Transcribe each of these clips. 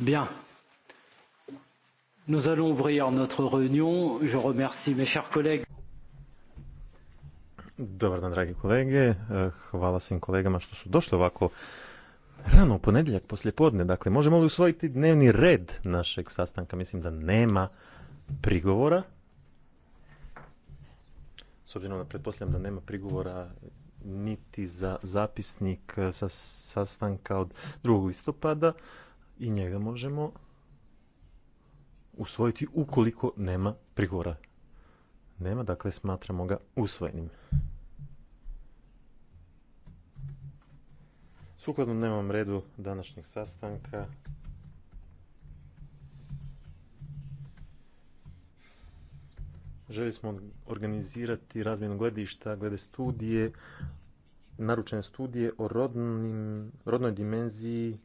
Bien. Nous allons ouvrir notre réunion. Je remercie mes chers collègues. Dobar dan, dragi kolege. Eh, hvala svim kolegama što su došli ovako rano u ponedjeljak poslje podne. Dakle, možemo li usvojiti dnevni red našeg sastanka? Mislim da nema prigovora. S obzirom da pretpostavljam da nema prigovora niti za zapisnik eh, sa sastanka od 2. listopada, i njega možemo usvojiti ukoliko nema prigora. Nema, dakle smatramo ga usvojenim. Sukladno dnevnom redu današnjeg sastanka želi smo organizirati razmjenu gledišta glede studije, naručene studije o rodnoj dimenziji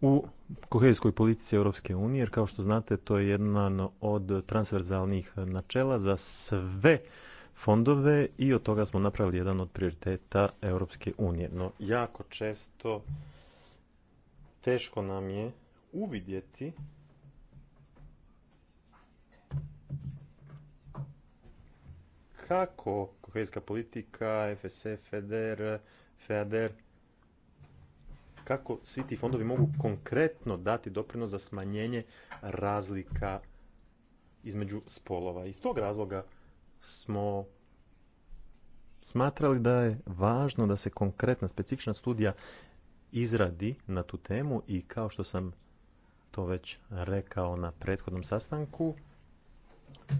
u kohezijskoj politici Europske unije, jer kao što znate to je jedan od transverzalnih načela za sve fondove i od toga smo napravili jedan od prioriteta Europske unije. No jako često teško nam je uvidjeti kako kohezijska politika, FSF, e, FEDER, FEADER kako svi ti fondovi mogu konkretno dati doprinos za smanjenje razlika između spolova. Iz tog razloga smo smatrali da je važno da se konkretna specifična studija izradi na tu temu i kao što sam to već rekao na prethodnom sastanku,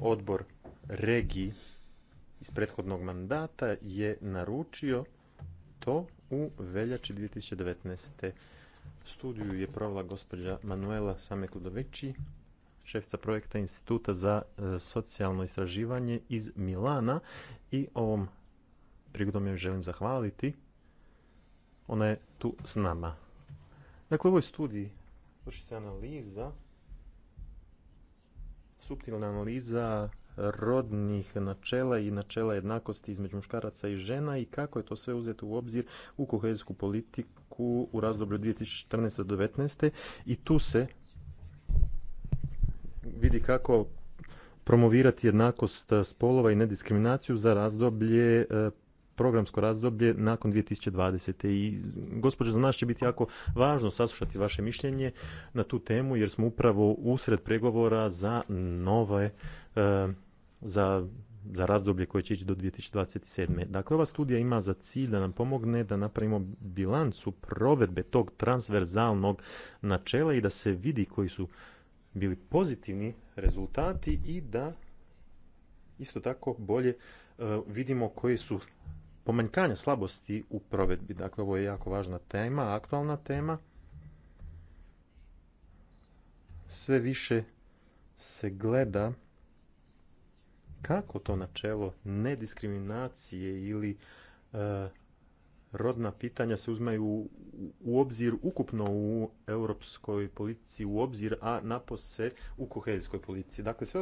odbor regi iz prethodnog mandata je naručio to u veljači 2019. Studiju je provela gospođa Manuela Samekludoveći, šefca projekta Instituta za e, socijalno istraživanje iz Milana i ovom prigodom joj želim zahvaliti. Ona je tu s nama. Dakle, u ovoj studiji vrši se analiza, suptilna analiza rodnih načela i načela jednakosti između muškaraca i žena i kako je to sve uzeto u obzir u kohezijsku politiku u razdoblju 2014. do 2019. i tu se vidi kako promovirati jednakost spolova i nediskriminaciju za razdoblje e, programsko razdoblje nakon 2020. I gospođo, za nas će biti jako važno saslušati vaše mišljenje na tu temu jer smo upravo usred pregovora za nove e, za, za razdoblje koje će ići do 2027. Dakle, ova studija ima za cilj da nam pomogne da napravimo bilancu provedbe tog transverzalnog načela i da se vidi koji su bili pozitivni rezultati i da isto tako bolje e, vidimo koji su pomanjkanja slabosti u provedbi. Dakle, ovo je jako važna tema, aktualna tema. Sve više se gleda kako to načelo nediskriminacije ili e, rodna pitanja se uzmaju u obzir ukupno u europskoj politici u obzir, a napose u kohezijskoj politici. Dakle, s,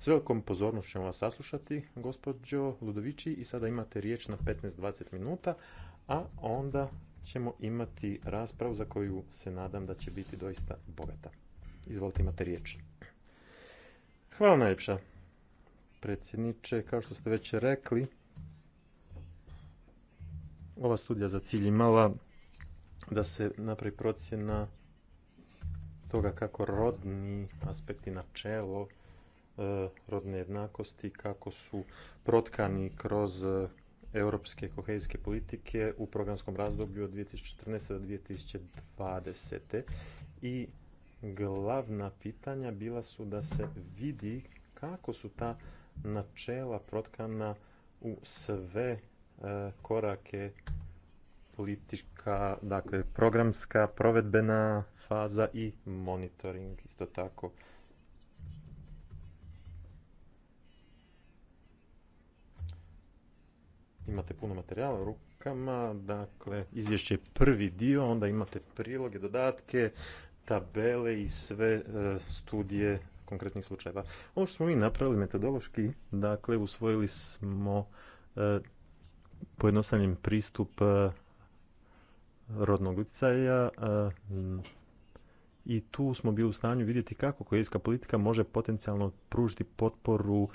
s velikom pozornošću ćemo vas saslušati, gospođo Ludovići, i sada imate riječ na 15-20 minuta, a onda ćemo imati raspravu za koju se nadam da će biti doista bogata. Izvolite, imate riječ. Hvala najljepša predsjedniče. Kao što ste već rekli, ova studija za cilj imala da se napravi procjena toga kako rodni aspekti načelo e, rodne jednakosti, kako su protkani kroz e, europske kohezijske politike u programskom razdoblju od 2014. do 2020. I glavna pitanja bila su da se vidi kako su ta načela protkana u sve e, korake politička, dakle programska, provedbena faza i monitoring isto tako. Imate puno materijala u rukama, dakle izvješće je prvi dio, onda imate priloge, dodatke, tabele i sve e, studije konkretnih slučajeva. Ovo što smo mi napravili metodološki, dakle, usvojili smo e, pojednostavljen pristup e, rodnog utjecaja e, i tu smo bili u stanju vidjeti kako kojeska politika može potencijalno pružiti potporu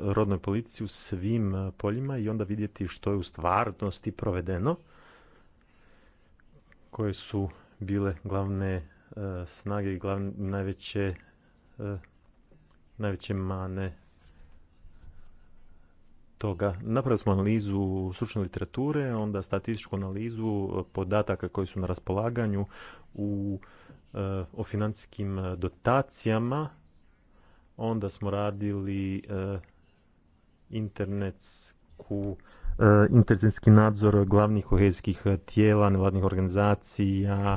rodnoj politici u svim poljima i onda vidjeti što je u stvarnosti provedeno, koje su bile glavne snage i glavne najveće E, najveće mane toga. Napravili smo analizu stručne literature, onda statističku analizu podataka koji su na raspolaganju u, e, o financijskim dotacijama. Onda smo radili e, internetsku internetski nadzor glavnih kohezijskih tijela, nevladnih organizacija,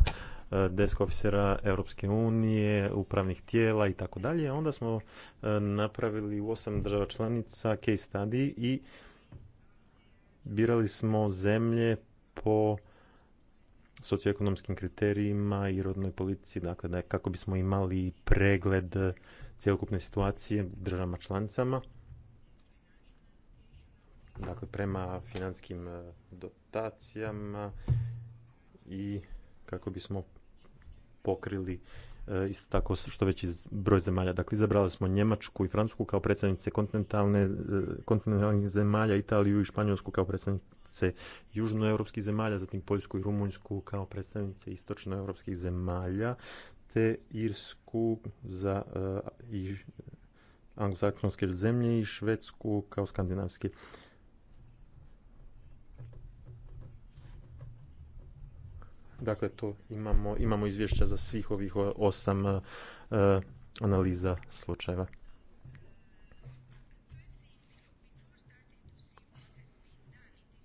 E, desk ofisera Europske unije, upravnih tijela i tako dalje. Onda smo e, napravili u osam država članica case study i birali smo zemlje po socioekonomskim kriterijima i rodnoj politici, dakle da kako bismo imali pregled cjelokupne situacije državama članicama. Dakle, prema financijskim e, dotacijama i kako bismo pokrili e, isto tako što veći broj zemalja. Dakle, izabrali smo Njemačku i Francusku kao predstavnice kontinentalne, e, kontinentalnih zemalja, Italiju i Španjolsku kao predstavnice južnoevropskih zemalja, zatim Poljsku i Rumunjsku kao predstavnice istočnoevropskih zemalja, te Irsku za uh, anglosaksonske zemlje i Švedsku kao skandinavske Dakle, to imamo, imamo izvješća za svih ovih osam e, analiza slučajeva.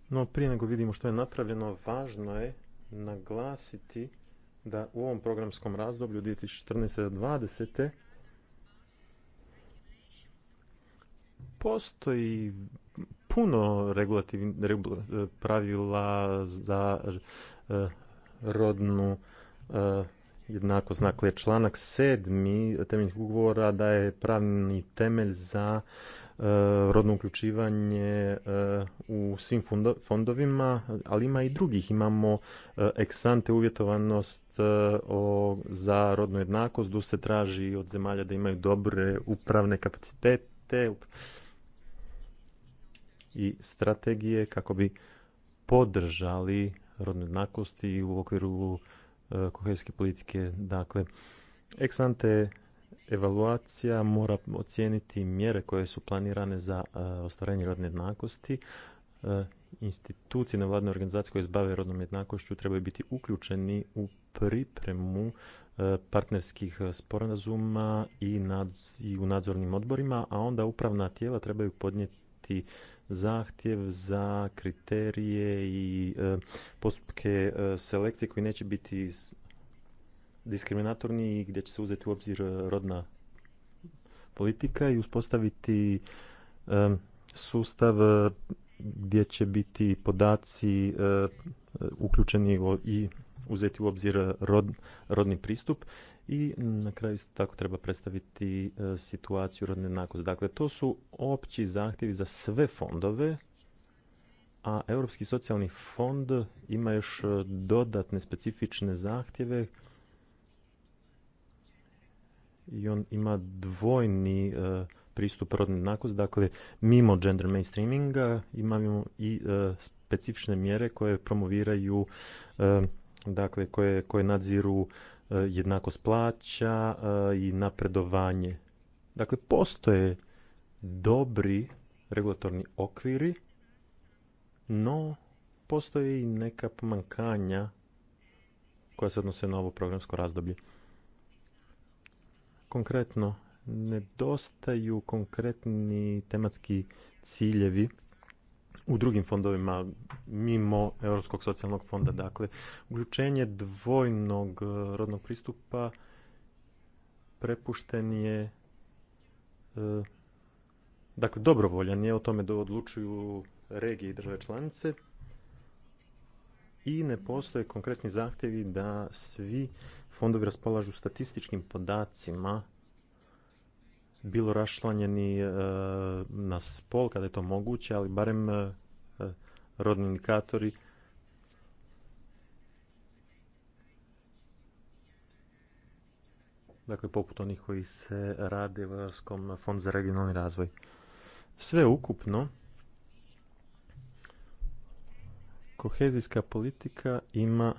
No, prije nego vidimo što je napravljeno, važno je naglasiti da u ovom programskom razdoblju 2014. do 2020. postoji puno regulativnih pravila za e, rodnu eh, jednakost. je članak sedmi temeljnih ugovora je pravni temelj za eh, rodno uključivanje eh, u svim fondovima, ali ima i drugih. Imamo eksante uvjetovanost za rodnu jednakost, tu se traži od zemalja da imaju dobre upravne kapacitete i strategije kako bi podržali rodne jednakosti i u okviru e, kohezijske politike. Dakle, ex ante evaluacija mora ocijeniti mjere koje su planirane za e, ostvarenje rodne jednakosti. E, institucije nevladne organizacije koje se rodnom jednakošću trebaju biti uključeni u pripremu partnerskih sporazuma i, i u nadzornim odborima, a onda upravna tijela trebaju podnijeti zahtjev za kriterije i e, postupke e, selekcije koji neće biti diskriminatorni i gdje će se uzeti u obzir e, rodna politika i uspostaviti sustav gdje će biti podaci uključeni i uzeti u obzir rodni pristup i na kraju isto tako treba predstaviti e, situaciju rodne jednakosti. Dakle, to su opći zahtjevi za sve fondove, a Europski socijalni fond ima još e, dodatne specifične zahtjeve i on ima dvojni e, pristup rodne jednakosti, dakle mimo gender mainstreaminga imamo i specifične mjere koje promoviraju dakle koje, koje nadziru E, jednakost plaća e, i napredovanje. Dakle, postoje dobri regulatorni okviri, no postoje i neka pomankanja koja se odnose na ovo programsko razdoblje. Konkretno, nedostaju konkretni tematski ciljevi u drugim fondovima mimo Europskog socijalnog fonda. Dakle, uključenje dvojnog e, rodnog pristupa prepušten je e, dakle dobrovoljan je o tome da odlučuju regije i države članice i ne postoje konkretni zahtjevi da svi fondovi raspolažu statističkim podacima bilo rašlanjeni e, na spol kada je to moguće, ali barem e, rodni indikatori dakle poput onih koji se rade u Europskom fondu za regionalni razvoj. Sve ukupno, kohezijska politika ima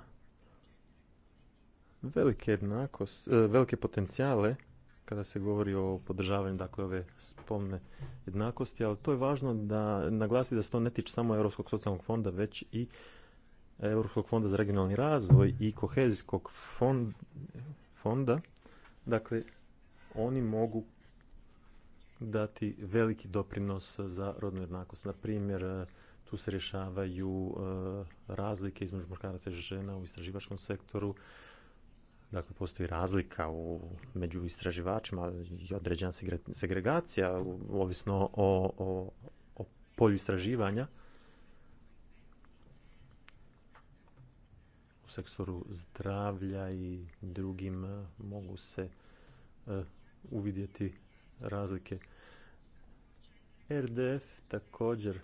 velike jednakost, e, velike potencijale kada se govori o podržavanju dakle ove spomne jednakosti, ali to je važno da naglasi da se to ne tiče samo Europskog socijalnog fonda, već i Europskog fonda za regionalni razvoj i kohezijskog fond, fonda. Dakle, oni mogu dati veliki doprinos za rodnu jednakost. Na primjer, tu se rješavaju e, razlike između muškaraca i žena u istraživačkom sektoru, Dakle, postoji razlika u, među istraživačima i određena segregacija, ovisno o, o, polju istraživanja. U sektoru zdravlja i drugim e, mogu se e, uvidjeti razlike. RDF također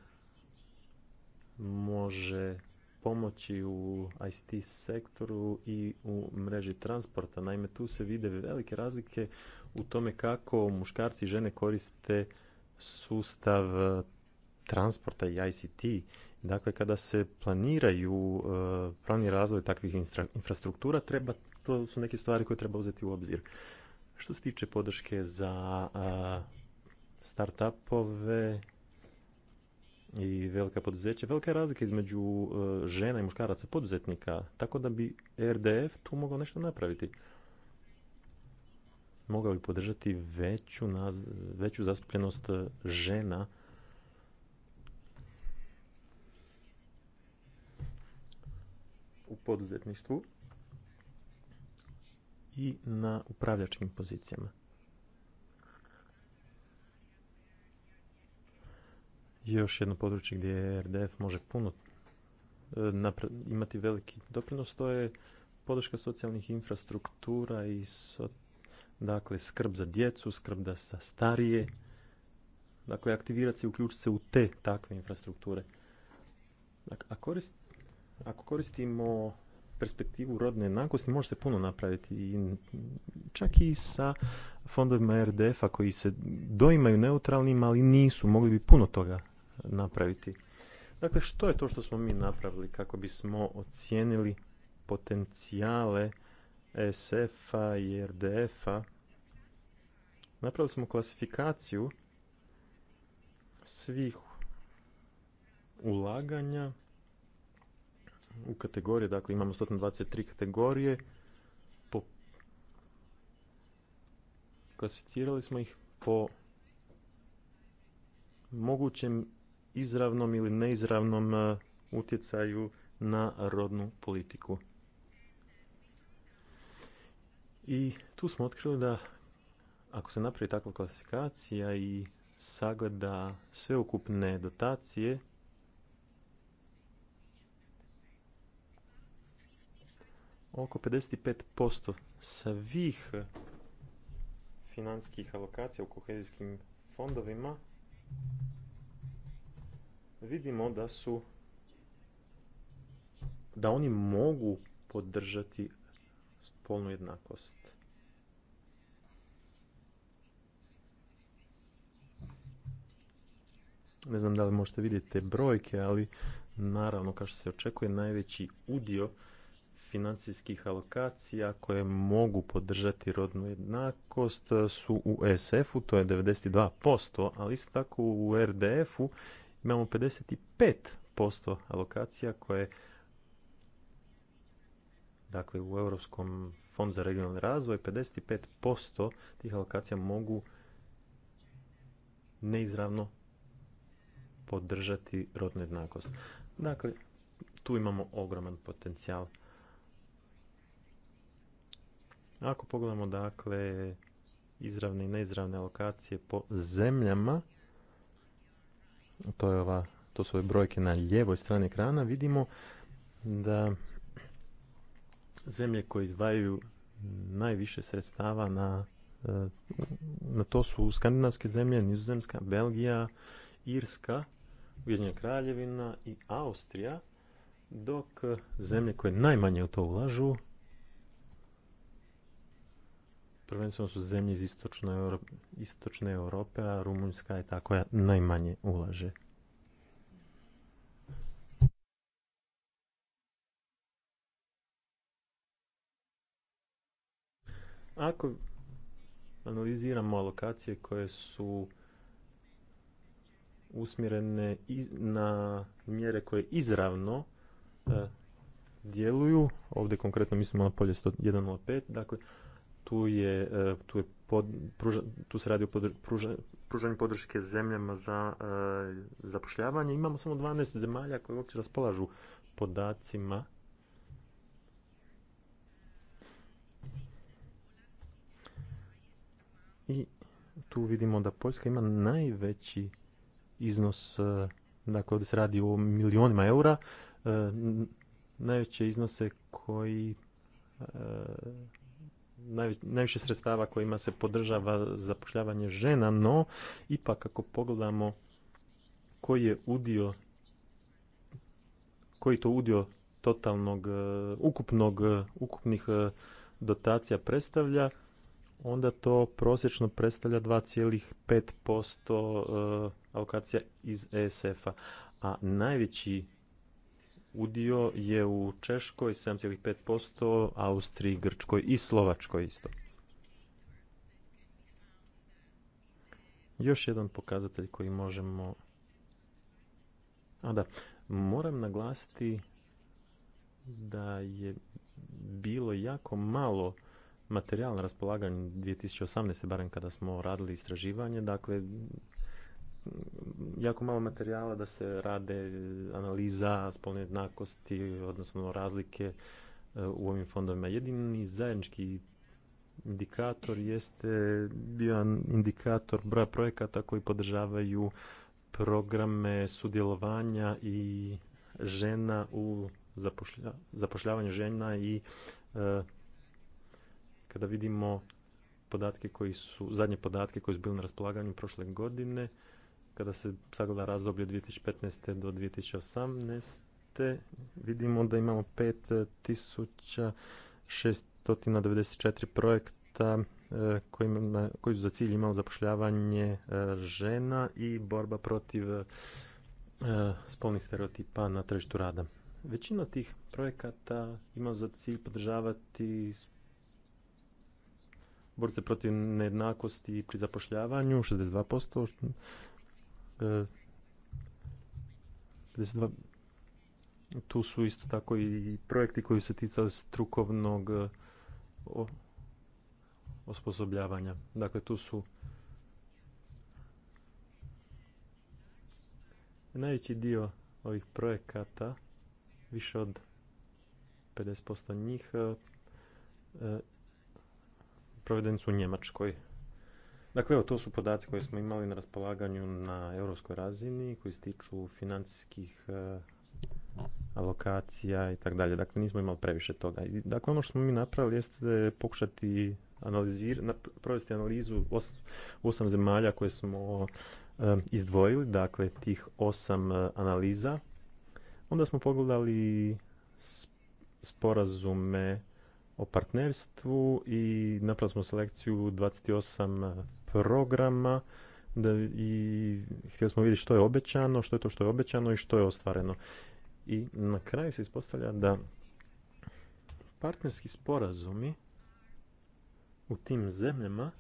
može pomoći u ICT sektoru i u mreži transporta. Naime, tu se vide velike razlike u tome kako muškarci i žene koriste sustav e, transporta i ICT. Dakle, kada se planiraju e, pravni razvoj takvih infrastruktura, treba, to su neke stvari koje treba uzeti u obzir. Što se tiče podrške za startupove, i velika poduzeća, velika je razlika između e, žena i muškaraca poduzetnika, tako da bi RDF tu mogao nešto napraviti. Mogao bi podržati veću, veću zastupljenost žena u poduzetništvu i na upravljačkim pozicijama. još jedno područje gdje RDF može puno e, imati veliki doprinos, to je podrška socijalnih infrastruktura i dakle skrb za djecu, skrb da starije. Dakle, aktivirati se i uključiti se u te takve infrastrukture. ako koristimo perspektivu rodne jednakosti može se puno napraviti i čak i sa fondovima RDF-a koji se doimaju neutralnim, ali nisu, mogli bi puno toga napraviti. Dakle, što je to što smo mi napravili kako bismo ocijenili potencijale SF-a i RDF-a? Napravili smo klasifikaciju svih ulaganja u kategorije, dakle imamo 123 kategorije, po... klasificirali smo ih po mogućem izravnom ili neizravnom e, utjecaju na rodnu politiku. I tu smo otkrili da ako se napravi takva klasifikacija i sagleda sveukupne dotacije, oko 55% svih financijskih alokacija u kohezijskim fondovima vidimo da su da oni mogu podržati spolnu jednakost. Ne znam da li možete vidjeti te brojke, ali naravno, kao što se očekuje, najveći udio financijskih alokacija koje mogu podržati rodnu jednakost su u SF-u, to je 92%, ali isto tako u RDF-u imamo 55% alokacija koje dakle u Europskom fondu za regionalni razvoj 55% tih alokacija mogu neizravno podržati rodnu jednakost. Dakle, tu imamo ogroman potencijal. Ako pogledamo dakle izravne i neizravne alokacije po zemljama, to, je to su ove brojke na lijevoj strani ekrana, vidimo da zemlje koje izdvajaju najviše sredstava na, e, na to su skandinavske zemlje, Nizozemska, Belgija, Irska, Ujedinjena Kraljevina i Austrija, dok zemlje koje najmanje u to ulažu prvenstveno su zemlje iz istočne Europe, a Rumunjska je ta koja najmanje ulaže. Ako analiziramo alokacije koje su usmjerene na mjere koje izravno e, djeluju, ovdje konkretno mislimo na polje 105, dakle tu je, e, tu je pod, pruža, tu se radi o pružanju podrške zemljama za e, zapošljavanje. Imamo samo 12 zemalja koje uopće raspolažu podacima. I tu vidimo da Poljska ima najveći iznos, e, dakle ovdje se radi o milionima eura, najveće iznose koji najviše sredstava kojima se podržava zapošljavanje žena, no ipak ako pogledamo koji je udio koji to udio totalnog e, ukupnog e, ukupnih e, dotacija predstavlja onda to prosječno predstavlja 2,5% alokacija iz ESF-a a najveći udio je u Češkoj 7,5%, Austriji, Grčkoj i Slovačkoj isto. Još jedan pokazatelj koji možemo... A da, moram naglasiti da je bilo jako malo materijala na raspolaganju 2018. barem kada smo radili istraživanje, dakle jako malo materijala da se rade e, analiza spolne jednakosti, odnosno razlike e, u ovim fondovima. Jedini zajednički indikator jeste bio indikator broja projekata koji podržavaju programe sudjelovanja i žena u zapošlja, zapošljavanju žena i e, kada vidimo podatke koji su, zadnje podatke koji su bili na raspolaganju prošle godine, kada se sagleda razdoblje 2015. do 2018. vidimo da imamo 5694 projekta e, koji su za cilj imali zapošljavanje e, žena i borba protiv e, spolnih stereotipa na tržištu rada. Većina tih projekata ima za cilj podržavati borce protiv nejednakosti pri zapošljavanju 62%, E, tu su isto tako i projekti koji se ticali strukovnog e, osposobljavanja. Dakle, tu su najveći dio ovih projekata, više od 50% njih, e, provedeni su u Njemačkoj. Dakle, evo, to su podaci koje smo imali na raspolaganju na europskoj razini koji se tiču financijskih e, alokacija i tako dalje. Dakle, nismo imali previše toga. dakle, ono što smo mi napravili jeste pokušati provesti analizu osam zemalja koje smo e, izdvojili, dakle, tih osam e, analiza. Onda smo pogledali sporazume o partnerstvu i napravili smo selekciju 28 programa da i htjeli smo vidjeti što je obećano, što je to što je obećano i što je ostvareno. I na kraju se ispostavlja da partnerski sporazumi u tim zemljama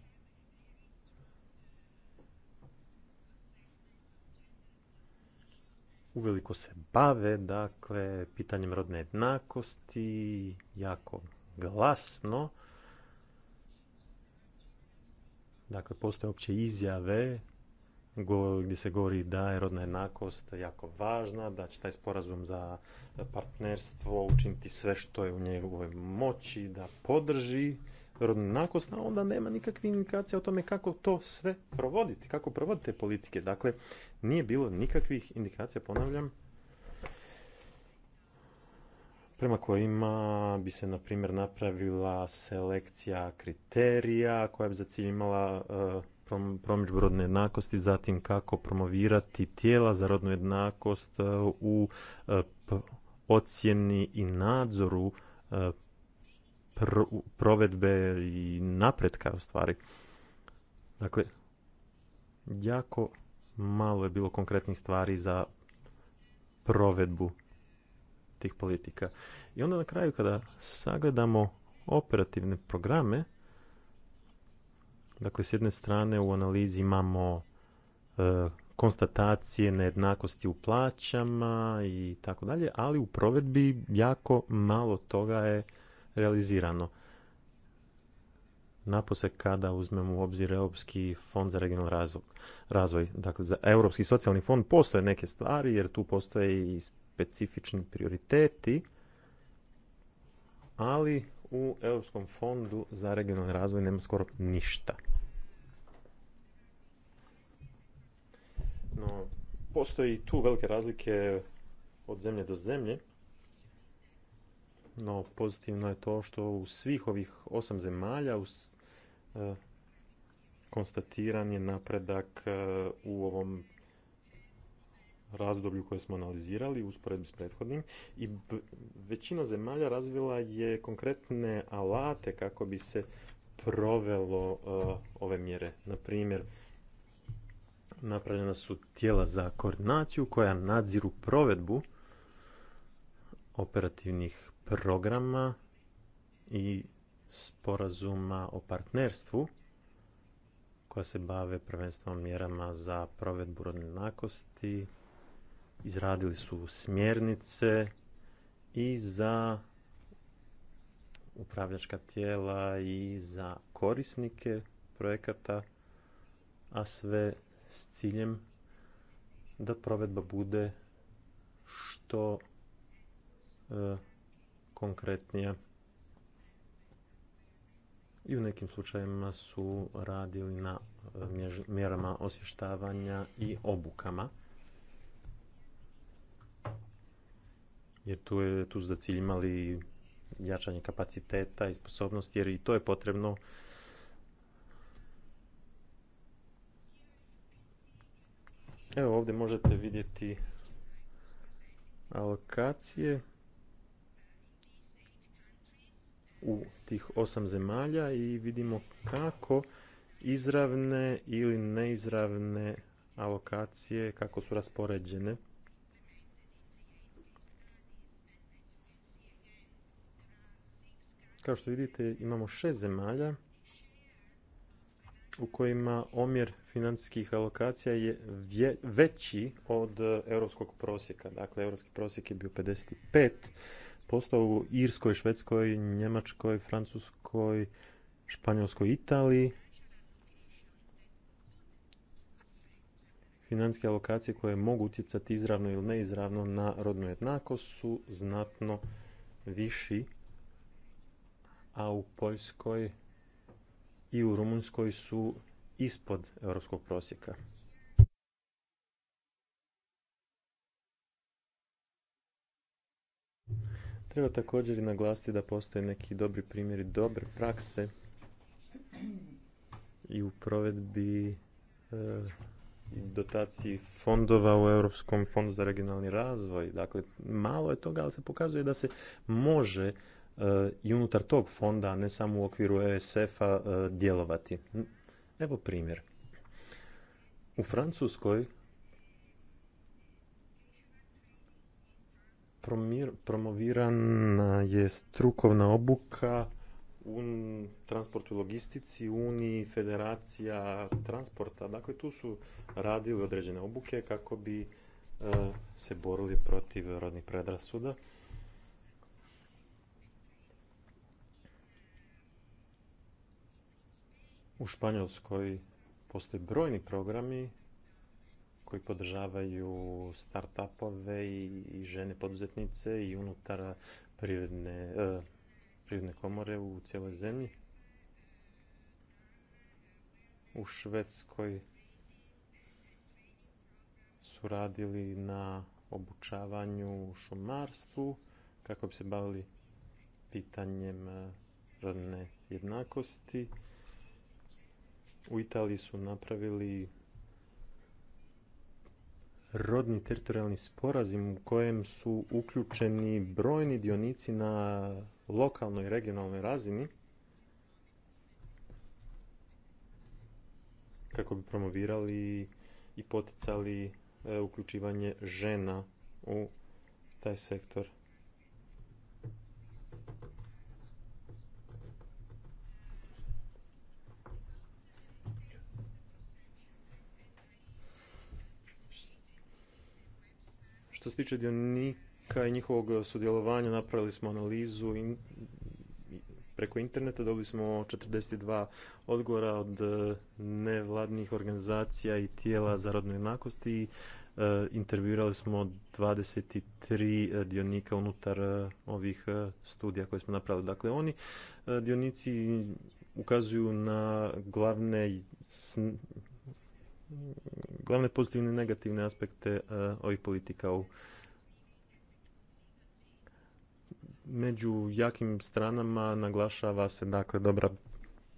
uveliko se bave, dakle, pitanjem rodne jednakosti, jako glasno, Dakle, postoje opće izjave gdje se govori da je rodna jednakost jako važna, da će taj sporazum za partnerstvo učiniti sve što je u njegovoj moći da podrži rodnu jednakost, a onda nema nikakve indikacije o tome kako to sve provoditi, kako te politike. Dakle, nije bilo nikakvih indikacija, ponavljam, prema kojima bi se, na primjer, napravila selekcija kriterija koja bi za cilj imala e, promidžbu rodne jednakosti, zatim kako promovirati tijela za rodnu jednakost e, u e, ocjeni i nadzoru provedbe i napretka u stvari. Dakle, jako malo je bilo konkretnih stvari za provedbu tih politika. I onda na kraju kada sagledamo operativne programe, dakle s jedne strane u analizi imamo e, konstatacije nejednakosti u plaćama i tako dalje, ali u provedbi jako malo toga je realizirano. Napose kada uzmemo u obzir Europski fond za regionalni razvoj. Dakle, za Europski socijalni fond postoje neke stvari, jer tu postoje i specifični prioriteti, ali u Europskom fondu za regionalni razvoj nema skoro ništa. No, postoji tu velike razlike od zemlje do zemlje, no pozitivno je to što u svih ovih osam zemalja e, konstatiran je napredak e, u ovom razdoblju koje smo analizirali u usporedbi s prethodnim i većina zemalja razvila je konkretne alate kako bi se provelo uh, ove mjere. Na primjer, napravljena su tijela za koordinaciju koja nadziru provedbu operativnih programa i sporazuma o partnerstvu koja se bave prvenstveno mjerama za provedbu rodne jednakosti, izradili su smjernice i za upravljačka tijela i za korisnike projekata, a sve s ciljem da provedba bude što e, konkretnija. I u nekim slučajevima su radili na e, mjerama osještavanja i obukama. jer tu, je, tu su za cilj imali jačanje kapaciteta i sposobnosti, jer i to je potrebno Evo ovdje možete vidjeti alokacije u tih osam zemalja i vidimo kako izravne ili neizravne alokacije, kako su raspoređene. Kao što vidite imamo šest zemalja u kojima omjer financijskih alokacija je veći od e, europskog prosjeka. Dakle, europski prosjek je bio 55%, u Irskoj, Švedskoj, Njemačkoj, Francuskoj, Španjolskoj, Italiji. Financijske alokacije koje mogu utjecati izravno ili neizravno na rodnu jednakost su znatno viši a u Poljskoj i u Rumunjskoj su ispod europskog prosjeka. Treba također i naglasiti da postoje neki dobri primjeri dobre prakse i u provedbi e, dotaciji fondova u Europskom fondu za regionalni razvoj. Dakle, malo je toga, ali se pokazuje da se može Eh, i unutar tog fonda, a ne samo u okviru ESF-a, eh, djelovati. Evo primjer. U Francuskoj promovirana je strukovna obuka u transportu i logistici, Uniji, Federacija transporta. Dakle, tu su radili određene obuke kako bi eh, se borili protiv rodnih predrasuda U Španjolskoj postoje brojni programi koji podržavaju startupove i žene poduzetnice i unutar privredne, privredne komore u cijeloj zemlji. U Švedskoj su radili na obučavanju šumarstvu kako bi se bavili pitanjem e, rodne jednakosti u Italiji su napravili rodni teritorijalni sporazum u kojem su uključeni brojni dionici na lokalnoj i regionalnoj razini kako bi promovirali i poticali e, uključivanje žena u taj sektor. Što se tiče dionika i njihovog sudjelovanja, napravili smo analizu in, preko interneta, dobili smo 42 odgovora od e, nevladnih organizacija i tijela za rodnu jednakost i e, intervjuirali smo 23 e, dionika unutar ovih studija koje smo napravili. Dakle, oni dionici ukazuju na glavne glavne pozitivne i negativne aspekte e, ovih politika među jakim stranama naglašava se dakle dobra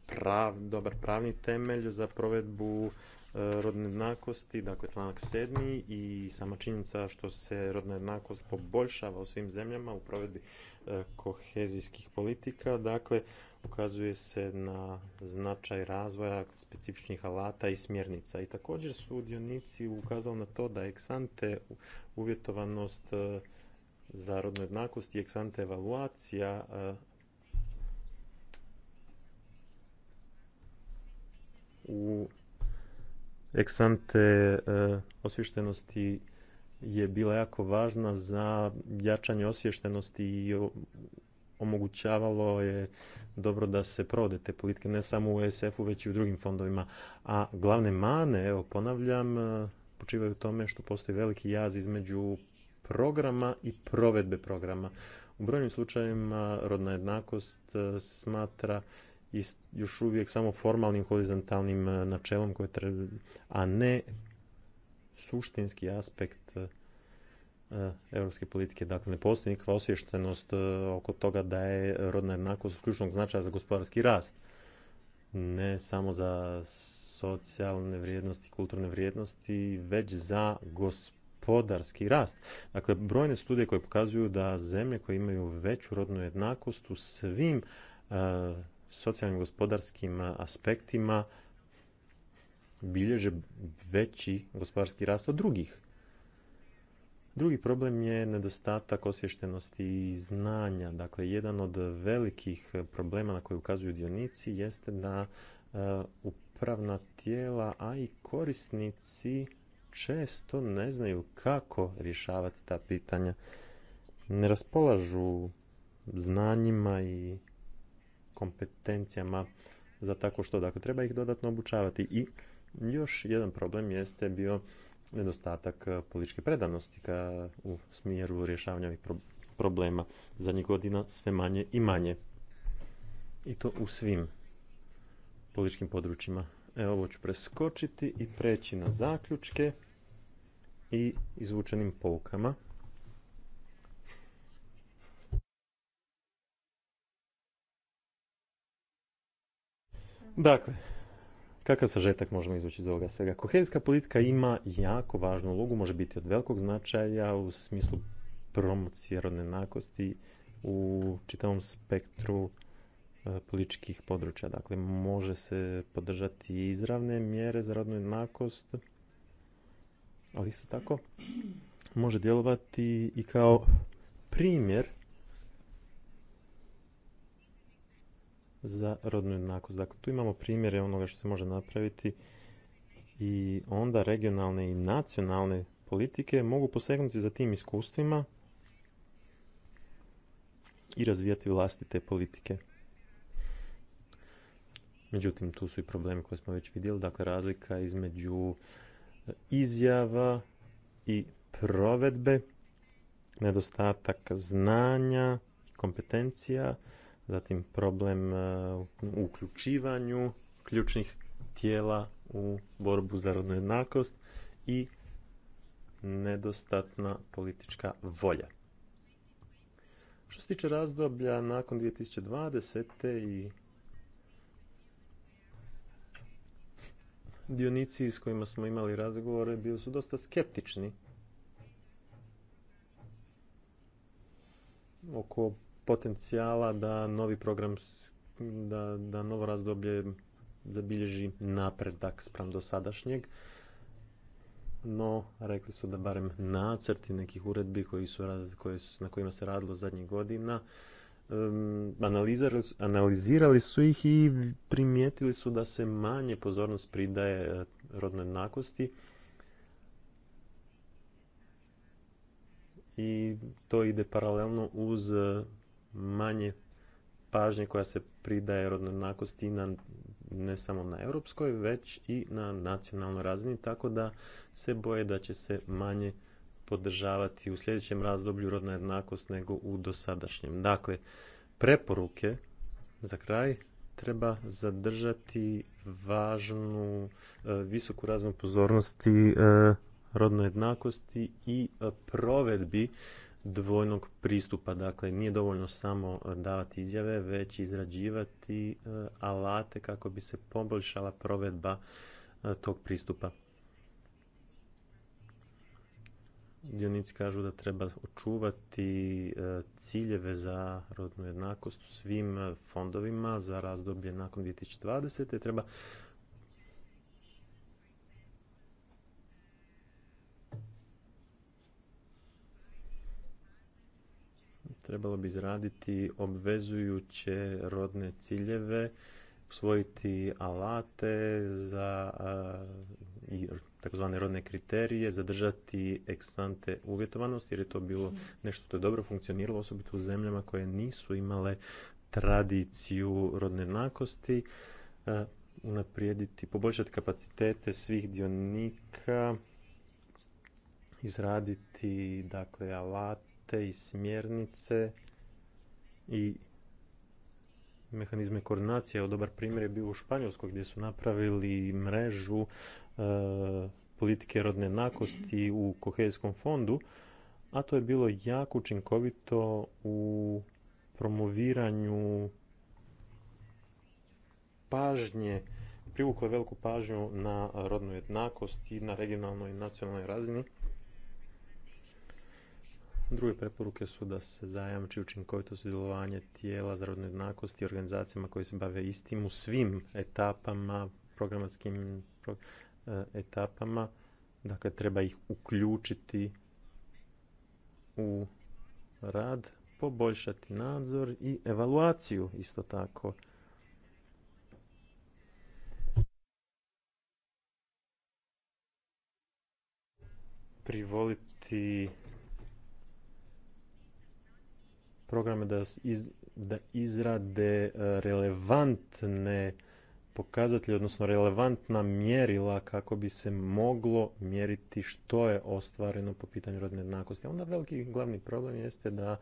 prav, dobar pravni temelj za provedbu e, rodne jednakosti, dakle članak 7. i sama činjenica što se rodna jednakost poboljšava u svim zemljama u provedbi E, kohezijskih politika. Dakle, ukazuje se na značaj razvoja specifičnih alata i smjernica. I također su dionici ukazali na to da eksante uvjetovanost e, za rodnu i eksante evaluacija e, u eksante osvištenosti je bila jako važna za jačanje osviještenosti i omogućavalo je dobro da se provode te politike, ne samo u ESF-u, već i u drugim fondovima. A glavne mane, evo ponavljam, e, počivaju u tome što postoji veliki jaz između programa i provedbe programa. U brojnim slučajevima rodna jednakost e, smatra još uvijek samo formalnim horizontalnim e, načelom, koje a ne suštinski aspekt europske e, politike. Dakle, ne postoji nikakva osviještenost e, oko toga da je rodna jednakost ključnog značaja za gospodarski rast. Ne samo za socijalne vrijednosti, kulturne vrijednosti, već za gospodarski rast. Dakle, brojne studije koje pokazuju da zemlje koje imaju veću rodnu jednakost u svim e, socijalnim gospodarskim aspektima bilježe veći gospodarski rast od drugih. Drugi problem je nedostatak osvještenosti i znanja. Dakle, jedan od velikih problema na koje ukazuju dionici jeste da e, upravna tijela, a i korisnici često ne znaju kako rješavati ta pitanja. Ne raspolažu znanjima i kompetencijama za tako što. Dakle, treba ih dodatno obučavati i još jedan problem jeste bio nedostatak e, političke predanosti ka, u smjeru rješavanja ovih problema. Zadnjih godina sve manje i manje. I to u svim političkim područjima. Evo, ovo ću preskočiti i preći na zaključke i izvučenim poukama. Dakle, Kakav sažetak možemo izvući iz ovoga svega? Kohezijska politika ima jako važnu ulogu, može biti od velikog značaja u smislu promocije rodne jednakosti u čitavom spektru e, političkih područja. Dakle, može se podržati izravne mjere za rodnu jednakost, ali isto tako može djelovati i kao primjer za rodnu jednakost. Dakle, tu imamo primjere onoga što se može napraviti i onda regionalne i nacionalne politike mogu posegnuti za tim iskustvima i razvijati vlastite politike. Međutim, tu su i problemi koje smo već vidjeli, dakle razlika između e, izjava i provedbe, nedostatak znanja, kompetencija, zatim problem e, u uključivanju ključnih tijela u borbu za rodnu jednakost i nedostatna politička volja. Što se tiče razdoblja nakon 2020. i dionici s kojima smo imali razgovore bili su dosta skeptični oko potencijala da novi program, da, da novo razdoblje zabilježi napredak spram do sadašnjeg. No, rekli su da barem nacrti nekih uredbi koji su, koje su, na kojima se radilo zadnjih godina, analizirali, analizirali su ih i primijetili su da se manje pozornost pridaje e, rodnoj jednakosti, i to ide paralelno uz manje pažnje koja se pridaje rodnoj jednakosti na, ne samo na europskoj, već i na nacionalnoj razini, tako da se boje da će se manje podržavati u sljedećem razdoblju rodna jednakost nego u dosadašnjem. Dakle, preporuke za kraj treba zadržati važnu, e, visoku razinu pozornosti e, rodnoj jednakosti i e, provedbi dvojnog pristupa. Dakle, nije dovoljno samo e, davati izjave, već izrađivati e, alate kako bi se poboljšala provedba e, tog pristupa. Dionici kažu da treba očuvati ciljeve za rodnu jednakost u svim fondovima za razdoblje nakon 2020. Treba trebalo bi izraditi obvezujuće rodne ciljeve, usvojiti alate za takozvane rodne kriterije, zadržati eksante uvjetovanosti, jer je to bilo nešto što je dobro funkcioniralo, osobito u zemljama koje nisu imale tradiciju rodne jednakosti, unaprijediti, poboljšati kapacitete svih dionika, izraditi dakle alat i smjernice i mehanizme koordinacije. Evo, dobar primjer je bio u Španjolskoj gdje su napravili mrežu e, politike rodne jednakosti u kohezijskom fondu, a to je bilo jako učinkovito u promoviranju pažnje, privuklo je veliku pažnju na rodnu jednakost i na regionalnoj i nacionalnoj razini Druge preporuke su da se zajamči učinkovito sudjelovanje tijela za rodne jednakosti i organizacijama koje se bave istim u svim etapama, programatskim e, etapama. Dakle, treba ih uključiti u rad, poboljšati nadzor i evaluaciju isto tako. Privoliti programe da, iz, da izrade e, relevantne pokazatelje, odnosno relevantna mjerila kako bi se moglo mjeriti što je ostvareno po pitanju rodne jednakosti. Onda veliki glavni problem jeste da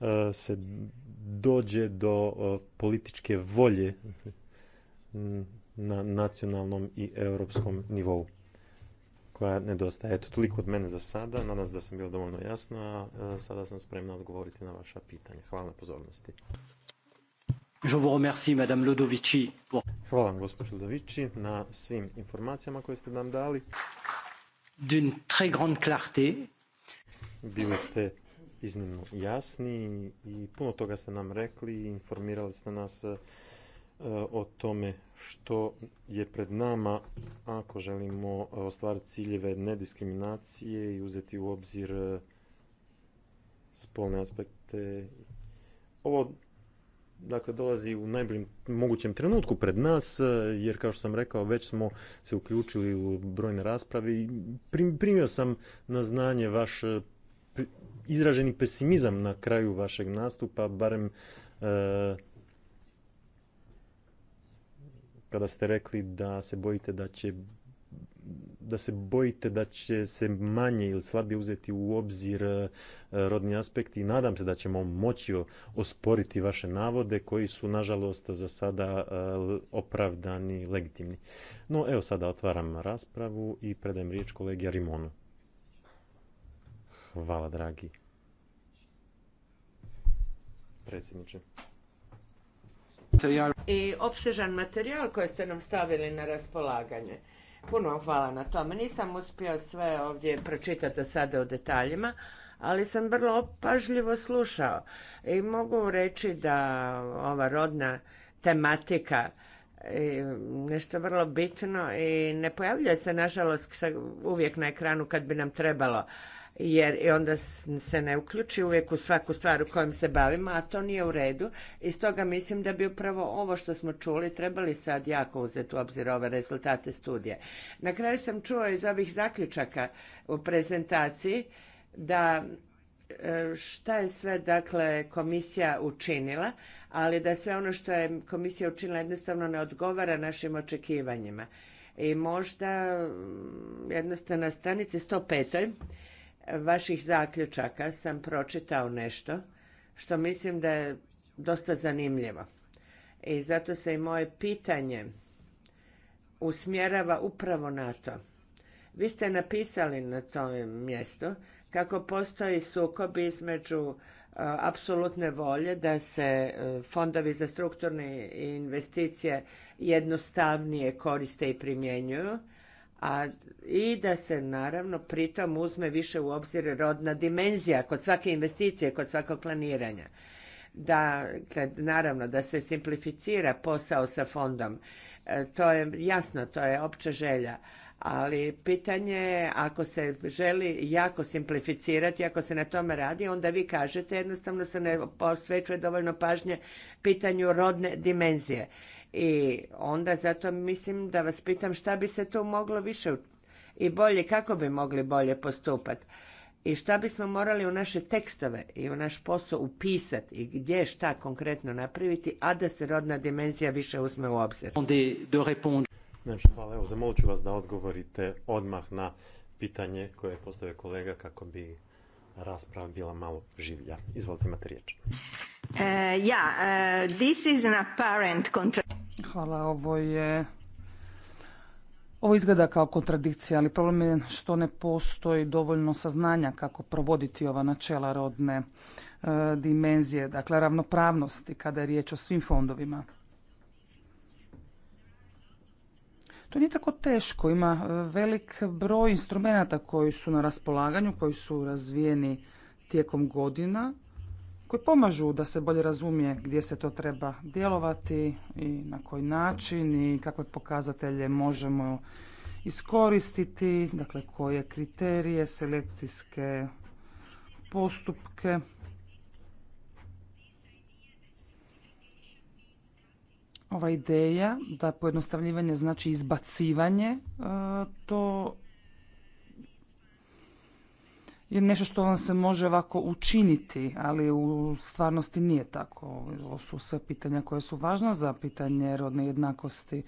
e, se dođe do e, političke volje na nacionalnom i europskom nivou koja nedostaje. Eto, toliko od mene za sada. Nadam se da sam bio dovoljno jasna. E, sada sam spremna odgovoriti na vaša pitanja. Hvala na pozornosti. Hvala vam, gospođo Ludovici, na svim informacijama koje ste nam dali. D'une très Bili ste iznimno jasni i puno toga ste nam rekli i informirali ste nas e, E, o tome što je pred nama ako želimo e, ostvariti ciljeve nediskriminacije i uzeti u obzir e, spolne aspekte. Ovo dakle dolazi u najboljem mogućem trenutku pred nas, jer kao što sam rekao, već smo se uključili u brojne rasprave i primio sam na znanje vaš izraženi pesimizam na kraju vašeg nastupa, barem kada ste rekli da se bojite da će da se bojite da će se manje ili slabije uzeti u obzir e, rodni aspekt i nadam se da ćemo moći osporiti vaše navode koji su nažalost za sada e, opravdani, legitimni. No evo sada otvaram raspravu i predajem riječ kolegi Arimonu. Hvala dragi predsjedniče i opsežan materijal koji ste nam stavili na raspolaganje. Puno vam hvala na tome. Nisam uspio sve ovdje pročitati sada u detaljima, ali sam vrlo pažljivo slušao i mogu reći da ova rodna tematika nešto vrlo bitno i ne pojavljuje se nažalost uvijek na ekranu kad bi nam trebalo jer i onda se ne uključi uvijek u svaku stvar u kojom se bavimo, a to nije u redu. I stoga mislim da bi upravo ovo što smo čuli trebali sad jako uzeti u obzir ove rezultate studije. Na kraju sam čuo iz ovih zaključaka u prezentaciji da e, šta je sve dakle komisija učinila, ali da sve ono što je komisija učinila jednostavno ne odgovara našim očekivanjima. I možda mm, jednostavno na stranici 105 vaših zaključaka sam pročitao nešto što mislim da je dosta zanimljivo. I zato se i moje pitanje usmjerava upravo na to. Vi ste napisali na tom mjestu kako postoji sukob između e, apsolutne volje da se e, fondovi za strukturne investicije jednostavnije koriste i primjenjuju a i da se naravno pritom uzme više u obzir rodna dimenzija kod svake investicije, kod svakog planiranja. Da, naravno, da se simplificira posao sa fondom. E, to je jasno, to je opća želja. Ali pitanje je, ako se želi jako simplificirati, ako se na tome radi, onda vi kažete jednostavno se ne posvećuje dovoljno pažnje pitanju rodne dimenzije. I onda zato mislim da vas pitam šta bi se tu moglo više i bolje, kako bi mogli bolje postupati. I šta bismo morali u naše tekstove i u naš posao upisati i gdje šta konkretno napraviti, a da se rodna dimenzija više uzme u obzir. Znači, hvala. Evo, zamolit ću vas da odgovorite odmah na pitanje koje je postavio kolega kako bi rasprava bila malo življa. Izvolite, imate riječ. Eh, ja eh, this is an apparent Hvala, ovo je... Ovo izgleda kao kontradikcija, ali problem je što ne postoji dovoljno saznanja kako provoditi ova načela rodne e, dimenzije, dakle ravnopravnosti kada je riječ o svim fondovima. To nije tako teško, ima e, velik broj instrumenata koji su na raspolaganju, koji su razvijeni tijekom godina koji pomažu da se bolje razumije gdje se to treba djelovati i na koji način i kakve pokazatelje možemo iskoristiti, dakle koje kriterije, selekcijske postupke. Ova ideja da pojednostavljivanje znači izbacivanje, e, to je nešto što vam se može ovako učiniti, ali u stvarnosti nije tako. Ovo su sve pitanja koje su važna za pitanje rodne jednakosti.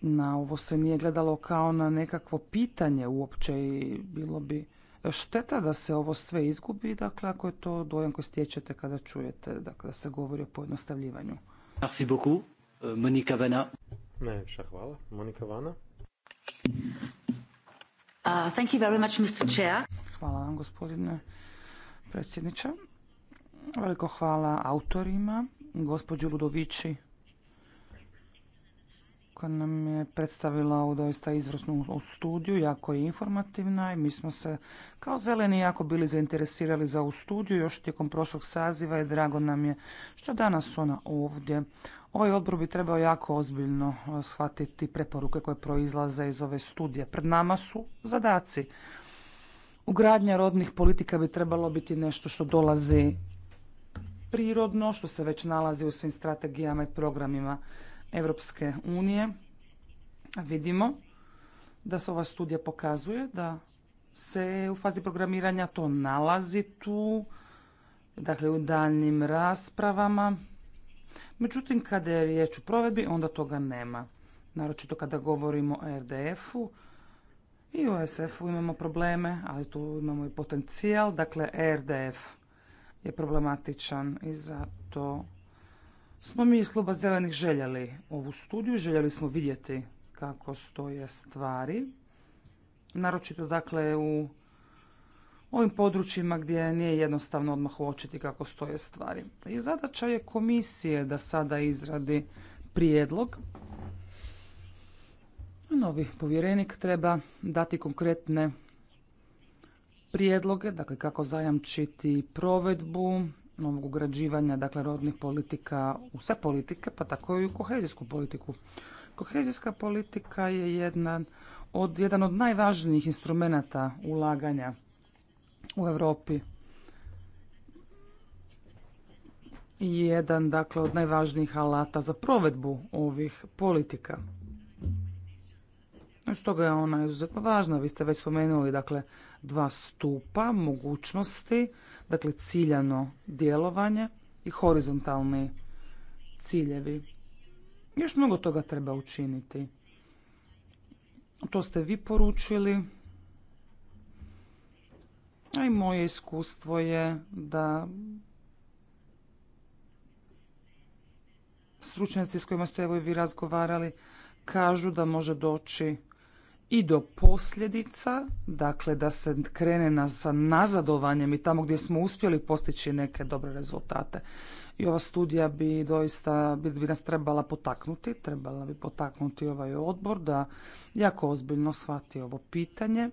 Na ovo se nije gledalo kao na nekakvo pitanje uopće i bilo bi šteta da se ovo sve izgubi, dakle ako je to dojam koji stječete kada čujete, dakle, da se govori o pojednostavljivanju. Merci beaucoup, Monika Vana. hvala, Monika Vana. Uh, thank Hvala vam, gospodine predsjedniče. Veliko hvala autorima, gospođu Ludovići, koja nam je predstavila ovu doista izvrsnu studiju, jako je informativna i mi smo se kao zeleni jako bili zainteresirali za ovu studiju još tijekom prošlog saziva i drago nam je što danas ona ovdje. Ovaj odbor bi trebao jako ozbiljno e, shvatiti preporuke koje proizlaze iz ove studije. Pred nama su zadaci. Ugradnja rodnih politika bi trebalo biti nešto što dolazi prirodno, što se već nalazi u svim strategijama i programima Europske unije. Vidimo da se ova studija pokazuje da se u fazi programiranja to nalazi tu, dakle u daljnim raspravama. Međutim, kada je riječ o provedbi, onda toga nema. Naročito kada govorimo o RDF-u i o SF-u imamo probleme, ali tu imamo i potencijal. Dakle, RDF je problematičan i zato smo mi iz Kluba Zelenih željeli ovu studiju, željeli smo vidjeti kako stoje stvari. Naročito, dakle, u ovim područjima gdje nije jednostavno odmah uočiti kako stoje stvari. I zadaća je komisije da sada izradi prijedlog. Novi povjerenik treba dati konkretne prijedloge, dakle kako zajamčiti provedbu novog ugrađivanja dakle, rodnih politika u sve politike, pa tako i u kohezijsku politiku. Kohezijska politika je jedan od, jedan od najvažnijih instrumenata ulaganja u Europi. Jedan dakle od najvažnijih alata za provedbu ovih politika. Stoga je ona izuzetno važna. Vi ste već spomenuli dakle dva stupa mogućnosti, dakle ciljano djelovanje i horizontalni ciljevi. Još mnogo toga treba učiniti. To ste vi poručili. A i moje iskustvo je da stručnjaci s kojima ste evo i vi razgovarali kažu da može doći i do posljedica, dakle da se krene na, sa nazadovanjem i tamo gdje smo uspjeli postići neke dobre rezultate. I ova studija bi doista, bi, bi nas trebala potaknuti, trebala bi potaknuti ovaj odbor da jako ozbiljno shvati ovo pitanje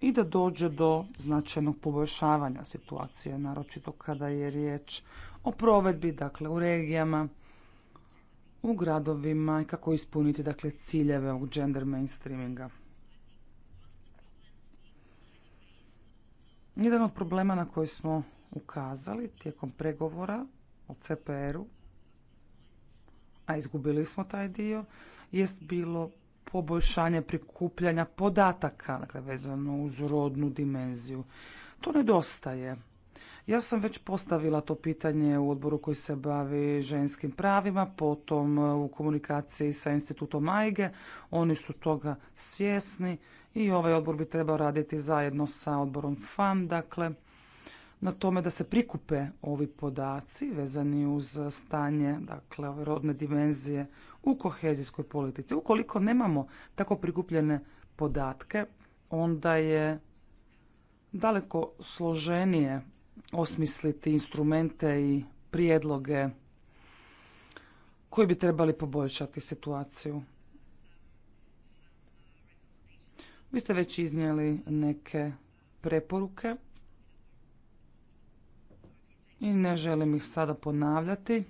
i da dođe do značajnog poboljšavanja situacije, naročito kada je riječ o provedbi, dakle u regijama, u gradovima i kako ispuniti dakle ciljeve u gender mainstreaminga. Jedan od problema na koji smo ukazali tijekom pregovora o CPR-u, a izgubili smo taj dio, jest bilo poboljšanje prikupljanja podataka, dakle vezano uz rodnu dimenziju. To nedostaje. Ja sam već postavila to pitanje u odboru koji se bavi ženskim pravima, potom e, u komunikaciji sa institutom AIGE. Oni su toga svjesni i ovaj odbor bi trebao raditi zajedno sa odborom FAM, dakle na tome da se prikupe ovi podaci vezani uz stanje, dakle ove rodne dimenzije u kohezijskoj politici. Ukoliko nemamo tako prikupljene podatke, onda je daleko složenije osmisliti instrumente i prijedloge koji bi trebali poboljšati situaciju. Vi ste već iznijeli neke preporuke i ne želim ih sada ponavljati,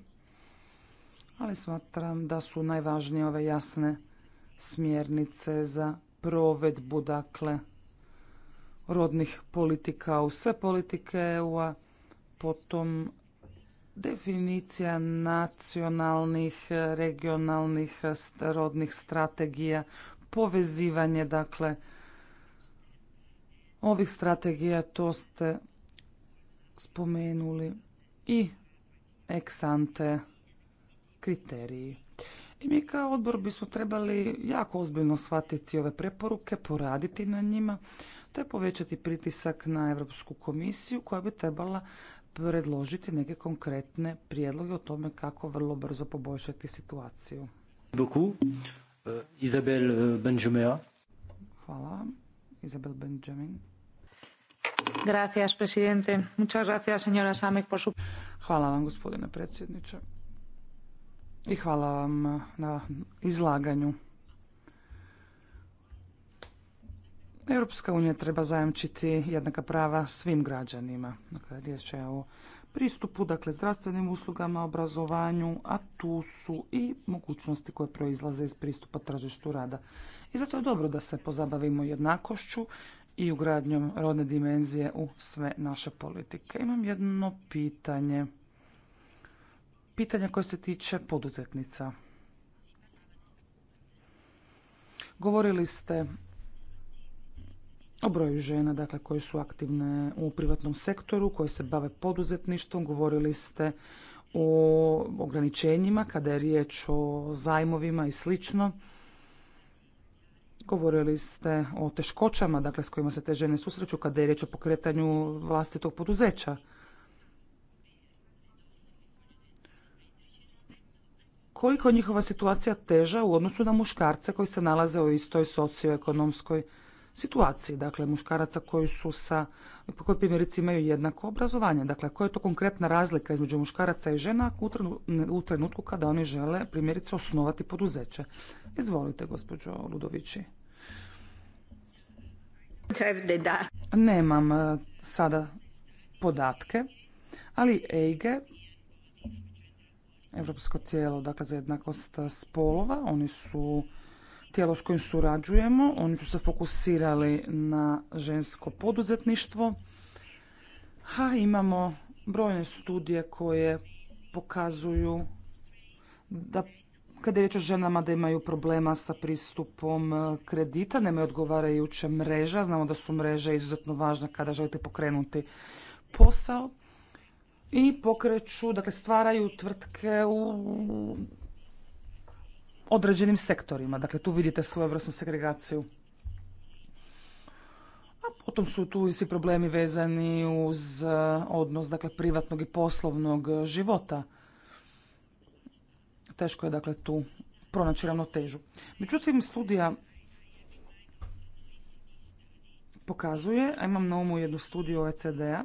ali smatram da su najvažnije ove jasne smjernice za provedbu, dakle, rodnih politika u sve politike EU-a, potom definicija nacionalnih, regionalnih rodnih strategija, povezivanje, dakle, ovih strategija, to ste spomenuli i eksante kriteriji. I mi kao odbor bismo trebali jako ozbiljno shvatiti ove preporuke, poraditi na njima, te povećati pritisak na Europsku komisiju koja bi trebala predložiti neke konkretne prijedloge o tome kako vrlo brzo poboljšati situaciju. Euh, euh, Hvala vam, Izabel Benjamin. Hvala vam, gospodine predsjedniče. I hvala vam na izlaganju. Europska unija treba zajamčiti jednaka prava svim građanima. Dakle, riječ je o pristupu, dakle, zdravstvenim uslugama, obrazovanju, a tu su i mogućnosti koje proizlaze iz pristupa tržištu rada. I zato je dobro da se pozabavimo jednakošću i ugradnjom rodne dimenzije u sve naše politike. Imam jedno pitanje. Pitanje koje se tiče poduzetnica. Govorili ste o broju žena dakle, koje su aktivne u privatnom sektoru, koje se bave poduzetništvom. Govorili ste o ograničenjima kada je riječ o zajmovima i slično. Govorili ste o teškoćama dakle, s kojima se te žene susreću kada je riječ o pokretanju vlastitog poduzeća. Koliko je njihova situacija teža u odnosu na muškarce koji se nalaze u istoj socioekonomskoj situaciji, dakle muškaraca koji su sa, koji primjerice imaju jednako obrazovanje. Dakle, koja je to konkretna razlika između muškaraca i žena u trenutku kada oni žele primjerice osnovati poduzeće? Izvolite, gospođo Ludovići. Nemam eh, sada podatke, ali EIGE, europsko tijelo dakle, za jednakost spolova, oni su tijelo s kojim surađujemo. Oni su se fokusirali na žensko poduzetništvo. ha imamo brojne studije koje pokazuju da kada je riječ o ženama da imaju problema sa pristupom e, kredita, nemaju odgovarajuće mreža. Znamo da su mreže izuzetno važne kada želite pokrenuti posao. I pokreću, dakle stvaraju tvrtke u određenim sektorima. Dakle, tu vidite svojevrsnu segregaciju. A potom su tu i svi problemi vezani uz eh, odnos dakle, privatnog i poslovnog života. Teško je dakle tu pronaći ravnotežu. Međutim, studija pokazuje, a imam na umu jednu studiju OECD-a,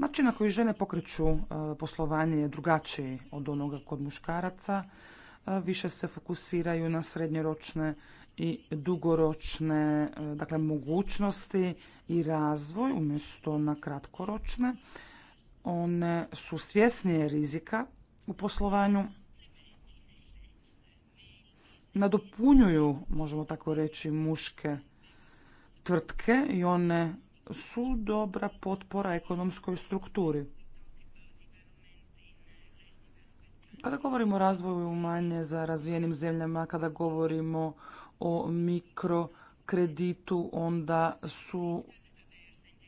Način na koji žene pokreću e, poslovanje je drugačiji od onoga kod muškaraca. E, više se fokusiraju na srednjoročne i dugoročne e, dakle, mogućnosti i razvoj umjesto na kratkoročne. One su svjesnije rizika u poslovanju, nadopunjuju, možemo tako reći, muške tvrtke i one su dobra potpora ekonomskoj strukturi. Kada govorimo o razvoju manje za razvijenim zemljama, kada govorimo o mikrokreditu, onda su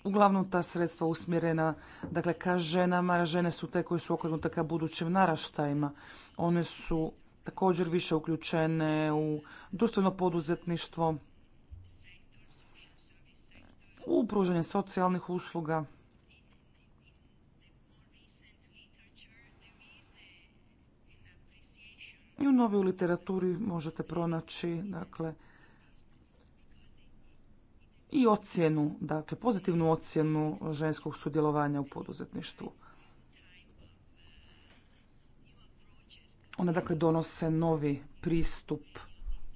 uglavnom ta sredstva usmjerena dakle, ka ženama. Žene su te koje su okrenute ka budućim naraštajima. One su također više uključene u društveno poduzetništvo, u pružanje socijalnih usluga. I u novoj literaturi možete pronaći dakle, i ocjenu, dakle pozitivnu ocjenu ženskog sudjelovanja u poduzetništvu. Ona dakle donose novi pristup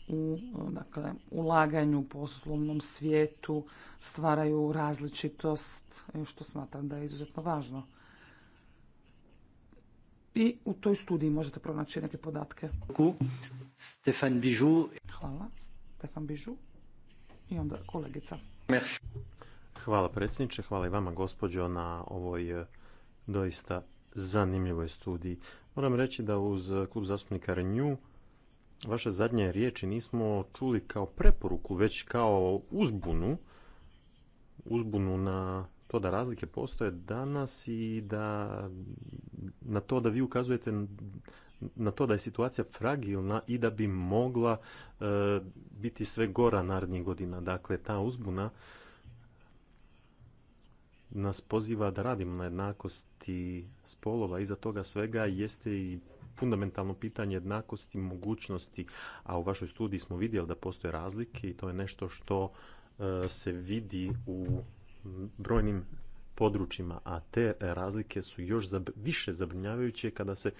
u dakle, ulaganju u poslovnom svijetu stvaraju različitost, e, što smatram da je izuzetno važno. I u toj studiji možete pronaći neke podatke. Stefan Hvala, Stefan Bižu. I onda kolegica. Merci. Hvala predsjedniče, hvala i vama gospođo na ovoj e, doista zanimljivoj studiji. Moram reći da uz klub zastupnika Renew vaše zadnje riječi nismo čuli kao preporuku, već kao uzbunu, uzbunu na to da razlike postoje danas i da na to da vi ukazujete na to da je situacija fragilna i da bi mogla e, biti sve gora narednih godina. Dakle, ta uzbuna nas poziva da radimo na jednakosti spolova. Iza toga svega jeste i fundamentalno pitanje jednakosti mogućnosti, a u vašoj studiji smo vidjeli da postoje razlike i to je nešto što e, se vidi u brojnim područjima, a te razlike su još više zabrinjavajuće kada se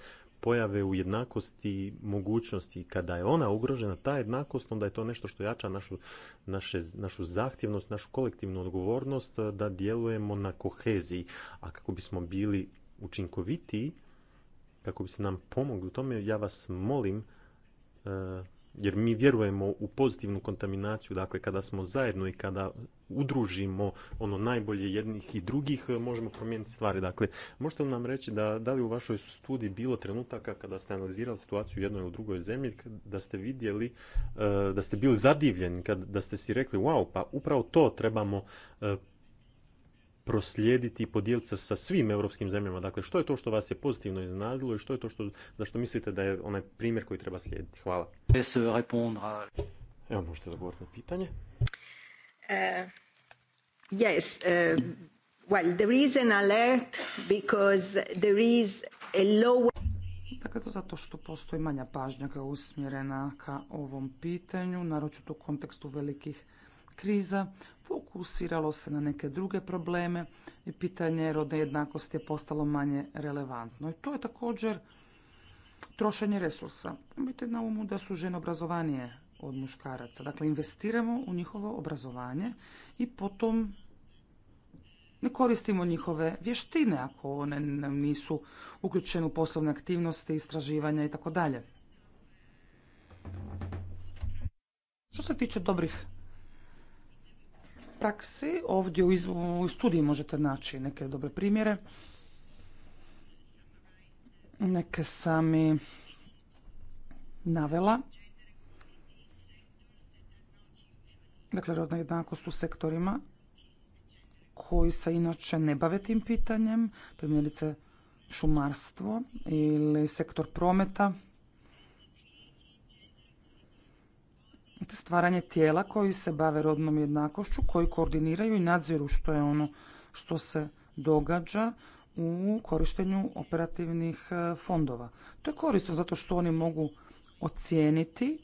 pojave u jednakosti mogućnosti. Kada je ona ugrožena, ta jednakost, onda je to nešto što jača našu, naše, našu zahtjevnost, našu kolektivnu odgovornost e, da djelujemo na koheziji. A kako bismo bili učinkovitiji, kako biste nam pomogli u tome, ja vas molim, e, jer mi vjerujemo u pozitivnu kontaminaciju, dakle kada smo zajedno i kada udružimo ono najbolje jednih i drugih, e, možemo promijeniti stvari. Dakle, možete li nam reći da, da li u vašoj studiji bilo trenutaka kada ste analizirali situaciju u jednoj ili drugoj zemlji, da ste vidjeli, e, da ste bili zadivljeni, da ste si rekli, wow, pa upravo to trebamo proslijediti i podijeliti sa svim europskim zemljama. Dakle, što je to što vas je pozitivno iznadilo i što je to što, za što mislite da je onaj primjer koji treba slijediti? Hvala. Evo, možete odgovoriti na pitanje. Uh, yes, uh, well, there alert because there is a low... Dakle, to zato što postoji manja pažnja kao usmjerena ka ovom pitanju, naročito u kontekstu velikih kriza, fokusiralo se na neke druge probleme i pitanje rodne jednakosti je postalo manje relevantno. I to je također trošenje resursa. Imajte na umu da su žene obrazovanije od muškaraca. Dakle, investiramo u njihovo obrazovanje i potom ne koristimo njihove vještine ako one nam nisu uključene u poslovne aktivnosti, istraživanja i tako dalje. Što se tiče dobrih praksi. Ovdje u studiji možete naći neke dobre primjere. Neke sami navela. Dakle, rodna jednakost u sektorima koji se inače ne bave tim pitanjem, primjerice šumarstvo ili sektor prometa. stvaranje tijela koji se bave rodnom jednakošću, koji koordiniraju i nadziru što je ono što se događa u korištenju operativnih e, fondova. To je korisno zato što oni mogu ocijeniti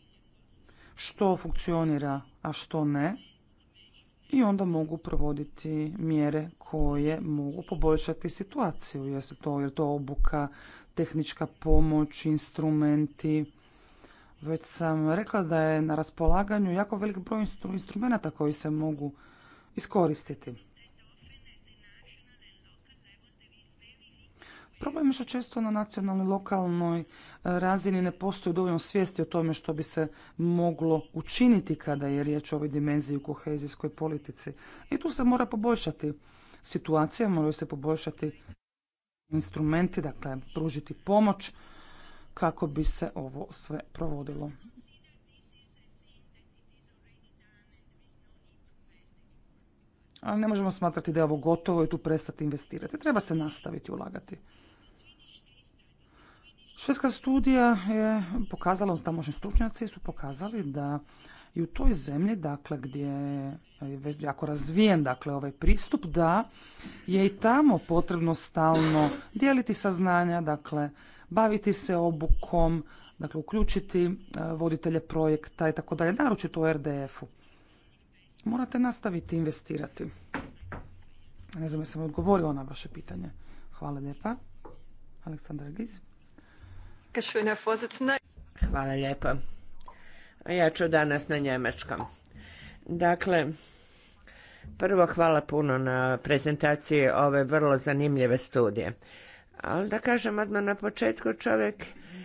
što funkcionira, a što ne i onda mogu provoditi mjere koje mogu poboljšati situaciju, jer to, je to obuka, tehnička pomoć, instrumenti, već sam rekla da je na raspolaganju jako velik broj instrumenata instrumenta koji se mogu iskoristiti. Problem je što često na nacionalnoj, lokalnoj e, razini ne postoji dovoljno svijesti o tome što bi se moglo učiniti kada je riječ o ovoj dimenziji u kohezijskoj politici. I tu se mora poboljšati situacija, moraju se poboljšati instrumenti, dakle pružiti pomoć kako bi se ovo sve provodilo. Ali ne možemo smatrati da je ovo gotovo i tu prestati investirati. Treba se nastaviti ulagati. Švedska studija je pokazala, tamošnji stručnjaci su pokazali da i u toj zemlji, dakle, gdje je jako razvijen, dakle, ovaj pristup, da je i tamo potrebno stalno dijeliti saznanja, dakle, baviti se obukom, dakle uključiti e, voditelje projekta i tako dalje, naročito u RDF-u. Morate nastaviti investirati. Ne znam jesam odgovorila na vaše pitanje. Hvala lijepa. Aleksandra Giz. Hvala lijepa. Ja ću danas na njemačkom. Dakle, prvo hvala puno na prezentaciji ove vrlo zanimljive studije. Ali da kažem odmah na početku, čovjek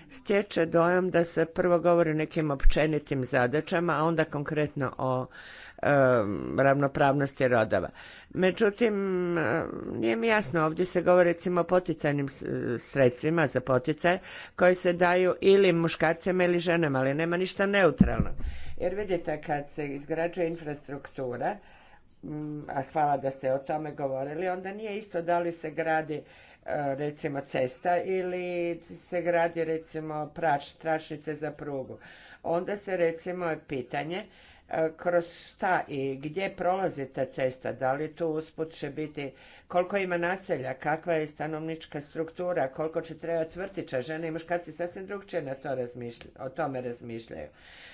stječe dojam da se prvo govori o nekim općenitim zadaćama, a onda konkretno o ravnopravnosti rodova. Međutim, nije mi jasno, ovdje se govori recimo o poticajnim sredstvima za poticaj koji se daju ili muškarcima ili ženama, ali nema ništa neutralno. Jer vidite, kad se izgrađuje infrastruktura, a hvala da ste o tome govorili, onda nije isto da li se gradi recimo cesta ili se gradi recimo prač, tračnice za prugu. Onda se recimo pitanje e, kroz šta i gdje prolazi ta cesta, da li tu usput će biti, koliko ima naselja, kakva je stanovnička struktura, koliko će trebati vrtića, žene i muškarci sasvim drugčije na to o tome razmišljaju.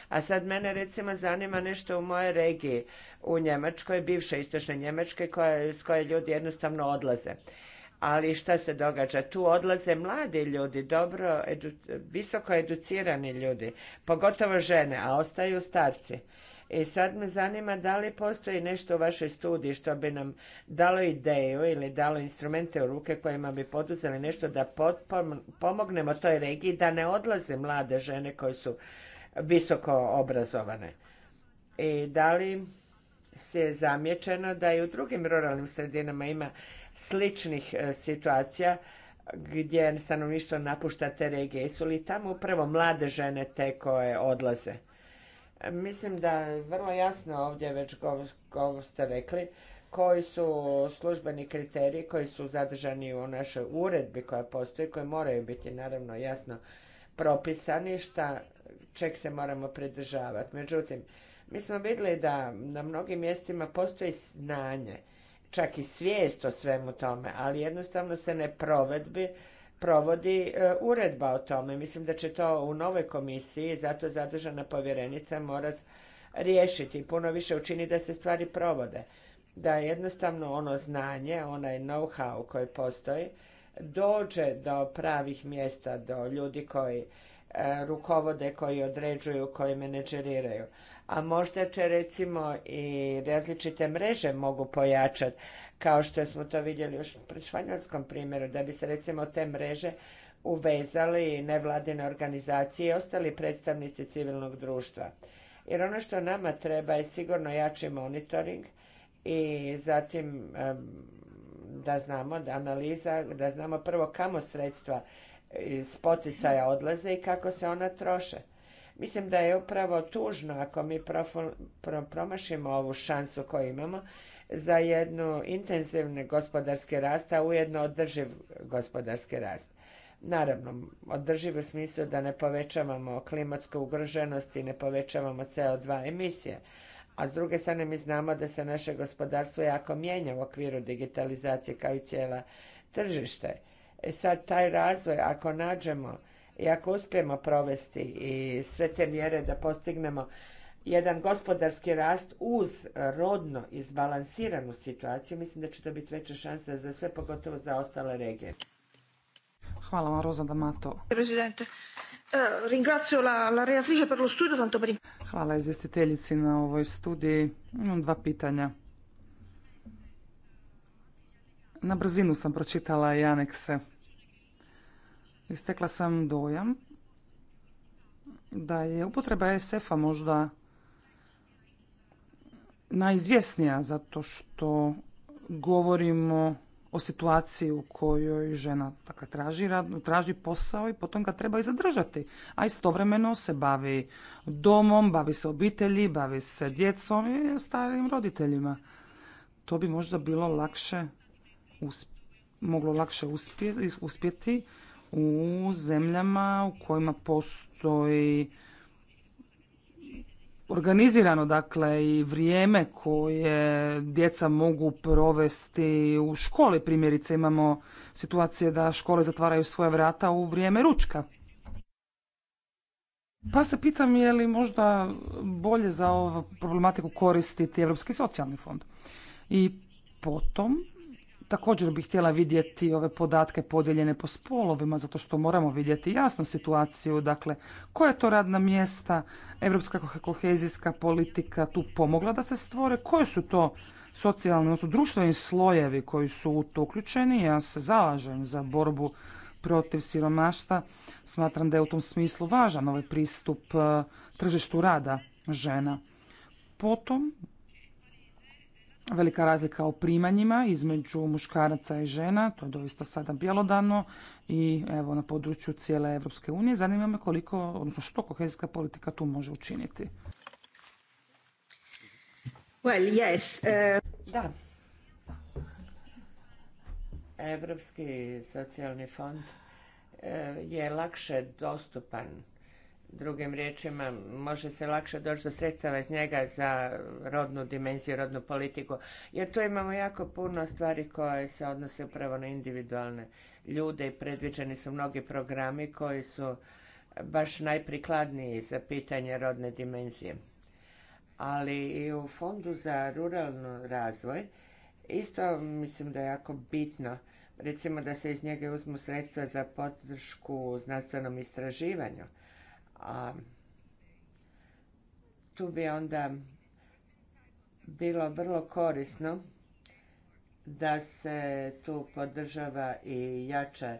A sad mene recimo zanima nešto u mojoj regiji u Njemačkoj, bivše istočne Njemačke koje, s koje ljudi jednostavno odlaze ali šta se događa? Tu odlaze mladi ljudi, dobro, visoko educirani ljudi, pogotovo žene, a ostaju starci. I sad me zanima da li postoji nešto u vašoj studiji što bi nam dalo ideju ili dalo instrumente u ruke kojima bi poduzeli nešto da pomognemo toj regiji da ne odlaze mlade žene koje su visoko obrazovane. I da li se je zamječeno da i u drugim ruralnim sredinama ima sličnih e, situacija gdje stanovništvo napušta te regije. Su li tamo upravo mlade žene te koje odlaze? Mislim da vrlo jasno ovdje već ste rekli koji su službeni kriteriji koji su zadržani u našoj uredbi koja postoji, koji moraju biti naravno jasno propisani, šta čeg se moramo pridržavati. Međutim, mi smo vidjeli da na mnogim mjestima postoji znanje čak i svijest o svemu tome, ali jednostavno se ne provedbi, provodi e, uredba o tome. Mislim da će to u nove komisiji, zato zadužena povjerenica morat riješiti, puno više učini da se stvari provode. Da jednostavno ono znanje, onaj know-how koji postoji, dođe do pravih mjesta, do ljudi koji e, rukovode, koji određuju, koji menedžeriraju a možda će recimo i različite mreže mogu pojačati, kao što smo to vidjeli još pred španjolskom primjeru, da bi se recimo te mreže uvezali nevladine organizacije i ostali predstavnici civilnog društva. Jer ono što nama treba je sigurno jači monitoring i zatim da znamo, da analiza, da znamo prvo kamo sredstva iz poticaja odlaze i kako se ona troše. Mislim da je upravo tužno ako mi promašimo ovu šansu koju imamo za jednu intenzivne gospodarski rast, a ujedno održiv gospodarski rast. Naravno, održiv u smislu da ne povećavamo klimatsku ugroženost i ne povećavamo CO2 emisije. A s druge strane mi znamo da se naše gospodarstvo jako mijenja u okviru digitalizacije kao i cijela tržište. E sad, taj razvoj, ako nađemo i ako uspijemo provesti i sve te mjere da postignemo jedan gospodarski rast uz rodno izbalansiranu situaciju, mislim da će to biti veća šansa za sve, pogotovo za ostale regije. Hvala vam, Roza D'Amato. Eh, ringrazio Hvala izvjestiteljici na ovoj studiji. Imam dva pitanja. Na brzinu sam pročitala i anekse istekla sam dojam da je upotreba SF-a možda najizvjesnija zato što govorimo o situaciji u kojoj žena dakle, traži, traži posao i potom ga treba i zadržati. A istovremeno se bavi domom, bavi se obitelji, bavi se djecom i starim roditeljima. To bi možda bilo lakše, moglo lakše uspjeti u zemljama u kojima postoji organizirano dakle i vrijeme koje djeca mogu provesti u školi. Primjerice imamo situacije da škole zatvaraju svoje vrata u vrijeme ručka. Pa se pitam je li možda bolje za ovu problematiku koristiti Europski socijalni fond. I potom Također bih htjela vidjeti ove podatke podijeljene po spolovima, zato što moramo vidjeti jasnu situaciju, dakle, koja je to radna mjesta, evropska kohezijska politika tu pomogla da se stvore, koje su to socijalni, odnosno društveni slojevi koji su u to uključeni. Ja se zalažem za borbu protiv siromaštva. Smatram da je u tom smislu važan ovaj pristup eh, tržištu rada žena. Potom velika razlika u primanjima između muškaraca i žena, to je doista sada bjelodano i evo na području cijele Europske unije. Zanima me koliko, odnosno što kohezijska politika tu može učiniti. Well, yes, uh, Da. Europski socijalni fond eh, je lakše dostupan Drugim riječima, može se lakše doći do sredstava iz njega za rodnu dimenziju, rodnu politiku. Jer tu imamo jako puno stvari koje se odnose upravo na individualne ljude i predviđeni su mnogi programi koji su baš najprikladniji za pitanje rodne dimenzije. Ali i u Fondu za ruralni razvoj isto mislim da je jako bitno recimo da se iz njega uzmu sredstva za podršku znanstvenom istraživanju a tu bi onda bilo vrlo korisno da se tu podržava i jača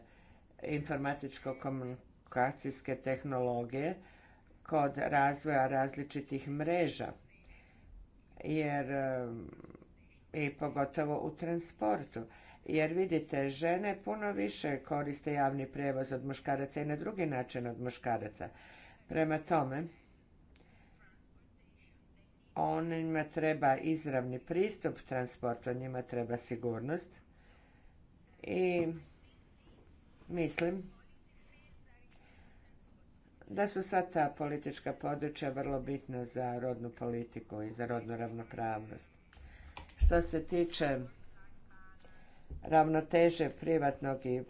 informatičko-komunikacijske tehnologije kod razvoja različitih mreža, jer e, i pogotovo u transportu. Jer vidite, žene puno više koriste javni prevoz od muškaraca i na drugi način od muškaraca. Prema tome, onima treba izravni pristup transportu, njima treba sigurnost i mislim da su sad ta politička područja vrlo bitna za rodnu politiku i za rodnu ravnopravnost. Što se tiče ravnoteže privatnog i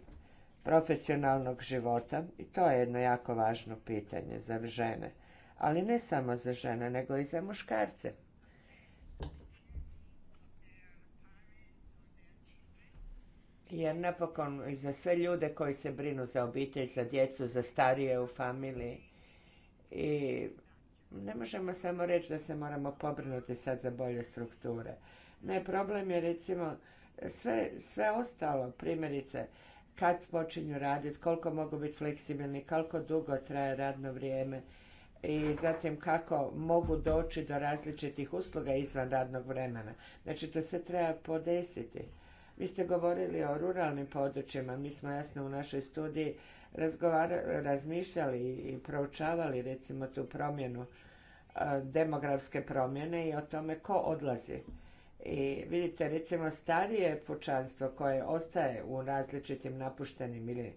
profesionalnog života i to je jedno jako važno pitanje za žene, ali ne samo za žene, nego i za muškarce. Jer napokon i za sve ljude koji se brinu za obitelj, za djecu, za starije u familiji i ne možemo samo reći da se moramo pobrinuti sad za bolje strukture. Ne, problem je recimo sve, sve ostalo, primjerice, kad počinju raditi, koliko mogu biti fleksibilni, koliko dugo traje radno vrijeme i zatim kako mogu doći do različitih usluga izvan radnog vremena. Znači to se treba podesiti. Vi ste govorili o ruralnim područjima, mi smo jasno u našoj studiji razmišljali i proučavali recimo tu promjenu, e, demografske promjene i o tome ko odlazi i vidite, recimo starije pučanstvo koje ostaje u različitim napuštenim ili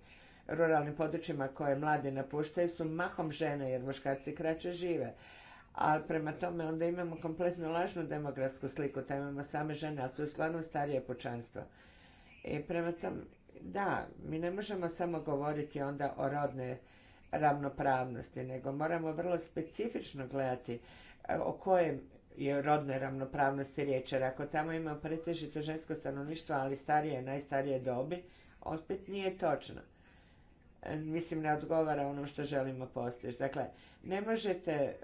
ruralnim područjima koje mlade napuštaju su mahom žene jer muškarci kraće žive. Ali prema tome onda imamo kompletno lažnu demografsku sliku, tamo imamo same žene, ali to je stvarno starije pučanstvo. I prema tome, da, mi ne možemo samo govoriti onda o rodne ravnopravnosti, nego moramo vrlo specifično gledati e, o kojem je rodne ravnopravnosti riječ, jer ako tamo ima pretežito žensko stanovništvo, ali starije, najstarije dobi, opet nije točno. E, mislim, ne odgovara onom što želimo postići. Dakle, ne možete e,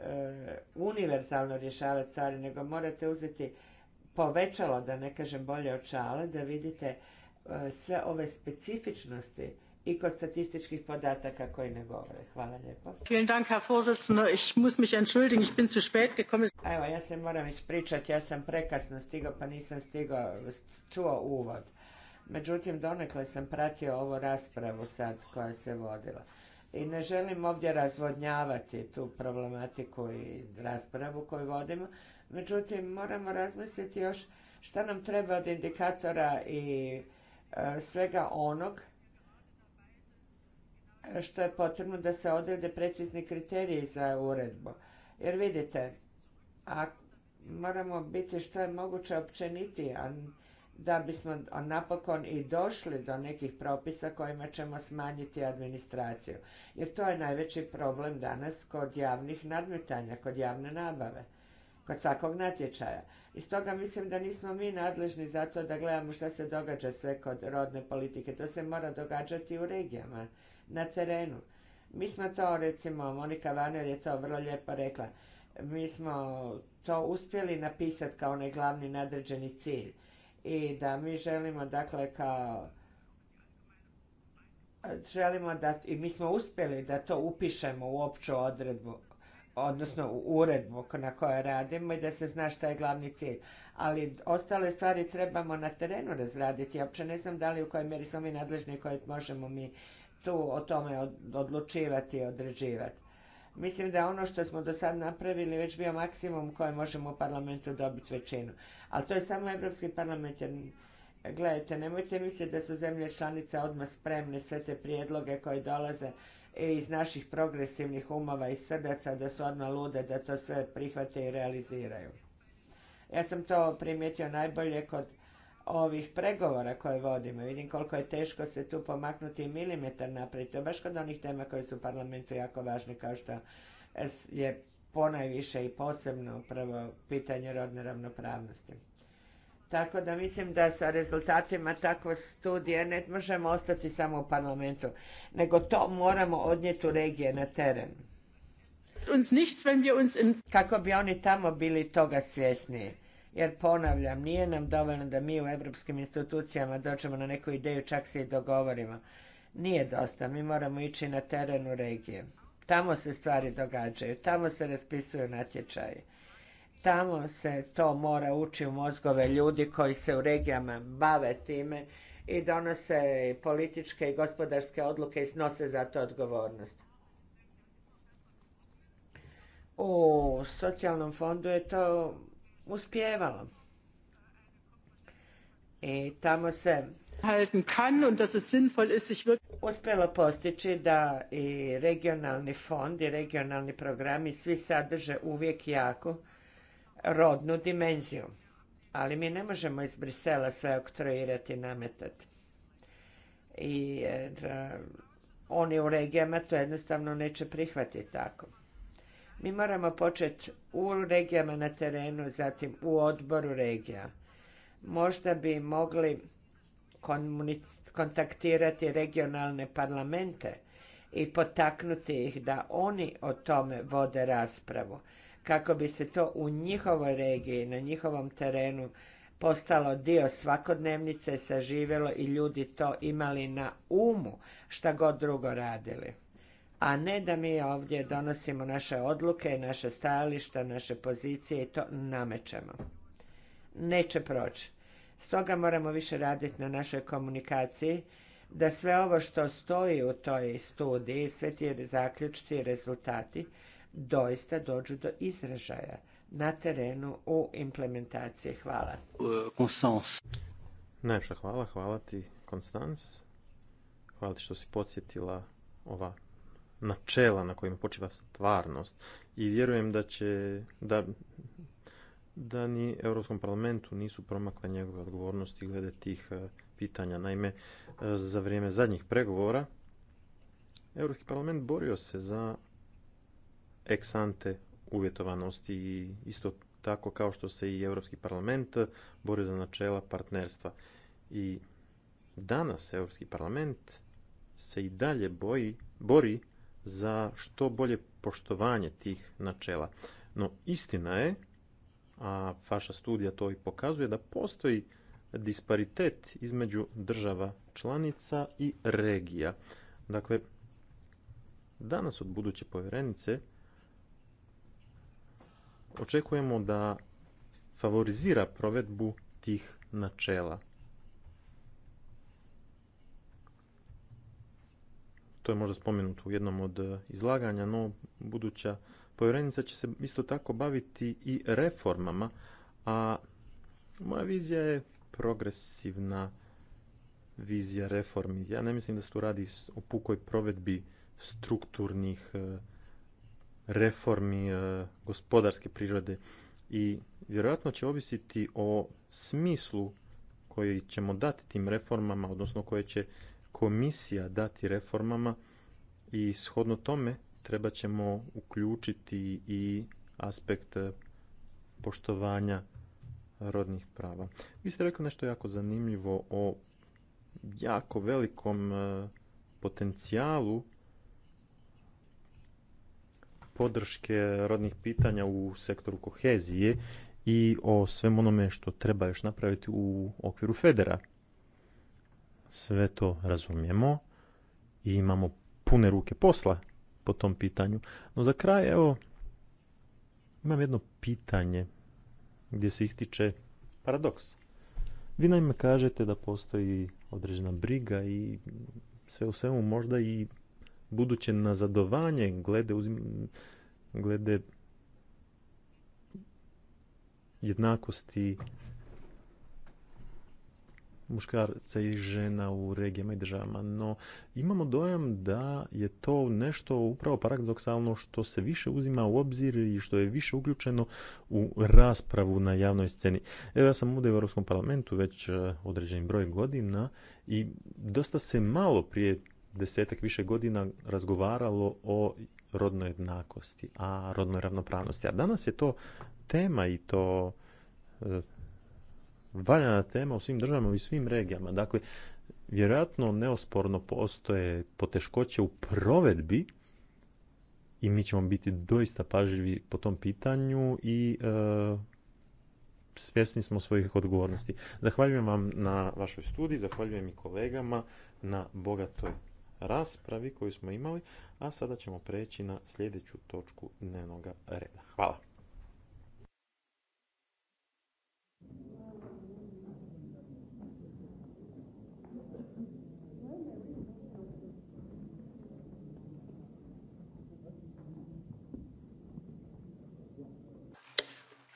univerzalno rješavati stvari, nego morate uzeti povećalo, da ne kažem bolje očale, da vidite e, sve ove specifičnosti i kod statističkih podataka koji ne govore. Hvala lijepo. Evo, ja se moram ispričati, ja sam prekasno stigao, pa nisam stigao, čuo uvod. Međutim, donekle sam pratio ovu raspravu sad koja se vodila. I ne želim ovdje razvodnjavati tu problematiku i raspravu koju vodimo. Međutim, moramo razmisliti još šta nam treba od indikatora i e, svega onog što je potrebno da se odrede precizni kriteriji za uredbu. Jer vidite, a moramo biti što je moguće općeniti a da bismo napokon i došli do nekih propisa kojima ćemo smanjiti administraciju. Jer to je najveći problem danas kod javnih nadmetanja, kod javne nabave, kod svakog natječaja. I stoga mislim da nismo mi nadležni za to da gledamo što se događa sve kod rodne politike. To se mora događati u regijama na terenu. Mi smo to, recimo, Monika Vaner je to vrlo lijepo rekla, mi smo to uspjeli napisati kao onaj glavni nadređeni cilj i da mi želimo, dakle, kao želimo da, i mi smo uspjeli da to upišemo u opću odredbu, odnosno u uredbu na kojoj radimo i da se zna šta je glavni cilj. Ali ostale stvari trebamo na terenu razraditi. Ja uopće ne znam da li u kojoj mjeri smo mi nadležni koje možemo mi tu o tome odlučivati i određivati. Mislim da ono što smo do sad napravili već bio maksimum koje možemo u parlamentu dobiti većinu. Ali to je samo Europski parlament gledajte, nemojte misliti da su zemlje članice odmah spremne sve te prijedloge koji dolaze iz naših progresivnih umova i srdaca da su odmah lude da to sve prihvate i realiziraju. Ja sam to primijetio najbolje kod ovih pregovora koje vodimo, vidim koliko je teško se tu pomaknuti milimetar naprijed, to je baš kod onih tema koje su u parlamentu jako važne, kao što je ponajviše i posebno prvo pitanje rodne ravnopravnosti. Tako da mislim da sa rezultatima takve studije ne možemo ostati samo u parlamentu, nego to moramo odnijeti u regije na teren. Kako bi oni tamo bili toga svjesniji. Jer ponavljam, nije nam dovoljno da mi u europskim institucijama dođemo na neku ideju, čak se i dogovorimo. Nije dosta, mi moramo ići na terenu regije. Tamo se stvari događaju, tamo se raspisuju natječaji. Tamo se to mora ući u mozgove ljudi koji se u regijama bave time i donose političke i gospodarske odluke i snose za to odgovornost. U socijalnom fondu je to uspjevalo. I tamo se uspjelo postići da i regionalni fond i regionalni programi svi sadrže uvijek jako rodnu dimenziju. Ali mi ne možemo iz Brisela sve oktroirati i nametati. I jer, eh, oni u regijama to jednostavno neće prihvatiti tako. Mi moramo početi u regijama na terenu, zatim u odboru regija. Možda bi mogli kontaktirati regionalne parlamente i potaknuti ih da oni o tome vode raspravu kako bi se to u njihovoj regiji, na njihovom terenu postalo dio svakodnevnice, saživjelo i ljudi to imali na umu šta god drugo radili a ne da mi ovdje donosimo naše odluke, naše stajališta, naše pozicije i to namećemo. Neće proći. Stoga moramo više raditi na našoj komunikaciji, da sve ovo što stoji u toj studiji, sve ti zaključci i rezultati, doista dođu do izražaja na terenu u implementaciji. Hvala. Konstans. hvala, hvala ti Konstans. Hvala ti što si podsjetila ova načela na kojima počiva stvarnost i vjerujem da će da, da ni Europskom parlamentu nisu promakle njegove odgovornosti glede tih e, pitanja. Naime, e, za vrijeme zadnjih pregovora Europski parlament borio se za eksante uvjetovanosti i isto tako kao što se i Europski parlament borio za načela partnerstva. I danas Europski parlament se i dalje boji, bori za što bolje poštovanje tih načela. No istina je, a vaša studija to i pokazuje, da postoji disparitet između država članica i regija. Dakle, danas od buduće povjerenice očekujemo da favorizira provedbu tih načela. to je možda spomenuto u jednom od e, izlaganja, no buduća povjerenica će se isto tako baviti i reformama, a moja vizija je progresivna vizija reformi. Ja ne mislim da se tu radi o pukoj provedbi strukturnih e, reformi e, gospodarske prirode i vjerojatno će ovisiti o smislu koji ćemo dati tim reformama, odnosno koje će komisija dati reformama i shodno tome treba ćemo uključiti i aspekt poštovanja rodnih prava. Vi ste rekli nešto jako zanimljivo o jako velikom e, potencijalu podrške rodnih pitanja u sektoru kohezije i o svem onome što treba još napraviti u okviru Federa sve to razumijemo i imamo pune ruke posla po tom pitanju. No za kraj, evo, imam jedno pitanje gdje se ističe paradoks. Vi naime kažete da postoji određena briga i sve u svemu možda i buduće nazadovanje glede, glede jednakosti muškarca i žena u regijama i državama, no imamo dojam da je to nešto upravo paradoksalno što se više uzima u obzir i što je više uključeno u raspravu na javnoj sceni. Evo ja sam u Europskom parlamentu već e, određeni broj godina i dosta se malo prije desetak više godina razgovaralo o rodnoj jednakosti, a rodnoj ravnopravnosti. A danas je to tema i to e, valjana tema u svim državama i svim regijama. Dakle, vjerojatno neosporno postoje poteškoće u provedbi i mi ćemo biti doista pažljivi po tom pitanju i e, svjesni smo svojih odgovornosti. Zahvaljujem vam na vašoj studiji, zahvaljujem i kolegama na bogatoj raspravi koju smo imali, a sada ćemo preći na sljedeću točku dnevnog reda. Hvala.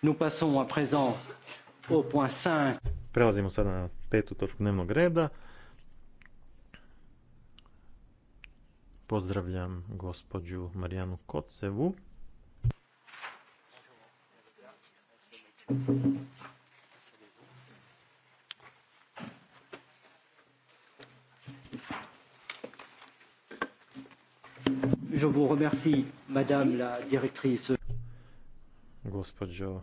Nous passons à présent au point 5. Prelazimo sada na petu točku dnevnog reda. Pozdravljam gospođu Marijanu Kocevu. Je vous remercie, madame la directrice gospođo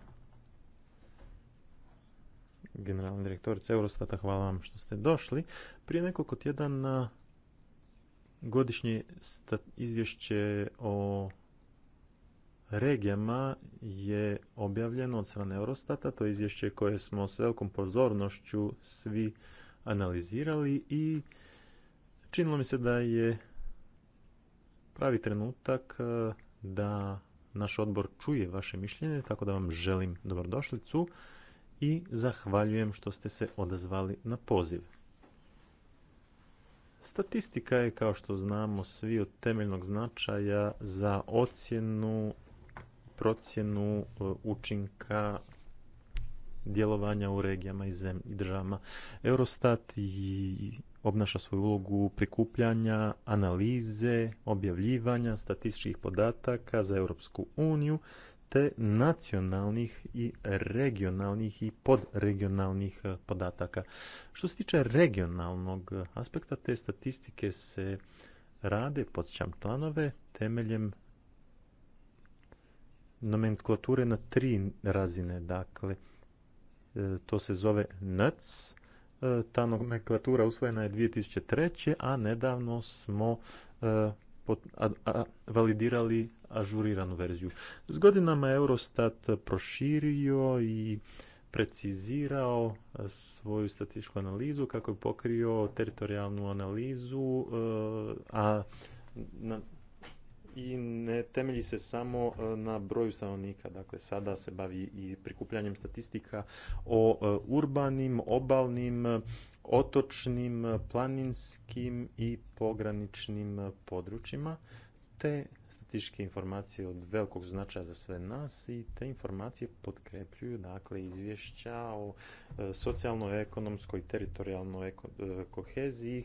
generalna direktorica Eurostata, hvala vam što ste došli. Prije nekoliko tjedana godišnje izvješće o regijama je objavljeno od strane Eurostata. To je izvješće koje smo s velikom pozornošću svi analizirali i činilo mi se da je pravi trenutak eh, da naš odbor čuje vaše mišljenje, tako da vam želim dobrodošlicu i zahvaljujem što ste se odazvali na poziv. Statistika je, kao što znamo, svi od temeljnog značaja za ocjenu, procjenu e, učinka djelovanja u regijama i, državama. Eurostat i obnaša svoju ulogu prikupljanja, analize, objavljivanja statističkih podataka za Europsku uniju te nacionalnih i regionalnih i podregionalnih eh, podataka. Što se tiče regionalnog eh, aspekta, te statistike se rade, podsjećam planove, temeljem nomenklature na tri razine. Dakle, eh, to se zove NUTS, E, ta nomenklatura usvojena je 2003. a nedavno smo e, validirali ažuriranu verziju. S godinama Eurostat proširio i precizirao e, svoju statističku analizu kako je pokrio teritorijalnu analizu, a na, i ne temelji se samo e, na broju stanovnika. Dakle, sada se bavi i prikupljanjem statistika o e, urbanim, obalnim, otočnim, planinskim i pograničnim područjima, te statističke informacije od velikog značaja za sve nas i te informacije potkrepljuju dakle izvješća o e, socijalno-ekonomskoj i teritorijalnoj koheziji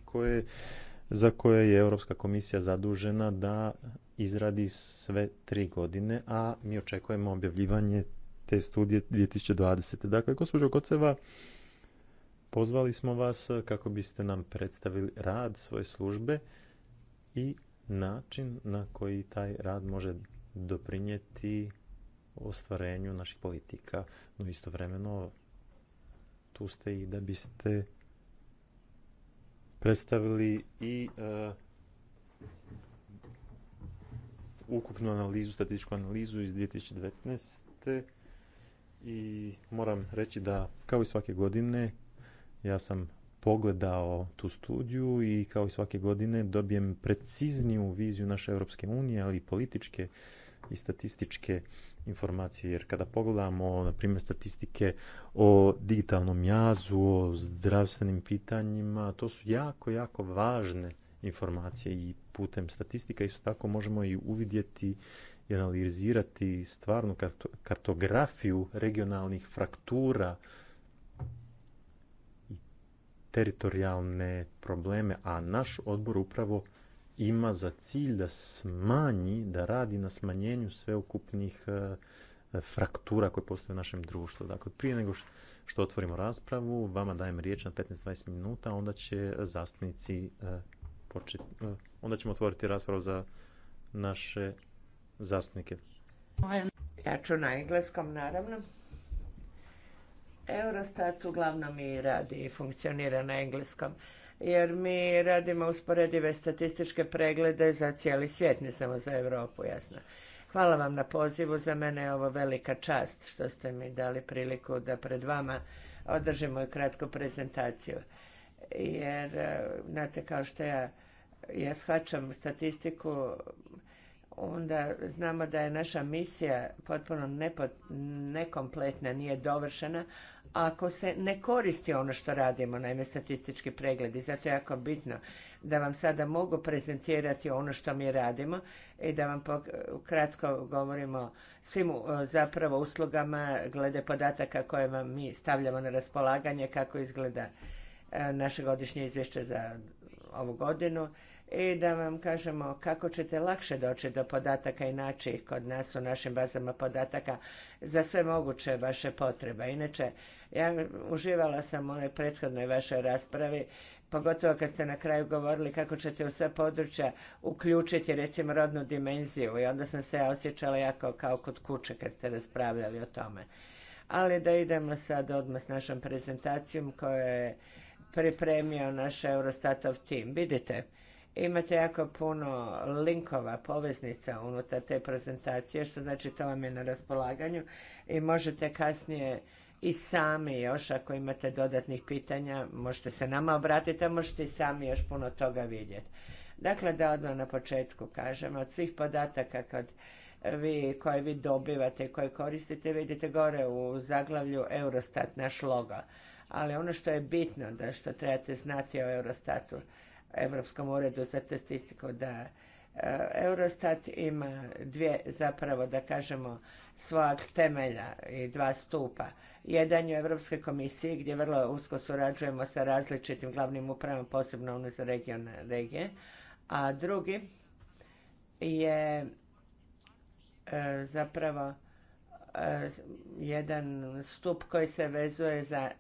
za koje je Europska komisija zadužena da izradi sve tri godine, a mi očekujemo objavljivanje te studije 2020. Dakle, gospođo Koceva, pozvali smo vas kako biste nam predstavili rad svoje službe i način na koji taj rad može doprinijeti ostvarenju naših politika, no istovremeno tu ste i da biste predstavili i e, ukupnu analizu, statističku analizu iz 2019. I moram reći da, kao i svake godine, ja sam pogledao tu studiju i kao i svake godine dobijem precizniju viziju naše Europske unije, ali i političke i statističke informacije. Jer kada pogledamo, na primjer, statistike o digitalnom jazu, o zdravstvenim pitanjima, to su jako, jako važne informacije i putem statistika isto tako možemo i uvidjeti i analizirati stvarnu kartografiju regionalnih fraktura i teritorijalne probleme, a naš odbor upravo ima za cilj da smanji, da radi na smanjenju sveukupnih e, fraktura koje postoje u našem društvu. Dakle, prije nego što otvorimo raspravu, vama dajem riječ na 15-20 minuta, onda će zastupnici e, početi e, onda ćemo otvoriti raspravu za naše zastupnike. Ja ću na engleskom, naravno. Eurostat uglavnom i radi i funkcionira na engleskom, jer mi radimo usporedive statističke preglede za cijeli svijet, ne samo za Europu, jasno. Hvala vam na pozivu, za mene je ovo velika čast što ste mi dali priliku da pred vama održimo i kratku prezentaciju. Jer, eh, znate, kao što ja ja shvaćam statistiku, onda znamo da je naša misija potpuno nekompletna, nije dovršena, ako se ne koristi ono što radimo, naime statistički pregledi. Zato je jako bitno da vam sada mogu prezentirati ono što mi radimo i da vam kratko govorimo svim e, zapravo uslugama glede podataka koje vam mi stavljamo na raspolaganje, kako izgleda e, naše godišnje izvješće za ovu godinu, i da vam kažemo kako ćete lakše doći do podataka i naći ih kod nas u našim bazama podataka za sve moguće vaše potrebe. Inače, ja uživala sam u onoj prethodnoj vašoj raspravi, pogotovo kad ste na kraju govorili kako ćete u sve područja uključiti recimo rodnu dimenziju i onda sam se ja osjećala jako kao kod kuće kad ste raspravljali o tome. Ali da idemo sad odmah s našom prezentacijom koja je pripremio naš Eurostatov tim. Vidite, Imate jako puno linkova, poveznica unutar te prezentacije, što znači to vam je na raspolaganju i možete kasnije i sami još, ako imate dodatnih pitanja, možete se nama obratiti, a možete i sami još puno toga vidjeti. Dakle, da odmah na početku kažem, od svih podataka vi, koje vi dobivate i koje koristite, vidite gore u zaglavlju Eurostat, naš logo. Ali ono što je bitno, da što trebate znati o Eurostatu, Europskom uredu za statistiku da e, Eurostat ima dvije zapravo da kažemo svoja temelja i dva stupa. Jedan je u Europskoj komisiji gdje vrlo usko surađujemo sa različitim glavnim upravama, posebno ono za regije, a drugi je e, zapravo Eh, jedan stup koji se vezuje za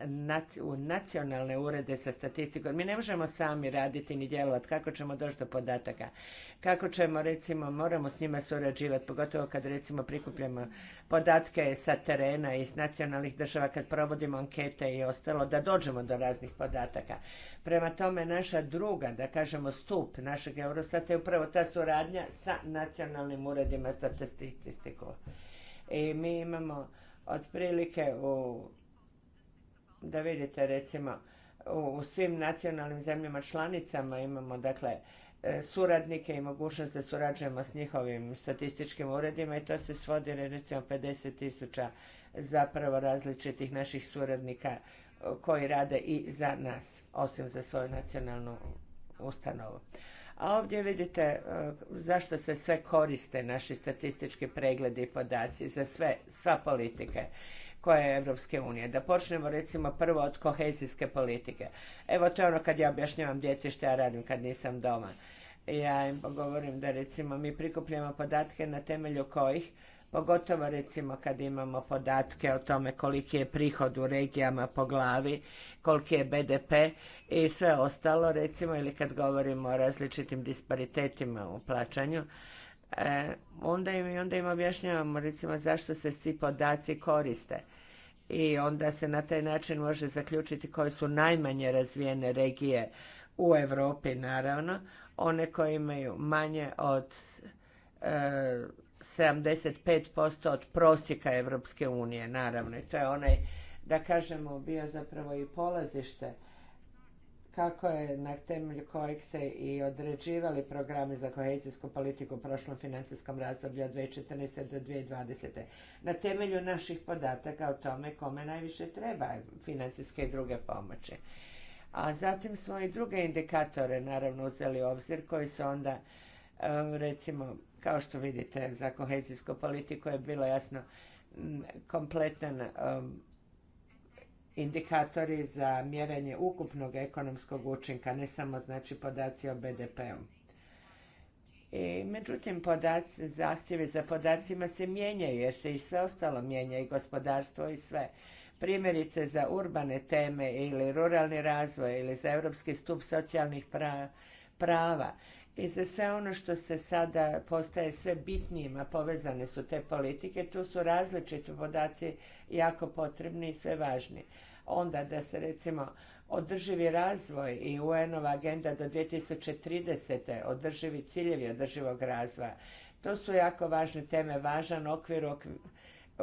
u nacionalne urede sa statistikom. Mi ne možemo sami raditi ni djelovati. Kako ćemo doći do podataka? Kako ćemo, recimo, moramo s njima surađivati, pogotovo kad, recimo, prikupljamo podatke sa terena iz nacionalnih država, kad provodimo ankete i ostalo, da dođemo do raznih podataka. Prema tome, naša druga, da kažemo, stup našeg Eurostata je upravo ta suradnja sa nacionalnim uredima statistiku. I mi imamo otprilike u, da vidite recimo, u, svim nacionalnim zemljama članicama imamo dakle e, suradnike i mogućnost da surađujemo s njihovim statističkim uredima i to se svodi recimo 50 tisuća zapravo različitih naših suradnika e, koji rade i za nas, osim za svoju nacionalnu ustanovu. A ovdje vidite e, zašto se sve koriste naši statistički pregledi i podaci za sve, sva politike koje je Evropske unije. Da počnemo recimo prvo od kohezijske politike. Evo to je ono kad ja objašnjavam djeci što ja radim kad nisam doma. Ja im govorim da recimo mi prikupljamo podatke na temelju kojih pogotovo recimo kad imamo podatke o tome koliki je prihod u regijama po glavi, koliki je BDP i sve ostalo recimo ili kad govorimo o različitim disparitetima u plaćanju. E, onda, im, onda im objašnjavamo recimo zašto se svi podaci koriste i onda se na taj način može zaključiti koje su najmanje razvijene regije u Europi naravno, one koje imaju manje od e, 75% od prosjeka Evropske unije, naravno. I to je onaj, da kažemo, bio zapravo i polazište kako je na temelju kojeg se i određivali programi za kohezijsku politiku u prošlom financijskom razdoblju od 2014. do 2020. Na temelju naših podataka o tome kome najviše treba financijske i druge pomoći. A zatim smo i druge indikatore naravno uzeli u obzir koji su onda Ehm, recimo kao što vidite za kohezijsku politiku je bilo jasno mm, kompletan ehm, indikatori za mjerenje ukupnog ekonomskog učinka, ne samo znači podaci o BDP-u. I, međutim, podaci, zahtjevi za podacima se mijenjaju jer se i sve ostalo mijenja i gospodarstvo i sve. Primjerice za urbane teme ili ruralni razvoj ili za europski stup socijalnih prava i za sve ono što se sada postaje sve bitnijima povezane su te politike, tu su različiti podaci jako potrebni i sve važni. Onda da se recimo održivi razvoj i UN-ova agenda do 2030. održivi ciljevi održivog razvoja, to su jako važne teme, važan okvir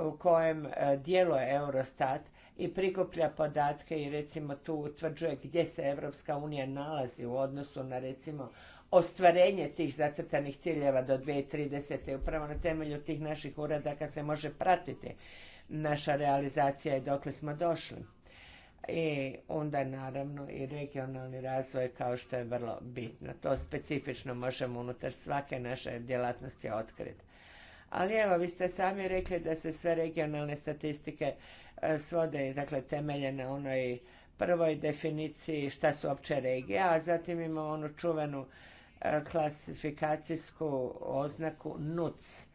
u kojem e, djeluje Eurostat i prikuplja podatke i recimo tu utvrđuje gdje se Europska unija nalazi u odnosu na recimo ostvarenje tih zacrtanih ciljeva do 2030. Upravo na temelju tih naših uradaka se može pratiti naša realizacija i dokle smo došli. I onda naravno i regionalni razvoj kao što je vrlo bitno. To specifično možemo unutar svake naše djelatnosti otkriti. Ali evo, vi ste sami rekli da se sve regionalne statistike e, svode, dakle, temelje na onoj prvoj definiciji šta su opće regije, a zatim imamo onu čuvenu klasifikacijsku oznaku NUC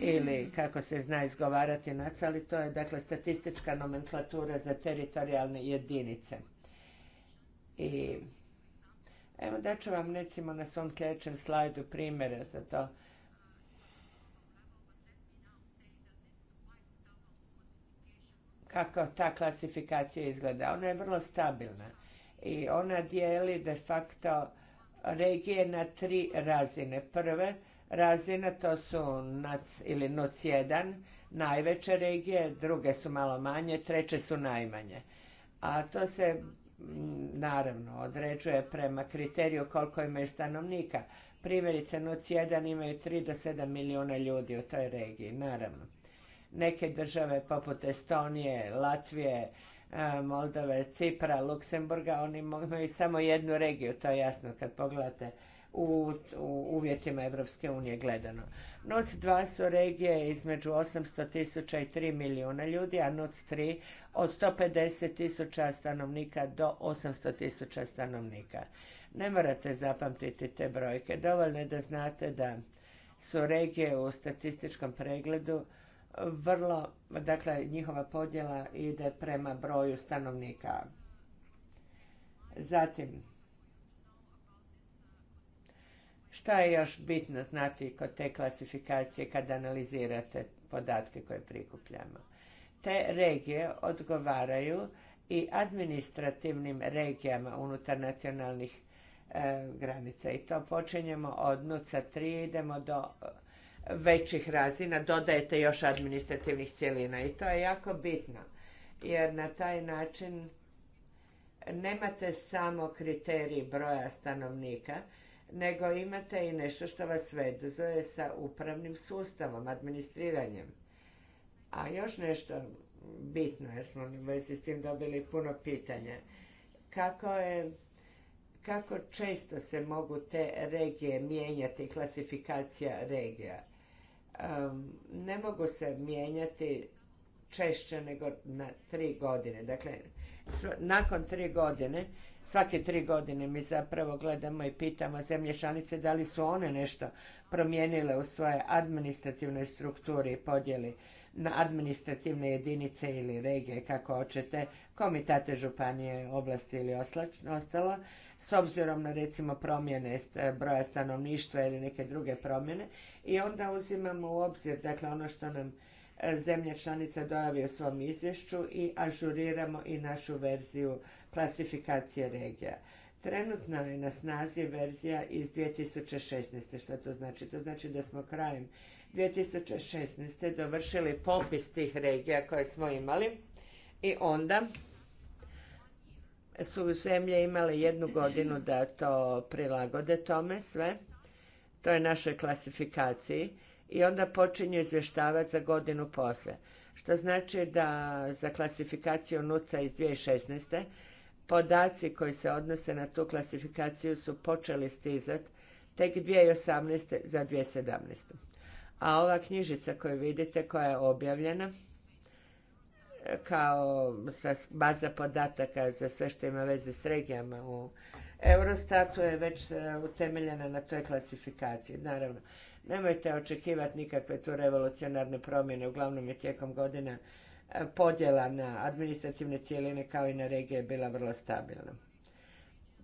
ili kako se zna izgovarati NAC, ali to je dakle statistička nomenklatura za teritorijalne jedinice. I evo ću vam recimo na svom sljedećem slajdu primjere za to. Kako ta klasifikacija izgleda. Ona je vrlo stabilna i ona dijeli de facto regije na tri razine. Prve razine to su NAC ili NUC 1, najveće regije, druge su malo manje, treće su najmanje. A to se naravno određuje prema kriteriju koliko imaju stanovnika. Primjerice NUC 1 imaju 3 do 7 milijuna ljudi u toj regiji, naravno. Neke države poput Estonije, Latvije, E, Moldove, Cipra, Luksemburga, oni imaju samo jednu regiju, to je jasno kad pogledate u, uvjetima Evropske unije gledano. NUC2 su regije između 800 tisuća i 3 milijuna ljudi, a NUC3 od 150 tisuća stanovnika do 800 tisuća stanovnika. Ne morate zapamtiti te brojke, dovoljno je da znate da su regije u statističkom pregledu vrlo, dakle njihova podjela ide prema broju stanovnika. Zatim, šta je još bitno znati kod te klasifikacije kad analizirate podatke koje prikupljamo? Te regije odgovaraju i administrativnim regijama unutar nacionalnih eh, granica i to počinjemo od NUCA 3, idemo do većih razina dodajete još administrativnih cjelina i to je jako bitno jer na taj način nemate samo kriterij broja stanovnika, nego imate i nešto što vas vezuje sa upravnim sustavom, administriranjem. A još nešto bitno, jer smo u vezi s tim dobili puno pitanja. Kako je kako često se mogu te regije mijenjati, klasifikacija regija? ne mogu se mijenjati češće nego na tri godine. Dakle, nakon tri godine, svake tri godine mi zapravo gledamo i pitamo zemlje članice da li su one nešto promijenile u svoje administrativnoj strukturi i podjeli na administrativne jedinice ili regije, kako hoćete, komitate županije, oblasti ili ostalo, s obzirom na recimo promjene broja stanovništva ili neke druge promjene i onda uzimamo u obzir dakle ono što nam e, zemlja članica dojavi u svom izvješću i ažuriramo i našu verziju klasifikacije regija. Trenutno je na snazi verzija iz 2016. Što to znači? To znači da smo krajem 2016. dovršili popis tih regija koje smo imali i onda su zemlje imale jednu godinu da to prilagode tome sve. To je našoj klasifikaciji. I onda počinju izvještavati za godinu poslije. Što znači da za klasifikaciju NUCA iz 2016. podaci koji se odnose na tu klasifikaciju su počeli stizati tek 2018. za 2017. A ova knjižica koju vidite koja je objavljena kao baza podataka za sve što ima veze s regijama u Eurostatu je već e, utemeljena na toj klasifikaciji. Naravno, nemojte očekivati nikakve tu revolucionarne promjene, uglavnom je tijekom godina e, podjela na administrativne cijeline kao i na regije bila vrlo stabilna.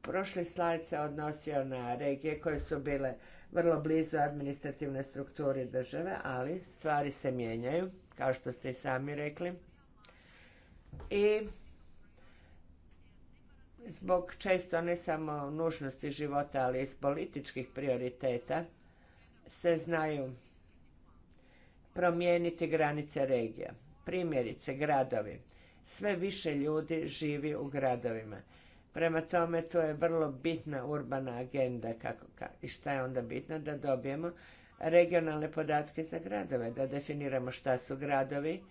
Prošli slajd se odnosio na regije koje su bile vrlo blizu administrativne strukture države, ali stvari se mijenjaju, kao što ste i sami rekli i zbog često ne samo nužnosti života, ali iz političkih prioriteta se znaju promijeniti granice regija. Primjerice, gradovi. Sve više ljudi živi u gradovima. Prema tome, to je vrlo bitna urbana agenda. Kako, ka, I šta je onda bitno? Da dobijemo regionalne podatke za gradove, da definiramo šta su gradovi,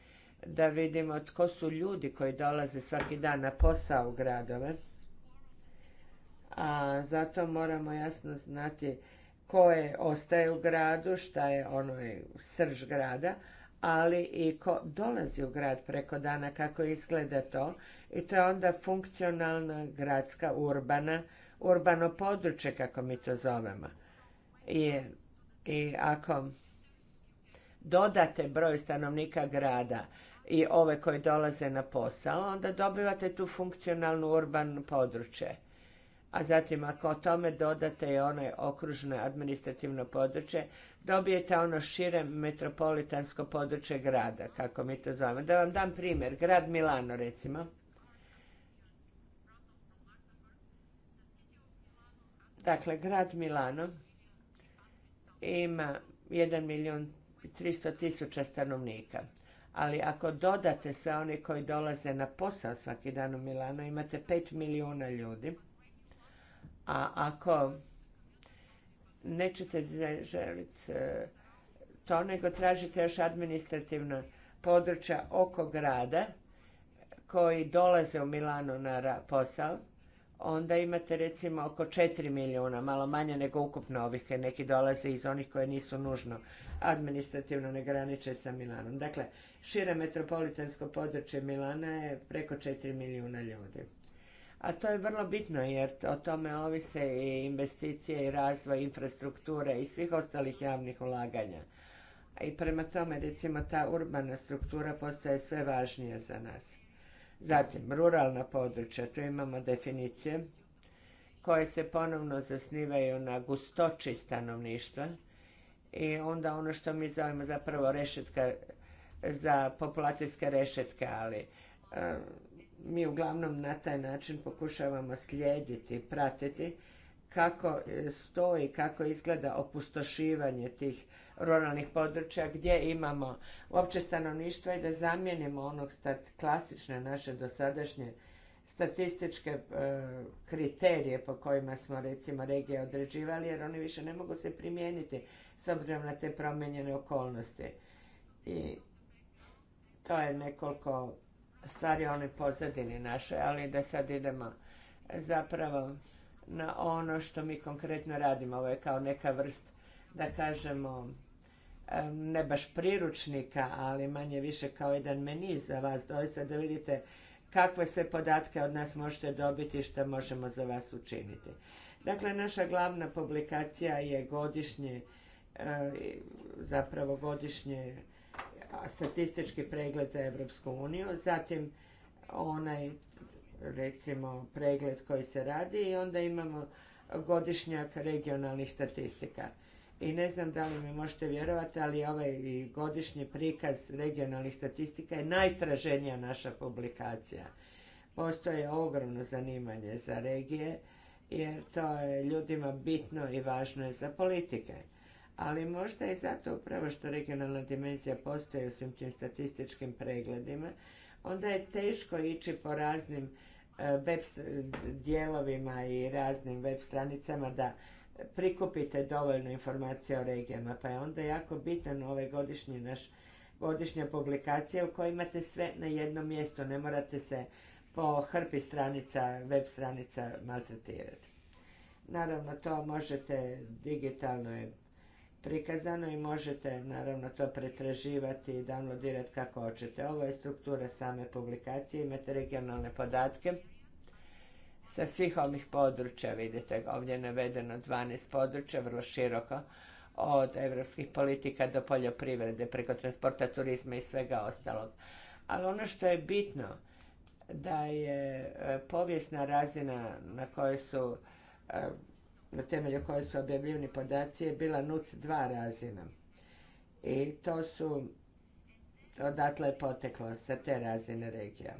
da vidimo tko su ljudi koji dolaze svaki dan na posao u gradove. A zato moramo jasno znati ko je ostaje u gradu, šta je ono srž grada, ali i ko dolazi u grad preko dana, kako izgleda to. I to je onda funkcionalna gradska urbana, urbano područje, kako mi to zovemo. i ako dodate broj stanovnika grada i ove koje dolaze na posao, onda dobivate tu funkcionalnu urbanu područje. A zatim ako o tome dodate i one okružne administrativno područje, dobijete ono šire metropolitansko područje grada, kako mi to zovemo. Da vam dam primjer, grad Milano recimo. Dakle, grad Milano ima 1.300.000 milijun tisuća stanovnika ali ako dodate sve one koji dolaze na posao svaki dan u Milano, imate 5 milijuna ljudi. A ako nećete želiti e, to, nego tražite još administrativna područja oko grada koji dolaze u Milano na posao, onda imate recimo oko 4 milijuna, malo manje nego ukupno ovih, jer neki dolaze iz onih koje nisu nužno administrativno ne graniče sa Milanom. Dakle, šire metropolitansko područje Milana je preko 4 milijuna ljudi. A to je vrlo bitno jer o tome ovise i investicije i razvoj infrastrukture i svih ostalih javnih ulaganja. I prema tome, recimo, ta urbana struktura postaje sve važnija za nas. Zatim, ruralna područja, tu imamo definicije koje se ponovno zasnivaju na gustoći stanovništva i onda ono što mi zovemo zapravo rešetka za populacijske rešetke, ali eh, mi uglavnom na taj način pokušavamo slijediti, pratiti kako e, stoji, kako izgleda opustošivanje tih ruralnih područja gdje imamo uopće stanovništva i da zamijenimo onog klasične naše dosadašnje statističke e, kriterije po kojima smo recimo regije određivali jer oni više ne mogu se primijeniti s obzirom na te promijenjene okolnosti. I to je nekoliko stvari one pozadine naše, ali da sad idemo zapravo na ono što mi konkretno radimo. Ovo je kao neka vrst, da kažemo, ne baš priručnika, ali manje više kao jedan meni za vas doista da vidite kakve se podatke od nas možete dobiti i što možemo za vas učiniti. Dakle, naša glavna publikacija je godišnje, e, zapravo godišnje statistički pregled za Evropsku uniju, zatim onaj recimo pregled koji se radi i onda imamo godišnjak regionalnih statistika. I ne znam da li mi možete vjerovati, ali ovaj godišnji prikaz regionalnih statistika je najtraženija naša publikacija. Postoje ogromno zanimanje za regije, jer to je ljudima bitno i važno je za politike. Ali možda i zato upravo što regionalna dimenzija postoji u svim tim statističkim pregledima, onda je teško ići po raznim E, web dijelovima i raznim web stranicama da prikupite dovoljno informacija o regijama, pa je onda jako bitan ovaj godišnji naš godišnja publikacija u kojoj imate sve na jednom mjestu, ne morate se po hrpi stranica, web stranica maltretirati. Naravno, to možete digitalno je prikazano i možete naravno to pretraživati i downloadirati kako hoćete. Ovo je struktura same publikacije, imate regionalne podatke. Sa svih ovih područja vidite, ovdje je navedeno 12 područja, vrlo široko, od evropskih politika do poljoprivrede, preko transporta, turizma i svega ostalog. Ali ono što je bitno, da je e, povijesna razina na kojoj su e, na temelju koje su objavljivani podaci je bila nuc dva razina. I to su, odatle je poteklo sa te razine regija.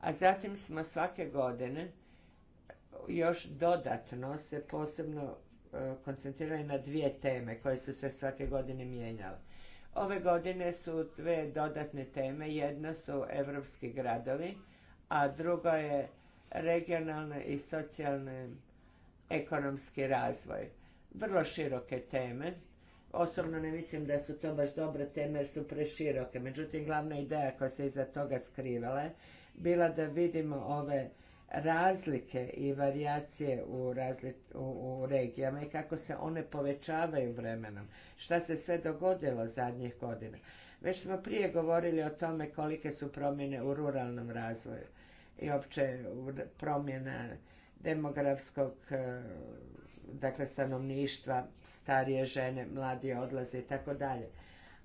A zatim smo svake godine još dodatno se posebno e, koncentrirali na dvije teme koje su se svake godine mijenjale. Ove godine su dve dodatne teme. Jedna su evropski gradovi, a druga je regionalne i socijalne ekonomski razvoj. Vrlo široke teme. Osobno ne mislim da su to baš dobre teme jer su preširoke. Međutim, glavna ideja koja se iza toga skrivala je bila da vidimo ove razlike i varijacije u, u, regijama i kako se one povećavaju vremenom. Šta se sve dogodilo zadnjih godina. Već smo prije govorili o tome kolike su promjene u ruralnom razvoju i opće promjena demografskog e, dakle stanovništva, starije žene, mladi odlaze i tako dalje.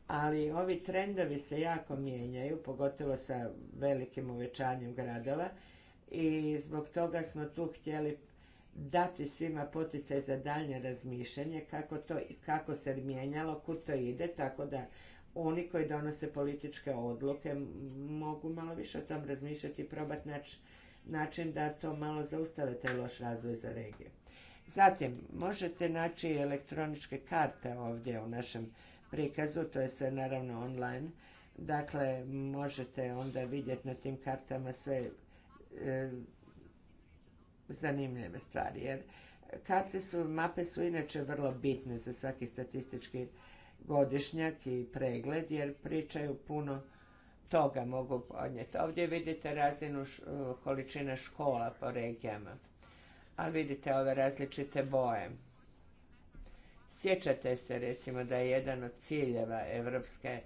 Ali ovi trendovi se jako mijenjaju, pogotovo sa velikim uvećanjem gradova i zbog toga smo tu htjeli dati svima poticaj za daljnje razmišljanje kako, to, kako se mijenjalo, kud to ide, tako da oni koji donose političke odluke mogu malo više o tom razmišljati i probati naći način da to malo zaustavite loš razvoj za regije. Zatim, možete naći elektroničke karte ovdje u našem prikazu, to je sve naravno online. Dakle, možete onda vidjeti na tim kartama sve e, zanimljive stvari. Jer karte su, mape su inače vrlo bitne za svaki statistički godišnjak i pregled, jer pričaju puno toga mogu podnijeti. Ovdje vidite razinu količina e, količine škola po regijama, ali vidite ove različite boje. Sjećate se recimo da je jedan od ciljeva Evropske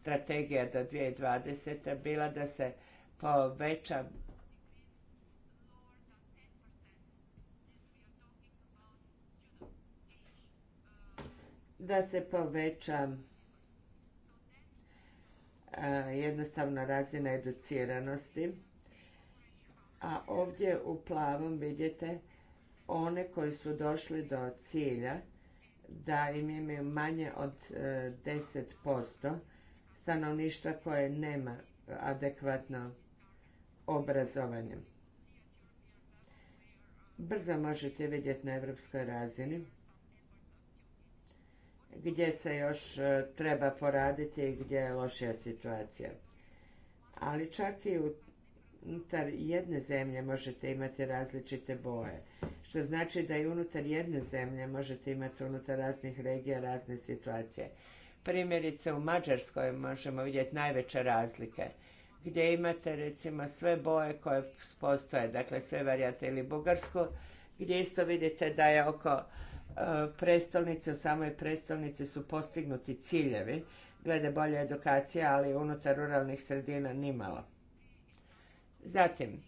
strategije do 2020. bila da se poveća da se poveća E, jednostavna razina educiranosti. A ovdje u plavom vidite one koji su došli do cilja da im imaju manje od 10% e, stanovništva koje nema adekvatno obrazovanje. Brzo možete vidjeti na evropskoj razini gdje se još e, treba poraditi i gdje je lošija situacija. Ali čak i unutar jedne zemlje možete imati različite boje, što znači da i unutar jedne zemlje možete imati unutar raznih regija razne situacije. Primjerice u Mađarskoj možemo vidjeti najveće razlike gdje imate recimo sve boje koje postoje, dakle sve varijate ili Bugarsku, gdje isto vidite da je oko E, prestolnice, u samoj prestolnici su postignuti ciljevi glede bolje edukacije, ali unutar ruralnih sredina nimalo. Zatim,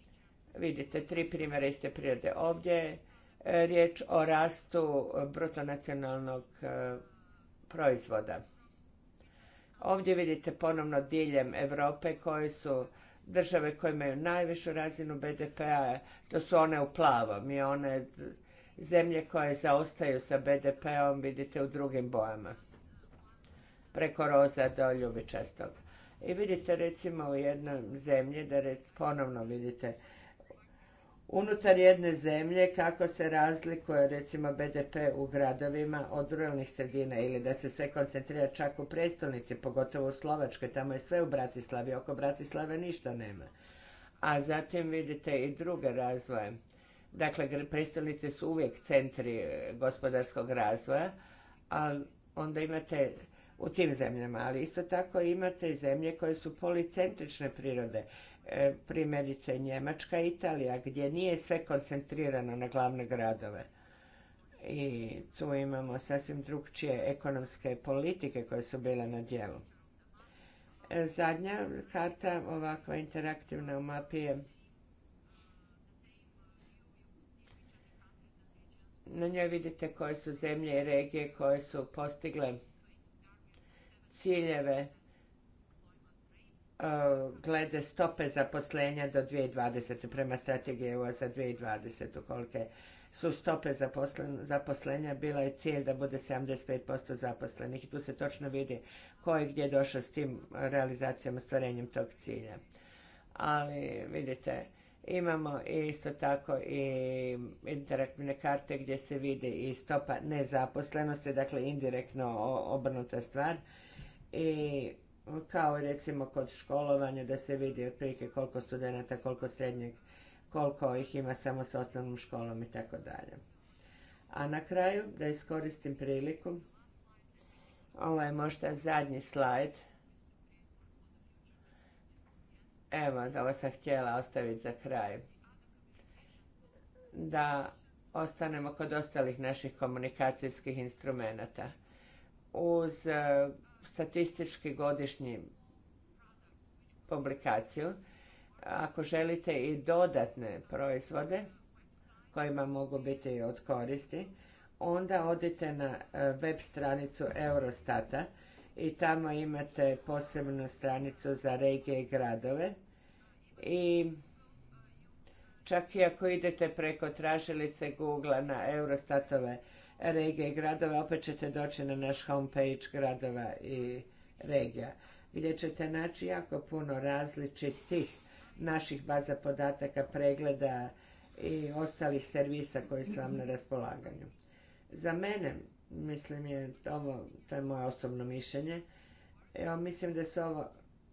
vidite, tri primjera iste prirode. Ovdje je riječ o rastu brutonacionalnog e, proizvoda. Ovdje vidite ponovno diljem Europe koje su države koje imaju najvišu razinu BDP-a, to su one u plavom i one zemlje koje zaostaju sa BDP-om vidite u drugim bojama. Preko roza do ljubičastog. I vidite recimo u jednoj zemlji, da ponovno vidite unutar jedne zemlje kako se razlikuje recimo BDP u gradovima od ruralnih sredina ili da se sve koncentrira čak u prestolnici, pogotovo u Slovačkoj, tamo je sve u Bratislavi, oko Bratislave ništa nema. A zatim vidite i druge razvoje Dakle, predstavnice su uvijek centri e, gospodarskog razvoja, ali onda imate u tim zemljama, ali isto tako imate i zemlje koje su policentrične prirode, e, primjerice Njemačka, Italija, gdje nije sve koncentrirano na glavne gradove. I tu imamo sasvim drugčije ekonomske politike koje su bile na dijelu. E, zadnja karta, ovakva interaktivna u mapi je na njoj vidite koje su zemlje i regije koje su postigle ciljeve e, glede stope zaposlenja do 2020. prema strategiji EU za 2020. kolike su stope zaposlenja, bila je cilj da bude 75% zaposlenih i tu se točno vidi ko je gdje došao s tim realizacijom, ostvarenjem tog cilja. Ali vidite, Imamo isto tako i interaktivne karte gdje se vidi i stopa nezaposlenosti, dakle indirektno obrnuta stvar. I kao recimo kod školovanja da se vidi otprilike koliko studenta, koliko srednjeg, koliko ih ima samo s osnovnom školom i tako dalje. A na kraju da iskoristim priliku, ovo je možda zadnji slajd Evo, ovo sam htjela ostaviti za kraj. Da ostanemo kod ostalih naših komunikacijskih instrumenata. Uz e, statistički godišnji publikaciju, ako želite i dodatne proizvode kojima mogu biti od koristi, onda odite na e, web stranicu Eurostata i tamo imate posebnu stranicu za regije i gradove i čak i ako idete preko tražilice Google na Eurostatove regije i gradove, opet ćete doći na naš homepage gradova i regija, gdje ćete naći jako puno različitih naših baza podataka, pregleda i ostalih servisa koji su vam na raspolaganju. Za mene Mislim je, ovo, to je moje osobno mišljenje. Evo, mislim da su ovo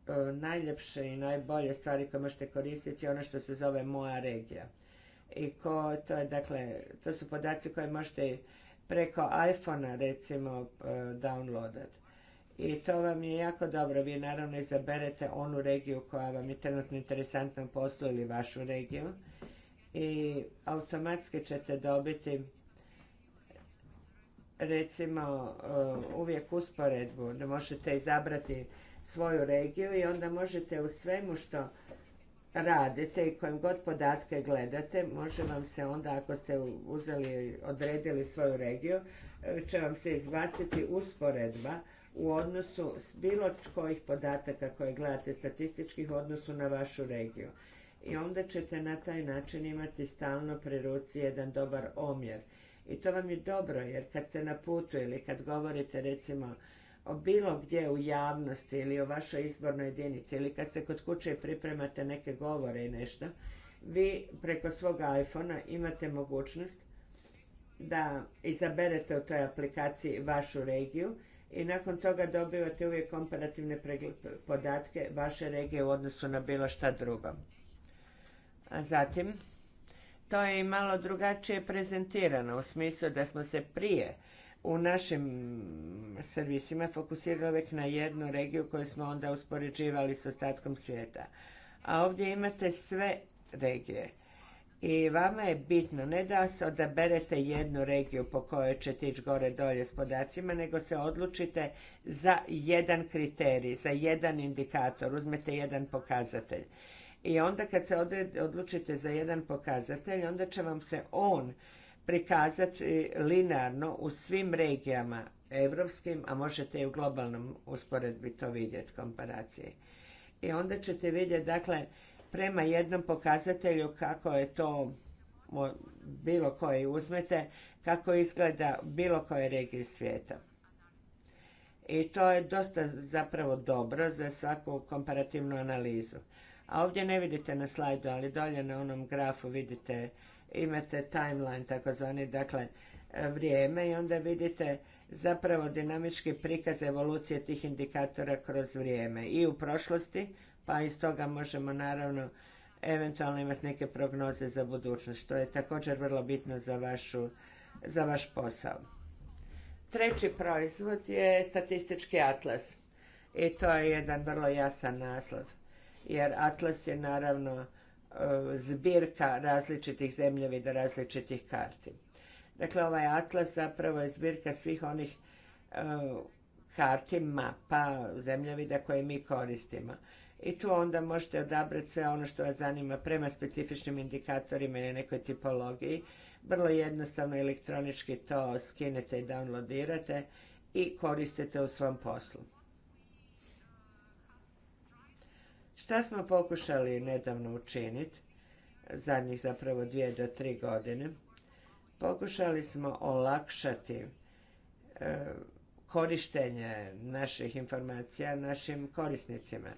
e, najljepše i najbolje stvari koje možete koristiti, ono što se zove moja regija. I to je, dakle, to su podaci koje možete preko iPhonea recimo, e, downloadati. I to vam je jako dobro. Vi naravno izaberete onu regiju koja vam je trenutno interesantna u poslu ili vašu regiju. I automatski ćete dobiti recimo e, uvijek usporedbu, da možete izabrati svoju regiju i onda možete u svemu što radite i kojim god podatke gledate, može vam se onda ako ste uzeli, odredili svoju regiju, e, će vam se izbaciti usporedba u odnosu s bilo kojih podataka koje gledate statističkih u odnosu na vašu regiju. I onda ćete na taj način imati stalno pri ruci jedan dobar omjer i to vam je dobro, jer kad ste na putu ili kad govorite recimo o bilo gdje u javnosti ili o vašoj izbornoj jedinici ili kad se kod kuće pripremate neke govore i nešto, vi preko svog iPhona imate mogućnost da izaberete u toj aplikaciji vašu regiju i nakon toga dobivate uvijek komparativne podatke vaše regije u odnosu na bilo šta drugo. A zatim, to je i malo drugačije prezentirano u smislu da smo se prije u našim servisima fokusirali uvijek na jednu regiju koju smo onda uspoređivali s ostatkom svijeta. A ovdje imate sve regije. I vama je bitno ne da se odaberete jednu regiju po kojoj ćete ići gore dolje s podacima, nego se odlučite za jedan kriterij, za jedan indikator, uzmete jedan pokazatelj. I onda kad se odlučite za jedan pokazatelj, onda će vam se on prikazati linearno u svim regijama evropskim, a možete i u globalnom usporedbi to vidjeti, komparacije. I onda ćete vidjeti, dakle, prema jednom pokazatelju kako je to bilo koje uzmete, kako izgleda bilo koje regije svijeta. I to je dosta zapravo dobro za svaku komparativnu analizu. A ovdje ne vidite na slajdu, ali dolje na onom grafu vidite, imate timeline takozvani, dakle vrijeme i onda vidite zapravo dinamički prikaz evolucije tih indikatora kroz vrijeme i u prošlosti, pa iz toga možemo naravno eventualno imati neke prognoze za budućnost, što je također vrlo bitno za, vašu, za vaš posao. Treći proizvod je statistički atlas i to je jedan vrlo jasan naslov jer Atlas je naravno e, zbirka različitih zemljevida, različitih karti. Dakle, ovaj atlas zapravo je zbirka svih onih e, karti, mapa, zemljevida koje mi koristimo. I tu onda možete odabrati sve ono što vas zanima prema specifičnim indikatorima ili nekoj tipologiji. Vrlo jednostavno elektronički to skinete i downloadirate i koristite u svom poslu. Šta smo pokušali nedavno učiniti, zadnjih zapravo dvije do tri godine, pokušali smo olakšati e, korištenje naših informacija našim korisnicima.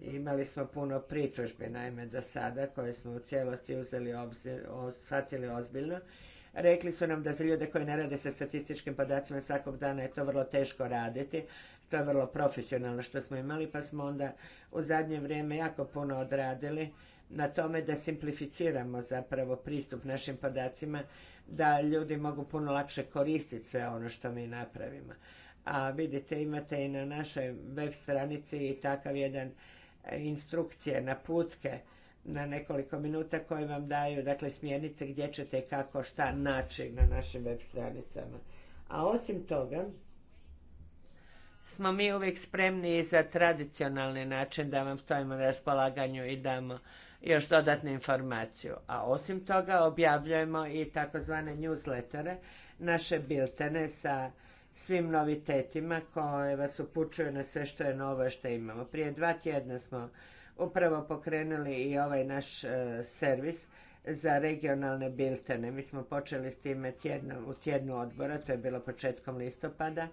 imali smo puno pritužbi, naime, do sada, koje smo u cijelosti uzeli obzir, shvatili ozbiljno. Rekli su nam da za ljude koji ne rade sa statističkim podacima svakog dana je to vrlo teško raditi, to je vrlo profesionalno što smo imali, pa smo onda u zadnje vrijeme jako puno odradili na tome da simplificiramo zapravo pristup našim podacima, da ljudi mogu puno lakše koristiti sve ono što mi napravimo. A vidite, imate i na našoj web stranici i takav jedan e, instrukcije, naputke na nekoliko minuta koje vam daju, dakle, smjernice gdje ćete i kako šta naći na našim web stranicama. A osim toga, smo mi uvijek spremni i za tradicionalni način da vam stojimo na raspolaganju i damo još dodatnu informaciju. A osim toga objavljujemo i takozvane newslettere, naše biltene sa svim novitetima koje vas upućuju na sve što je novo što imamo. Prije dva tjedna smo upravo pokrenuli i ovaj naš e, servis za regionalne biltene. Mi smo počeli s time u tjednu odbora, to je bilo početkom listopada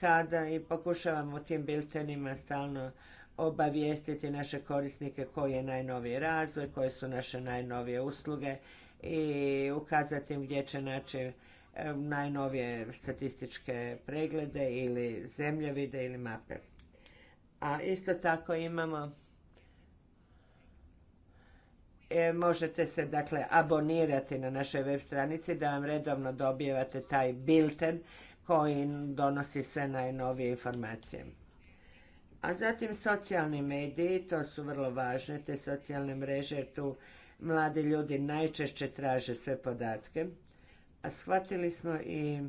kada i pokušavamo tim biltenima stalno obavijestiti naše korisnike koji je najnoviji razvoj, koje su naše najnovije usluge i ukazati im gdje će naći e, najnovije statističke preglede ili zemljevide ili mape. A isto tako imamo e, možete se dakle abonirati na našoj web stranici da vam redovno dobijevate taj bilten koji donosi sve najnovije informacije. A zatim socijalni mediji, to su vrlo važne, te socijalne mreže, jer tu mladi ljudi najčešće traže sve podatke. A shvatili smo i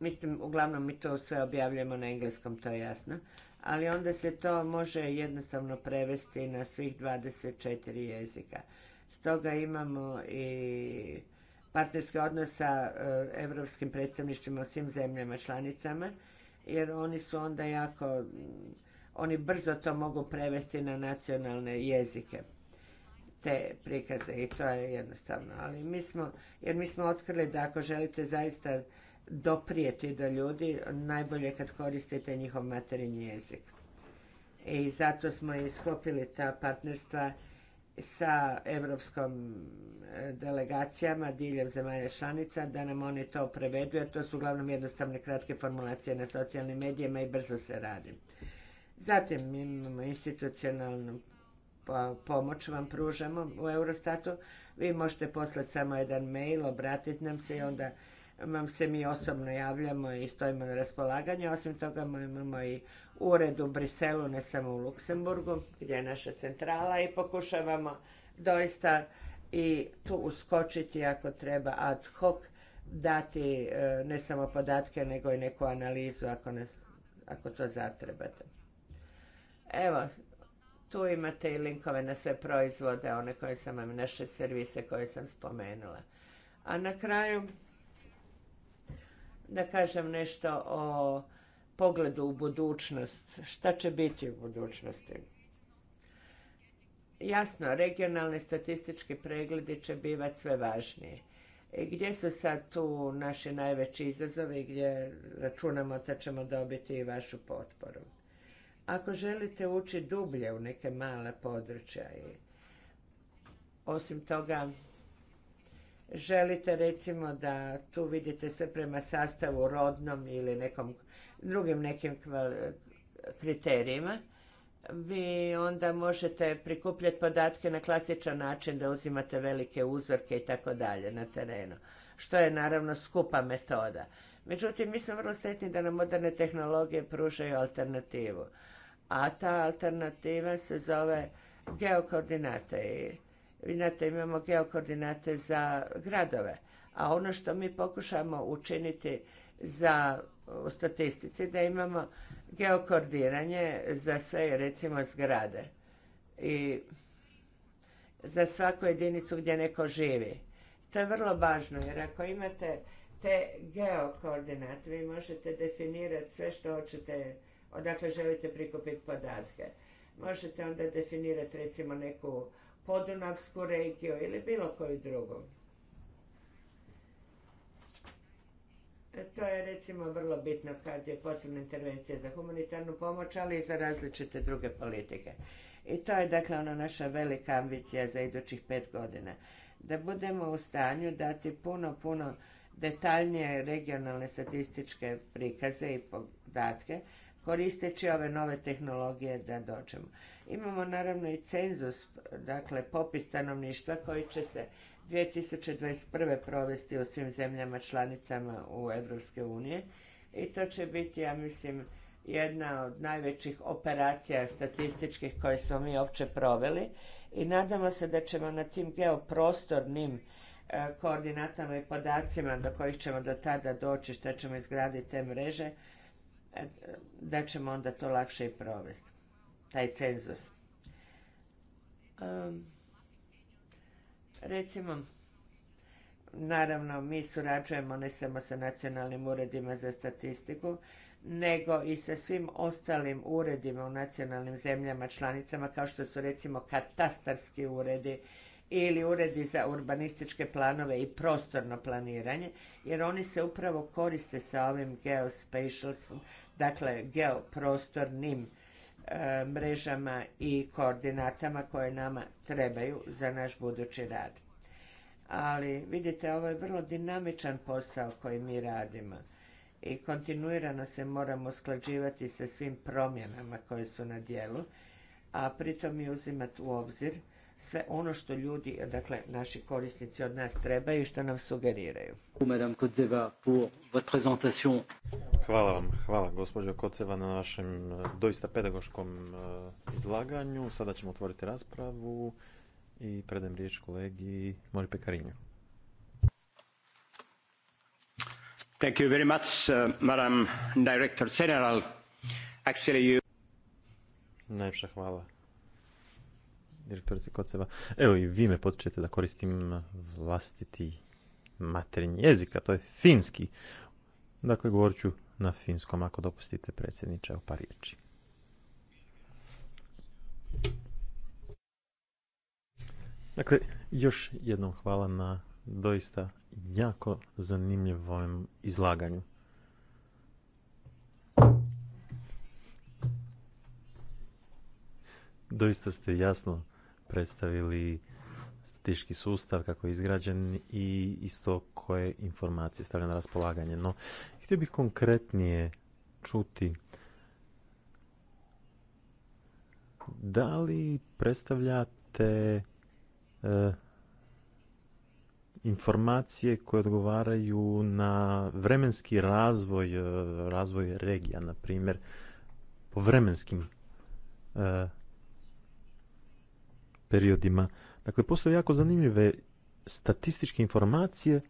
Mislim, uglavnom mi to sve objavljamo na engleskom, to je jasno. Ali onda se to može jednostavno prevesti na svih 24 jezika. Stoga imamo i partnerski odnos sa europskim eh, predstavništvima u svim zemljama članicama, jer oni su onda jako, oni brzo to mogu prevesti na nacionalne jezike te prikaze i to je jednostavno. Ali mi smo, jer mi smo otkrili da ako želite zaista doprijeti do ljudi, najbolje kad koristite njihov materinji jezik. I zato smo i sklopili ta partnerstva sa evropskom e, delegacijama diljem zemalja članica da nam oni to prevedu jer to su uglavnom jednostavne kratke formulacije na socijalnim medijima i brzo se radi. Zatim imamo institucionalnu pomoć vam pružamo u Eurostatu. Vi možete poslati samo jedan mail, obratiti nam se i onda vam se mi osobno javljamo i stojimo na raspolaganju. Osim toga imamo i ured u Briselu, ne samo u Luksemburgu, gdje je naša centrala i pokušavamo doista i tu uskočiti ako treba ad hoc dati e, ne samo podatke nego i neku analizu ako, to zatrebate. Evo, tu imate i linkove na sve proizvode, one koje sam vam, naše servise koje sam spomenula. A na kraju da kažem nešto o pogledu u budućnost, šta će biti u budućnosti. Jasno, regionalni statistički pregledi će bivati sve važnije. gdje su sad tu naši najveći izazovi gdje računamo da ćemo dobiti i vašu potporu. Ako želite ući dublje u neke male područja osim toga želite recimo da tu vidite sve prema sastavu rodnom ili nekom drugim nekim kriterijima, vi onda možete prikupljati podatke na klasičan način da uzimate velike uzorke i tako dalje na terenu, što je naravno skupa metoda. Međutim, mi smo vrlo sretni da nam moderne tehnologije pružaju alternativu, a ta alternativa se zove geokoordinate i vi znate, imamo geokoordinate za gradove, a ono što mi pokušamo učiniti za u statistici da imamo geokordiranje za sve recimo zgrade i za svaku jedinicu gdje neko živi. To je vrlo važno jer ako imate te geokoordinate vi možete definirati sve što hoćete, odakle želite prikupiti podatke. Možete onda definirati recimo neku podunavsku regiju ili bilo koju drugu. E, to je recimo vrlo bitno kad je potrebna intervencija za humanitarnu pomoć, ali i za različite druge politike. I to je dakle ona naša velika ambicija za idućih pet godina. Da budemo u stanju dati puno, puno detaljnije regionalne statističke prikaze i podatke koristeći ove nove tehnologije da dođemo. Imamo naravno i cenzus, dakle popis stanovništva koji će se 2021. provesti u svim zemljama članicama u Europske unije i to će biti, ja mislim, jedna od najvećih operacija statističkih koje smo mi opće proveli i nadamo se da ćemo na tim geoprostornim e, koordinatama i podacima do kojih ćemo do tada doći, što ćemo izgraditi te mreže, da ćemo onda to lakše i provesti, taj cenzus. recimo, naravno mi surađujemo ne samo sa nacionalnim uredima za statistiku, nego i sa svim ostalim uredima u nacionalnim zemljama članicama kao što su recimo katastarski uredi ili uredi za urbanističke planove i prostorno planiranje, jer oni se upravo koriste sa ovim geospatialstvom, dakle geoprostornim e, mrežama i koordinatama koje nama trebaju za naš budući rad. Ali vidite, ovo je vrlo dinamičan posao koji mi radimo i kontinuirano se moramo sklađivati sa svim promjenama koje su na dijelu, a pritom i uzimati u obzir sve ono što ljudi, dakle naši korisnici od nas trebaju i što nam sugeriraju. Hvala vam, hvala gospođo Koceva na našem eh, doista pedagoškom eh, izlaganju. Sada ćemo otvoriti raspravu i predajem riječ kolegi Mori Pekarinju. Thank you very much, uh, Madam Director General. Actually, you... hvala direktorice Koceva. Evo i vi me potičete da koristim vlastiti materinji jezik, a to je finski. Dakle, govorit ću na finskom, ako dopustite predsjedniče, o par riječi. Dakle, još jednom hvala na doista jako zanimljivom izlaganju. Doista ste jasno predstavili statistički sustav, kako je izgrađen i isto koje informacije stavljaju na raspolaganje. No, htio bih konkretnije čuti da li predstavljate e, informacije koje odgovaraju na vremenski razvoj, e, razvoj regija, na primjer, po vremenskim e, periodima. Dakle, postoje jako zanimljive statističke informacije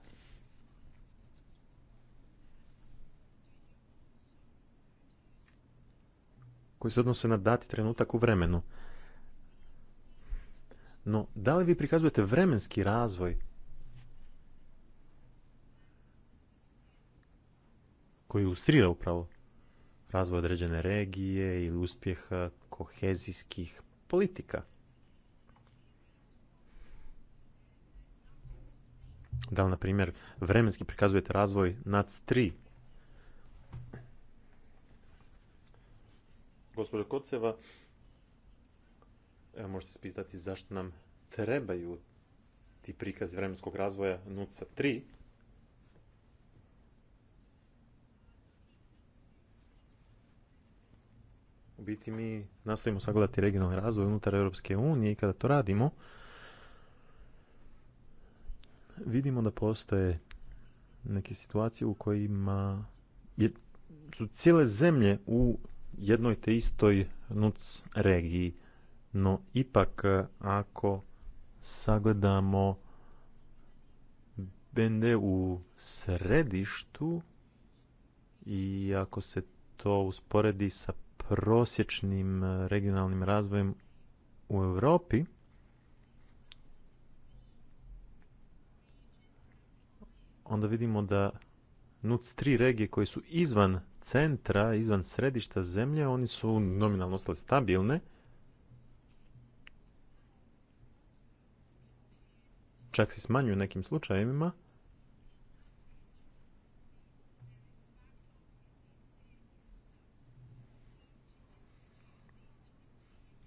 koji se odnose na dati trenutak u vremenu. No, da li vi prikazujete vremenski razvoj koji ilustrira upravo razvoj određene regije ili uspjeha kohezijskih politika? Da li, na primjer, vremenski prikazujete razvoj NAC3? Gospodo Koceva, evo možete se pitati zašto nam trebaju ti prikaz vremenskog razvoja NUCA 3. U biti mi nastavimo sagledati regionalni razvoj unutar Europske unije i kada to radimo, vidimo da postoje neke situacije u kojima je, su cijele zemlje u jednoj te istoj NUC regiji. No ipak ako sagledamo BND u središtu i ako se to usporedi sa prosječnim regionalnim razvojem u Europi, onda vidimo da NUC 3 regije koje su izvan centra, izvan središta zemlje, oni su nominalno ostale stabilne. Čak se smanjuju u nekim slučajevima.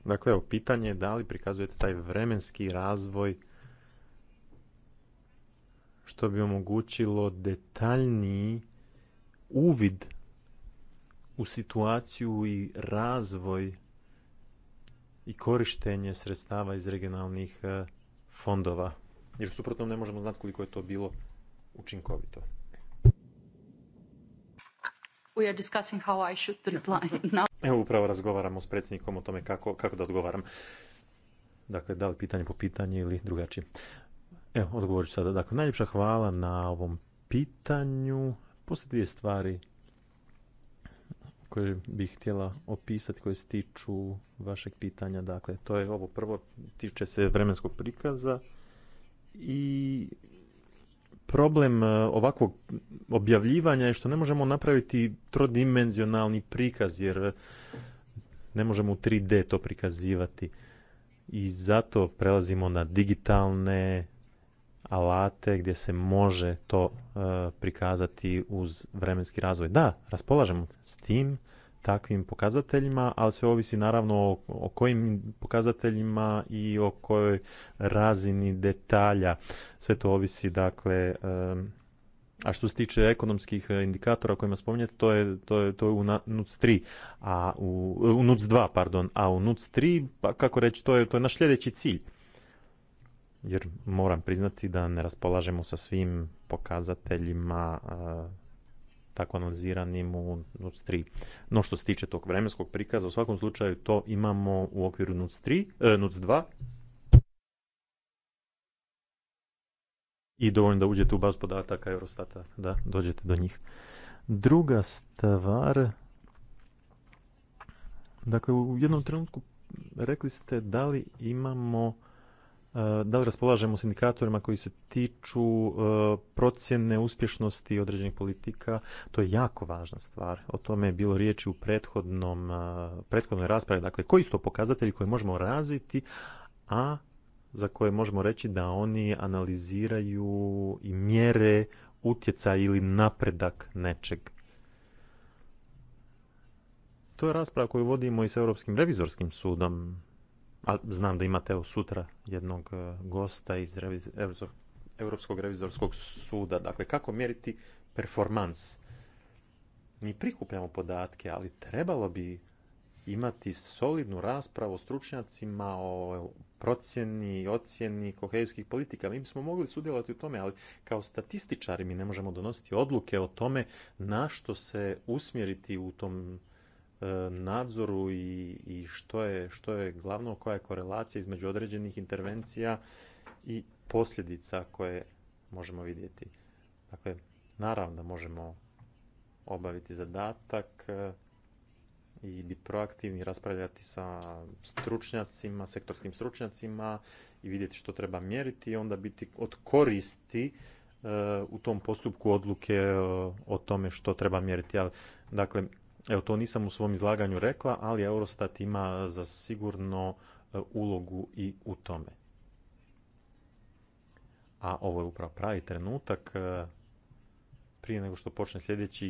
Dakle, evo, pitanje je da li prikazujete taj vremenski razvoj što bi omogućilo detaljniji uvid u situaciju i razvoj i korištenje sredstava iz regionalnih e, fondova. Jer suprotno ne možemo znati koliko je to bilo učinkovito. Evo upravo razgovaramo s predsjednikom o tome kako, kako da odgovaram. Dakle, da li pitanje po pitanje ili drugačije. Evo, odgovorit ću sada. Dakle, najljepša hvala na ovom pitanju. Postoje dvije stvari koje bih htjela opisati koje se tiču vašeg pitanja. Dakle, to je ovo prvo, tiče se vremenskog prikaza i problem e, ovakvog objavljivanja je što ne možemo napraviti trodimenzionalni prikaz jer ne možemo u 3D to prikazivati i zato prelazimo na digitalne alate gdje se može to e, prikazati uz vremenski razvoj. Da, raspolažemo s tim takvim pokazateljima, ali sve ovisi naravno o, kojim pokazateljima i o kojoj razini detalja. Sve to ovisi dakle e, a što se tiče ekonomskih e, indikatora kojima spominjete, to je, to je, to u NUC 3, a u, u NUC 2, pardon, a u NUC 3, pa kako reći, to je, to je naš sljedeći cilj jer moram priznati da ne raspolažemo sa svim pokazateljima tako analiziranim u NUTS 3. No što se tiče tog vremenskog prikaza, u svakom slučaju to imamo u okviru NUTS 3, NUC 2. I dovoljno da uđete u baz podataka Eurostata, da dođete do njih. Druga stvar, dakle u jednom trenutku rekli ste da li imamo E, da li raspolažemo s indikatorima koji se tiču e, procjene uspješnosti određenih politika, to je jako važna stvar. O tome je bilo riječi u prethodnom, e, prethodnoj raspravi. Dakle, koji su to pokazatelji koje možemo razviti, a za koje možemo reći da oni analiziraju i mjere utjecaj ili napredak nečeg. To je rasprava koju vodimo i s Europskim revizorskim sudom a znam da imate evo sutra jednog e, gosta iz Europskog revizorskog suda, dakle kako mjeriti performans. Mi prikupljamo podatke, ali trebalo bi imati solidnu raspravu o stručnjacima, o procjeni, ocjeni kohezijskih politika. Mi smo mogli sudjelovati u tome, ali kao statističari mi ne možemo donositi odluke o tome na što se usmjeriti u tom E, nadzoru i, i što, je, što je glavno, koja je korelacija između određenih intervencija i posljedica koje možemo vidjeti. Dakle, naravno da možemo obaviti zadatak e, i biti proaktivni, raspravljati sa stručnjacima, sektorskim stručnjacima i vidjeti što treba mjeriti i onda biti od koristi e, u tom postupku odluke o tome što treba mjeriti. Dakle, Evo, to nisam u svom izlaganju rekla, ali Eurostat ima za sigurno e, ulogu i u tome. A ovo je upravo pravi trenutak e, prije nego što počne sljedeći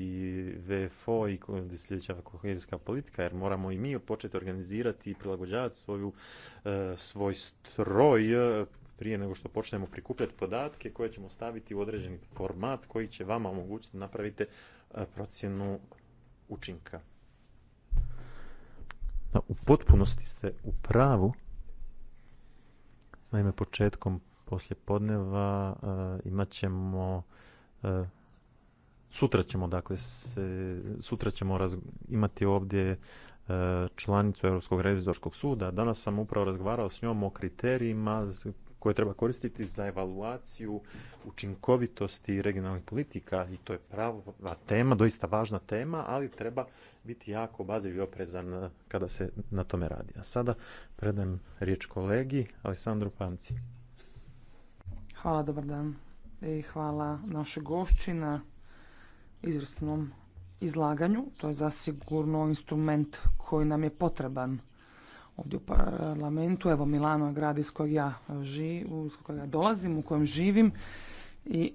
VFO i sljedeća kohezijska politika, jer moramo i mi početi organizirati i prilagođavati svoju, e, svoj stroj prije nego što počnemo prikupljati podatke koje ćemo staviti u određeni format koji će vama omogućiti da napravite procjenu učinka. u potpunosti ste u pravu. Naime, početkom poslje podneva e, imat ćemo e, sutra ćemo dakle se, sutra ćemo imati ovdje e, članicu Europskog revizorskog suda. Danas sam upravo razgovarao s njom o kriterijima koje treba koristiti za evaluaciju učinkovitosti regionalnih politika i to je prava tema, doista važna tema, ali treba biti jako baziv i oprezan eh, kada se na tome radi. A sada predajem riječ kolegi Alessandru Panci. Hvala, dobar dan i hvala naše gošći na izvrsnom izlaganju. To je zasigurno instrument koji nam je potreban ovdje u parlamentu. Evo Milano je grad iz kojeg ja, e, živim kojeg ja dolazim, u kojem živim i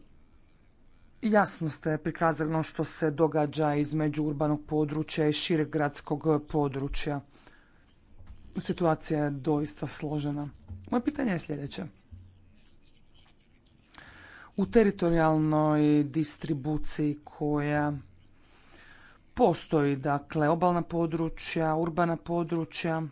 jasno ste prikazali ono što se događa između urbanog područja i šireg gradskog područja. Situacija je doista složena. Moje pitanje je sljedeće. U teritorijalnoj distribuciji koja postoji, dakle, obalna područja, urbana područja,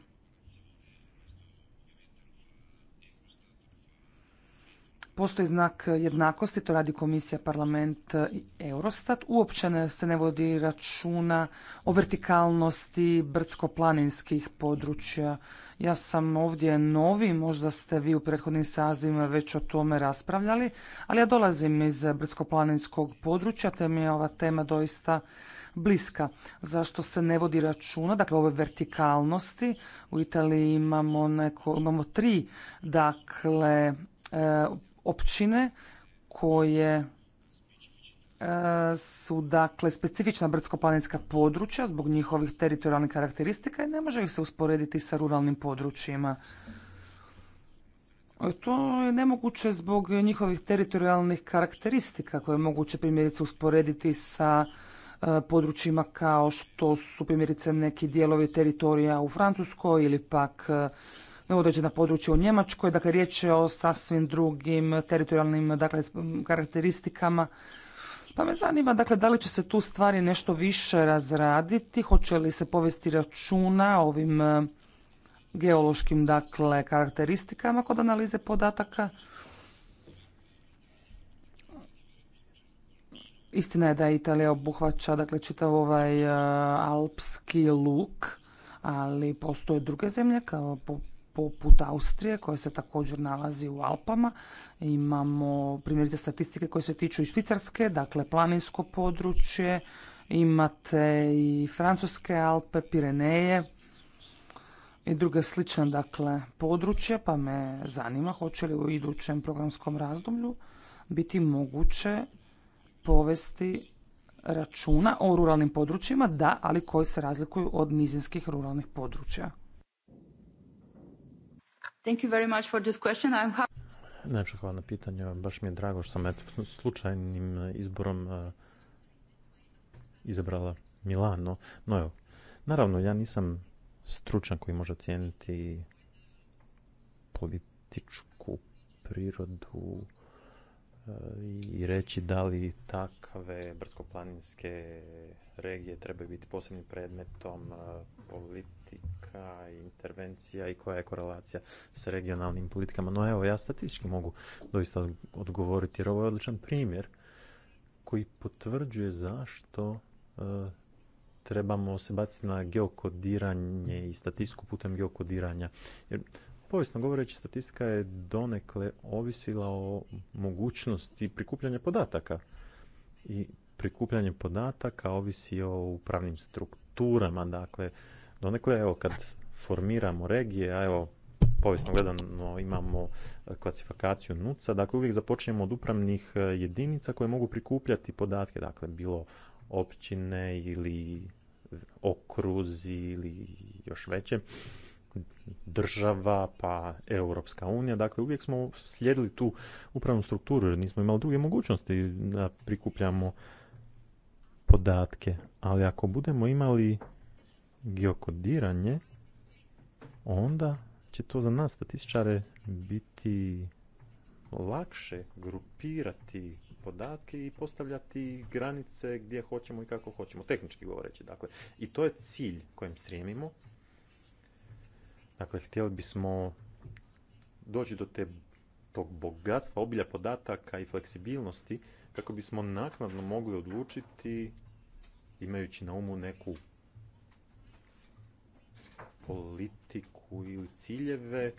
postoji znak jednakosti, to radi komisija, parlament i Eurostat. Uopće se ne vodi računa o vertikalnosti brdsko-planinskih područja. Ja sam ovdje novi, možda ste vi u prethodnim sazivima već o tome raspravljali, ali ja dolazim iz brdsko-planinskog područja, te mi je ova tema doista bliska. Zašto se ne vodi računa, dakle ove vertikalnosti, u Italiji imamo, neko, imamo tri, dakle, e, općine koje e, su dakle specifična brdsko-planinska područja zbog njihovih teritorijalnih karakteristika i ne može ih se usporediti sa ruralnim područjima. To je nemoguće zbog njihovih teritorijalnih karakteristika koje je moguće primjerice usporediti sa e, područjima kao što su primjerice neki dijelovi teritorija u Francuskoj ili pak e, na određena područja u Njemačkoj. Dakle, riječ je o sasvim drugim teritorijalnim dakle, karakteristikama. Pa me zanima, dakle, da li će se tu stvari nešto više razraditi, hoće li se povesti računa ovim e, geološkim, dakle, karakteristikama kod analize podataka. Istina je da Italija obuhvaća, dakle, čitav ovaj e, alpski luk, ali postoje druge zemlje kao poput Austrije koja se također nalazi u Alpama. Imamo primjerice statistike koje se tiču i Švicarske, dakle planinsko područje, imate i Francuske Alpe, Pireneje i druge slične dakle, područje, pa me zanima hoće li u idućem programskom razdoblju biti moguće povesti računa o ruralnim područjima, da, ali koji se razlikuju od nizinskih ruralnih područja. Thank you very much for hvala na pitanju. Baš mi je drago što sam eto, slučajnim e, izborom e, izabrala Milano. No evo, naravno ja nisam stručan koji može cijeniti političku prirodu i reći da li takve brdsko-planinske regije trebaju biti posebnim predmetom e, politika i intervencija i koja je korelacija s regionalnim politikama. No evo, ja statistički mogu doista odgovoriti jer ovo je odličan primjer koji potvrđuje zašto e, trebamo se baciti na geokodiranje i statistiku putem geokodiranja. Jer Povijesno govoreći, statistika je donekle ovisila o mogućnosti prikupljanja podataka. I prikupljanje podataka ovisi o upravnim strukturama. Dakle, donekle, evo, kad formiramo regije, a evo, povijesno gledano imamo e, klasifikaciju NUCA, dakle uvijek započnemo od upravnih e, jedinica koje mogu prikupljati podatke, dakle bilo općine ili okruzi ili još veće država pa Europska unija. Dakle, uvijek smo slijedili tu upravnu strukturu jer nismo imali druge mogućnosti da prikupljamo podatke. Ali ako budemo imali geokodiranje, onda će to za nas statističare biti lakše grupirati podatke i postavljati granice gdje hoćemo i kako hoćemo, tehnički govoreći. Dakle, i to je cilj kojem stremimo Dakle, htjeli bismo doći do te, tog bogatstva, obilja podataka i fleksibilnosti kako bismo naknadno mogli odlučiti imajući na umu neku politiku ili ciljeve e,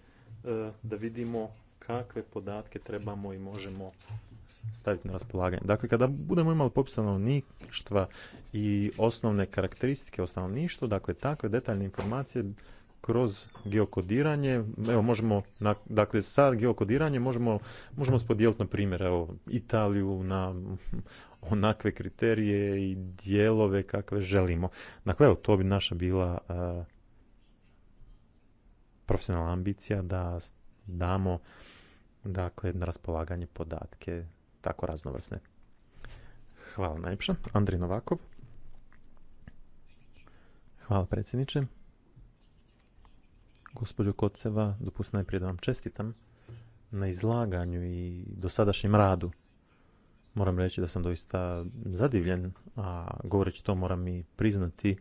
da vidimo kakve podatke trebamo i možemo staviti na raspolaganje. Dakle, kada budemo imali popis stanovništva i osnovne karakteristike o stanovništvu, dakle, takve detaljne informacije kroz geokodiranje, evo možemo, dakle sad geokodiranjem možemo, možemo spodijeliti na primjer, evo Italiju na onakve kriterije i dijelove kakve želimo. Dakle, evo to bi naša bila profesionalna ambicija da damo dakle na raspolaganje podatke tako raznovrsne. Hvala najpša, Andrej Novakov. Hvala predsjedniče. Gospođo Koceva, dopustite najprije da vam čestitam na izlaganju i dosadašnjem radu. Moram reći da sam doista zadivljen, a govoreći to moram i priznati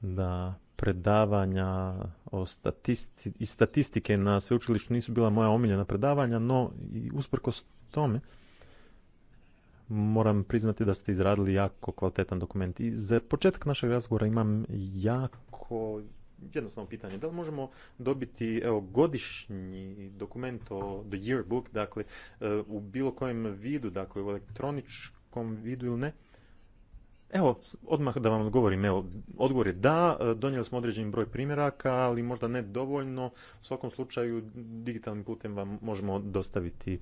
da predavanja o statisti, i statistike na sveučilištu nisu bila moja omiljena predavanja, no i usprkos tome moram priznati da ste izradili jako kvalitetan dokument. I za početak našeg razgovora imam jako jednostavno pitanje. Da li možemo dobiti evo, godišnji dokument o the yearbook, dakle, e, u bilo kojem vidu, dakle, u elektroničkom vidu ili ne? Evo, odmah da vam odgovorim, evo, odgovor je da, e, donijeli smo određeni broj primjeraka, ali možda ne dovoljno. U svakom slučaju, digitalnim putem vam možemo dostaviti.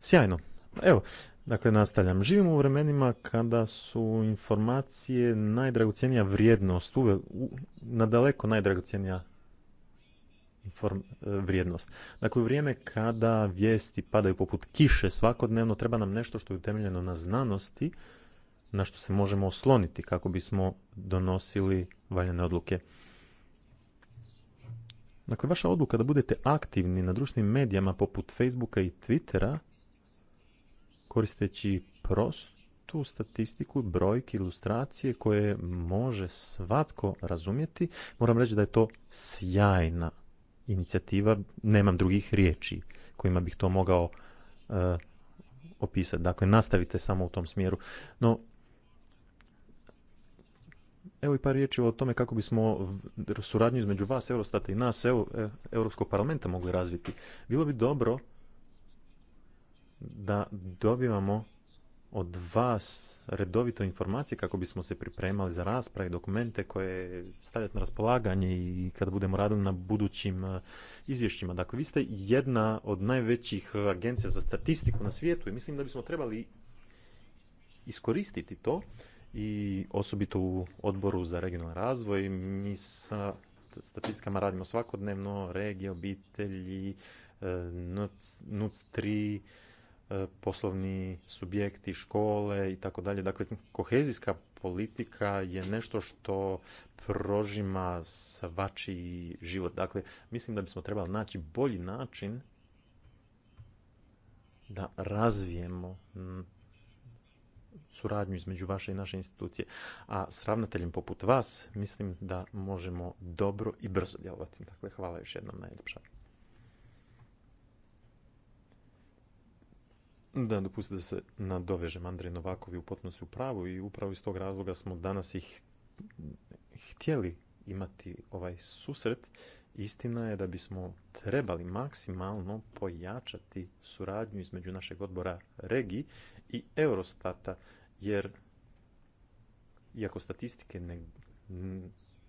Sjajno. Evo, Dakle, nastavljam. Živimo u vremenima kada su informacije najdragocjenija vrijednost, u, na daleko najdragocjenija e, vrijednost. Dakle, u vrijeme kada vijesti padaju poput kiše svakodnevno, treba nam nešto što je utemeljeno na znanosti, na što se možemo osloniti kako bismo donosili valjane odluke. Dakle, vaša odluka da budete aktivni na društvenim medijama poput Facebooka i Twittera – koristeći prostu statistiku, brojke, ilustracije koje može svatko razumjeti. Moram reći da je to sjajna inicijativa, nemam drugih riječi kojima bih to mogao e, opisati. Dakle, nastavite samo u tom smjeru. No, Evo i par riječi o tome kako bismo suradnju između vas, Eurostata i nas, e, Europskog parlamenta mogli razviti. Bilo bi dobro da dobivamo od vas redovito informacije kako bismo se pripremali za rasprave i dokumente koje stavljate na raspolaganje i kada budemo radili na budućim eh, izvješćima. Dakle, vi ste jedna od najvećih agencija za statistiku na svijetu i mislim da bismo trebali iskoristiti to i osobito u odboru za regionalni razvoj. Mi sa statistikama radimo svakodnevno, regije, obitelji, eh, NUC, E, poslovni subjekti, škole i tako dalje. Dakle, kohezijska politika je nešto što prožima svačiji život. Dakle, mislim da bismo trebali naći bolji način da razvijemo suradnju između vaše i naše institucije. A s ravnateljem poput vas mislim da možemo dobro i brzo djelovati. Dakle, hvala još jednom najljepša. Da, dopustite da se nadovežem. Andrej Novakovi u potpunosti u pravu i upravo iz tog razloga smo danas ih htjeli imati ovaj susret. Istina je da bismo trebali maksimalno pojačati suradnju između našeg odbora Regi i Eurostata, jer iako statistike ne,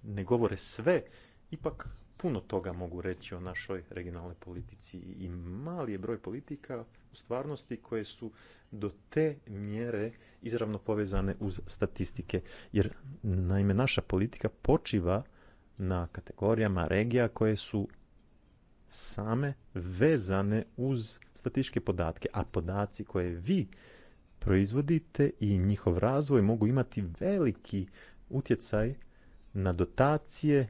ne govore sve, ipak puno toga mogu reći o našoj regionalnoj politici i mali je broj politika u stvarnosti koje su do te mjere izravno povezane uz statistike. Jer naime naša politika počiva na kategorijama regija koje su same vezane uz statističke podatke, a podaci koje vi proizvodite i njihov razvoj mogu imati veliki utjecaj na dotacije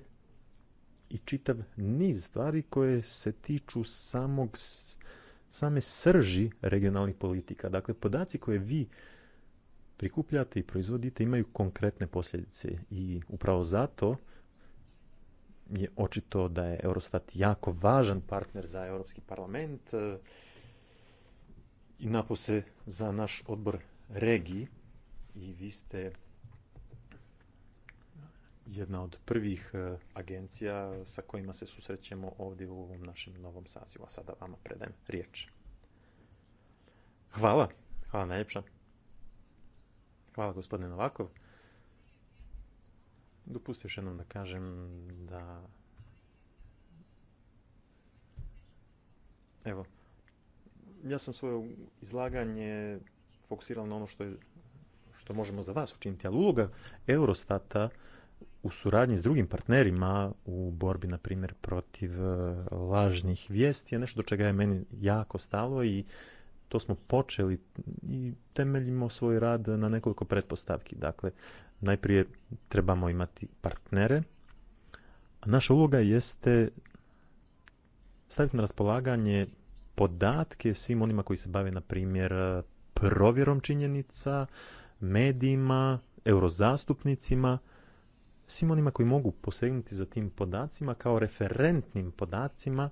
i čitav niz stvari koje se tiču samog, same srži regionalnih politika. Dakle, podaci koje vi prikupljate i proizvodite imaju konkretne posljedice i upravo zato je očito da je Eurostat jako važan partner za Europski parlament e, i napose za naš odbor regiji i vi ste jedna od prvih e, agencija sa kojima se susrećemo ovdje u ovom našem novom sazivu. A sada vama predajem riječ. Hvala. Hvala najljepša. Hvala gospodine Novakov. Dopustite još jednom da kažem da... Evo, ja sam svoje izlaganje fokusirao na ono što, je, što možemo za vas učiniti, ali uloga Eurostata u suradnji s drugim partnerima u borbi, na primjer, protiv e, lažnih vijesti je nešto do čega je meni jako stalo i to smo počeli i temeljimo svoj rad na nekoliko pretpostavki. Dakle, najprije trebamo imati partnere, a naša uloga jeste staviti na raspolaganje podatke svim onima koji se bave, na primjer, provjerom činjenica, medijima, eurozastupnicima – svim onima koji mogu posegnuti za tim podacima kao referentnim podacima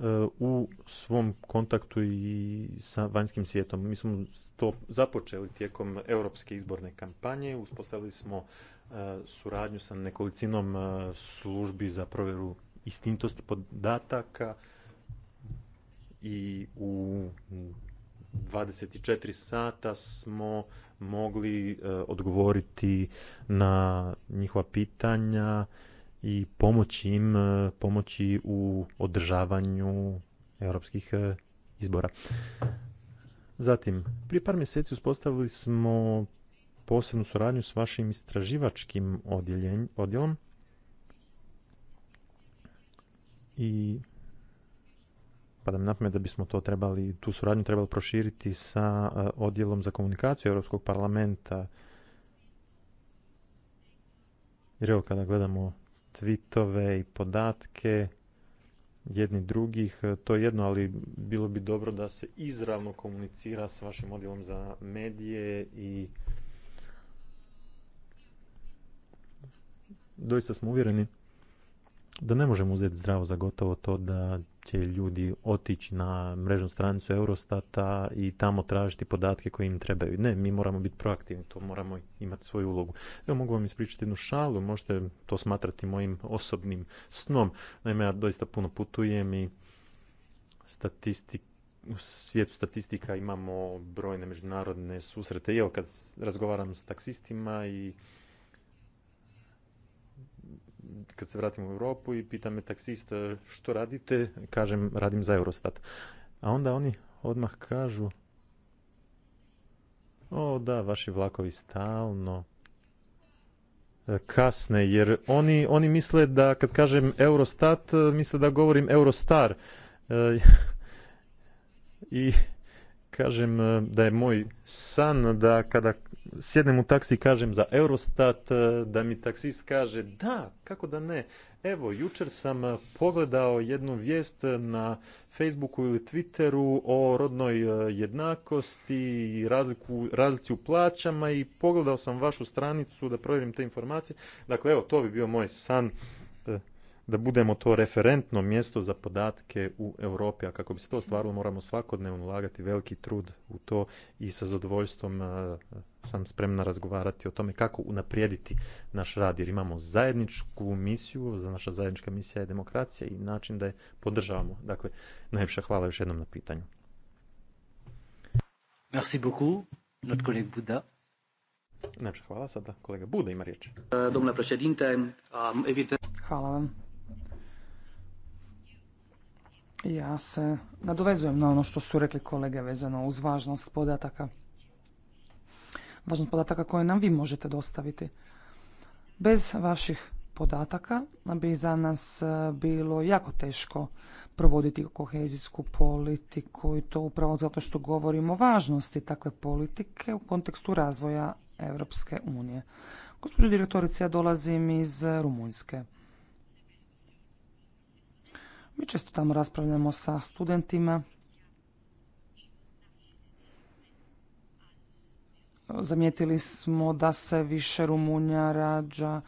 e, u svom kontaktu i sa vanjskim svijetom. Mi smo to započeli tijekom europske izborne kampanje, uspostavili smo e, suradnju sa nekolicinom e, službi za provjeru istintosti podataka i u 24 sata smo mogli e, odgovoriti na njihova pitanja i pomoći im e, pomoći u održavanju europskih e, izbora. Zatim, prije par mjeseci uspostavili smo posebnu suradnju s vašim istraživačkim odjelom i pada na pamet da bismo to trebali, tu suradnju trebali proširiti sa eh, odjelom za komunikaciju Europskog parlamenta. Jer evo kada gledamo tweetove i podatke jedni drugih, eh, to je jedno, ali bilo bi dobro da se izravno komunicira s vašim odjelom za medije i doista smo uvjereni da ne možemo uzeti zdravo za gotovo to da će ljudi otići na mrežnu stranicu Eurostata i tamo tražiti podatke koje im trebaju. Ne, mi moramo biti proaktivni, to moramo imati svoju ulogu. Evo mogu vam ispričati jednu šalu, možete to smatrati mojim osobnim snom. Naime, ja doista puno putujem i statistik, u svijetu statistika imamo brojne međunarodne susrete. I evo kad razgovaram s taksistima i kad se vratim u Europu i pita me taksista što radite, kažem radim za Eurostat. A onda oni odmah kažu o da, vaši vlakovi stalno e, kasne, jer oni, oni misle da kad kažem Eurostat, e, misle da govorim Eurostar. E, I kažem da je moj san da kada sjednem u taksi i kažem za Eurostat, e, da mi taksist kaže da, kako da ne. Evo, jučer sam e, pogledao jednu vijest e, na Facebooku ili Twitteru o rodnoj jednakosti i razliku, razlici u plaćama i pogledao sam vašu stranicu da provjerim te informacije. Dakle, evo, to bi bio moj san da budemo to referentno mjesto za podatke u Europi, a kako bi se to ostvarilo moramo svakodnevno ulagati veliki trud u to i sa zadovoljstvom sam spremna razgovarati o tome kako unaprijediti naš rad, jer imamo zajedničku misiju, za naša zajednička misija je demokracija i način da je podržavamo. Dakle, najljepša hvala još jednom na pitanju. Merci beaucoup, notre collègue hvala sada, kolega Buda ima riječ. Eh, hvala vam. Ja se nadovezujem na ono što su rekli kolege vezano uz važnost podataka važnost podataka koje nam vi možete dostaviti. Bez vaših podataka bi za nas e, bilo jako teško provoditi kohezijsku politiku i to upravo zato što govorimo o važnosti takve politike u kontekstu razvoja Europske unije. Gospođo direktorice, ja dolazim iz Rumunjske. Mi često tamo raspravljamo sa studentima, zamijetili smo da se više Rumunja rađa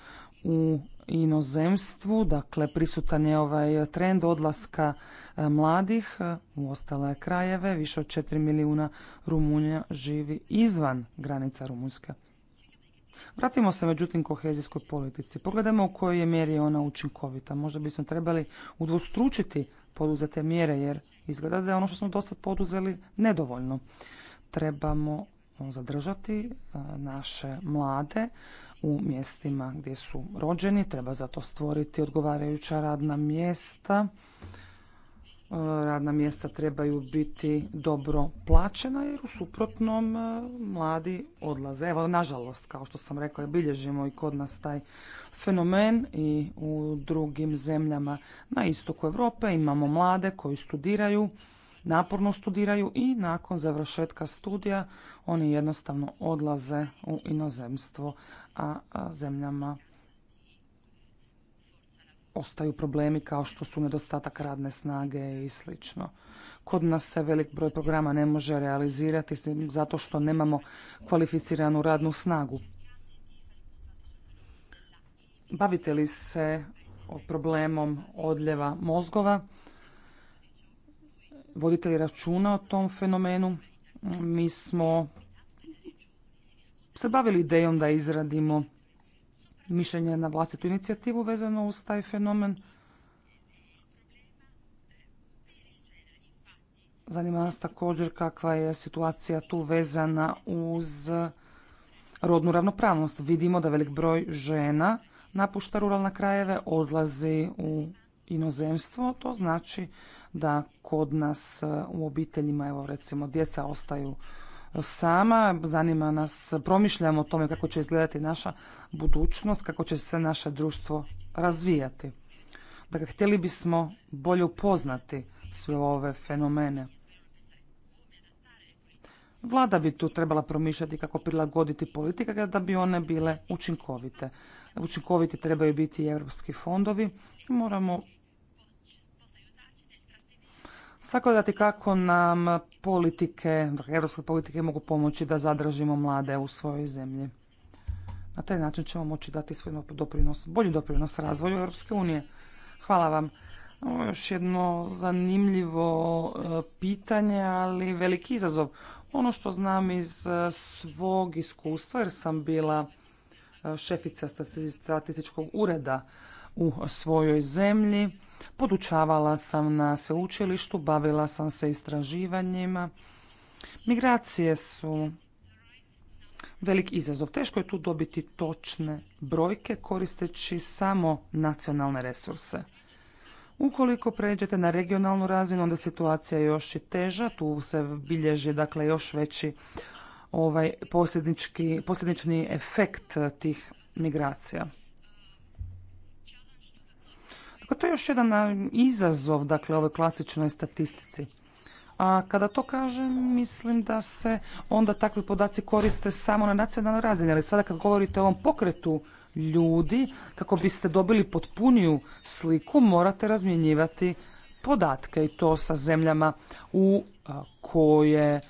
u inozemstvu, dakle prisutan je ovaj trend odlaska e, mladih e, u ostale krajeve, više od 4 milijuna Rumunja živi izvan granica Rumunjske. Vratimo se međutim kohezijskoj politici. Pogledajmo u kojoj je mjeri ona učinkovita. Možda bismo trebali udvostručiti poduzete mjere jer izgleda da je ono što smo do poduzeli nedovoljno. Trebamo zadržati e, naše mlade u mjestima gdje su rođeni. Treba zato stvoriti odgovarajuća radna mjesta. E, radna mjesta trebaju biti dobro plaćena jer u suprotnom e, mladi odlaze. Evo, nažalost, kao što sam rekao, bilježimo i kod nas taj fenomen i u drugim zemljama na istoku Europe imamo mlade koji studiraju, naporno studiraju i nakon završetka studija oni jednostavno odlaze u inozemstvo, a zemljama ostaju problemi kao što su nedostatak radne snage i sl. Kod nas se velik broj programa ne može realizirati zato što nemamo kvalificiranu radnu snagu. Bavite li se problemom odljeva mozgova? voditelji računa o tom fenomenu. Mi smo se bavili idejom da izradimo mišljenje na vlastitu inicijativu vezano uz taj fenomen. Zanima nas također kakva je situacija tu vezana uz rodnu ravnopravnost. Vidimo da velik broj žena napušta ruralne krajeve, odlazi u inozemstvo. To znači da kod nas e, u obiteljima, evo recimo, djeca ostaju sama. Zanima nas, promišljamo o tome kako će izgledati naša budućnost, kako će se naše društvo razvijati. Dakle, htjeli bismo bolje upoznati sve ove fenomene. Vlada bi tu trebala promišljati kako prilagoditi politike da bi one bile učinkovite. Učinkoviti trebaju biti i europski fondovi. Moramo sagledati kako nam politike, europske dakle, politike mogu pomoći da zadržimo mlade u svojoj zemlji. Na taj način ćemo moći dati svoj doprinos, bolji doprinos razvoju Europske unije. Hvala vam. Ovo je još jedno zanimljivo e, pitanje, ali veliki izazov. Ono što znam iz e, svog iskustva, jer sam bila e, šefica statističkog ureda u svojoj zemlji, Podučavala sam na sveučilištu, bavila sam se istraživanjima. Migracije su velik izazov. Teško je tu dobiti točne brojke koristeći samo nacionalne resurse. Ukoliko pređete na regionalnu razinu, onda situacija je još i teža. Tu se bilježi dakle, još veći ovaj posljednični efekt tih migracija. Dakle, to je još jedan izazov, dakle, ovoj klasičnoj statistici. A kada to kažem, mislim da se onda takvi podaci koriste samo na nacionalnoj razini. Ali sada kad govorite o ovom pokretu ljudi, kako biste dobili potpuniju sliku, morate razmjenjivati podatke i to sa zemljama u koje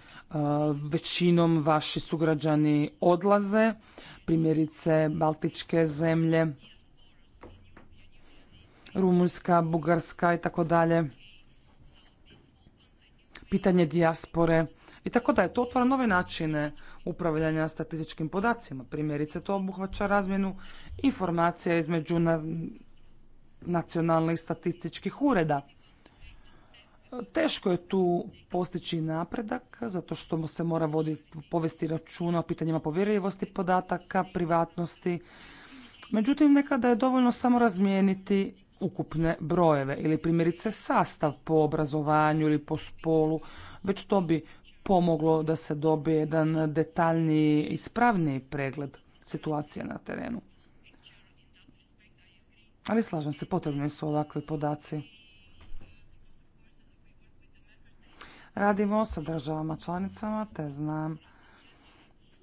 većinom vaši sugrađani odlaze, primjerice Baltičke zemlje, Rumunjska, Bugarska i tako dalje. Pitanje dijaspore i tako dalje. to otvara nove načine upravljanja statističkim podacima. Primjerice to obuhvaća razmjenu informacija između nacionalnih statističkih ureda. Teško je tu postići napredak zato što se mora voditi, povesti računa o pitanjima povjerljivosti podataka, privatnosti. Međutim, nekada je dovoljno samo razmijeniti ukupne brojeve ili primjerice sastav po obrazovanju ili po spolu, već to bi pomoglo da se dobije jedan detaljniji, ispravni pregled situacije na terenu. Ali slažem se, potrebni su ovakvi podaci. Radimo sa državama članicama, te znam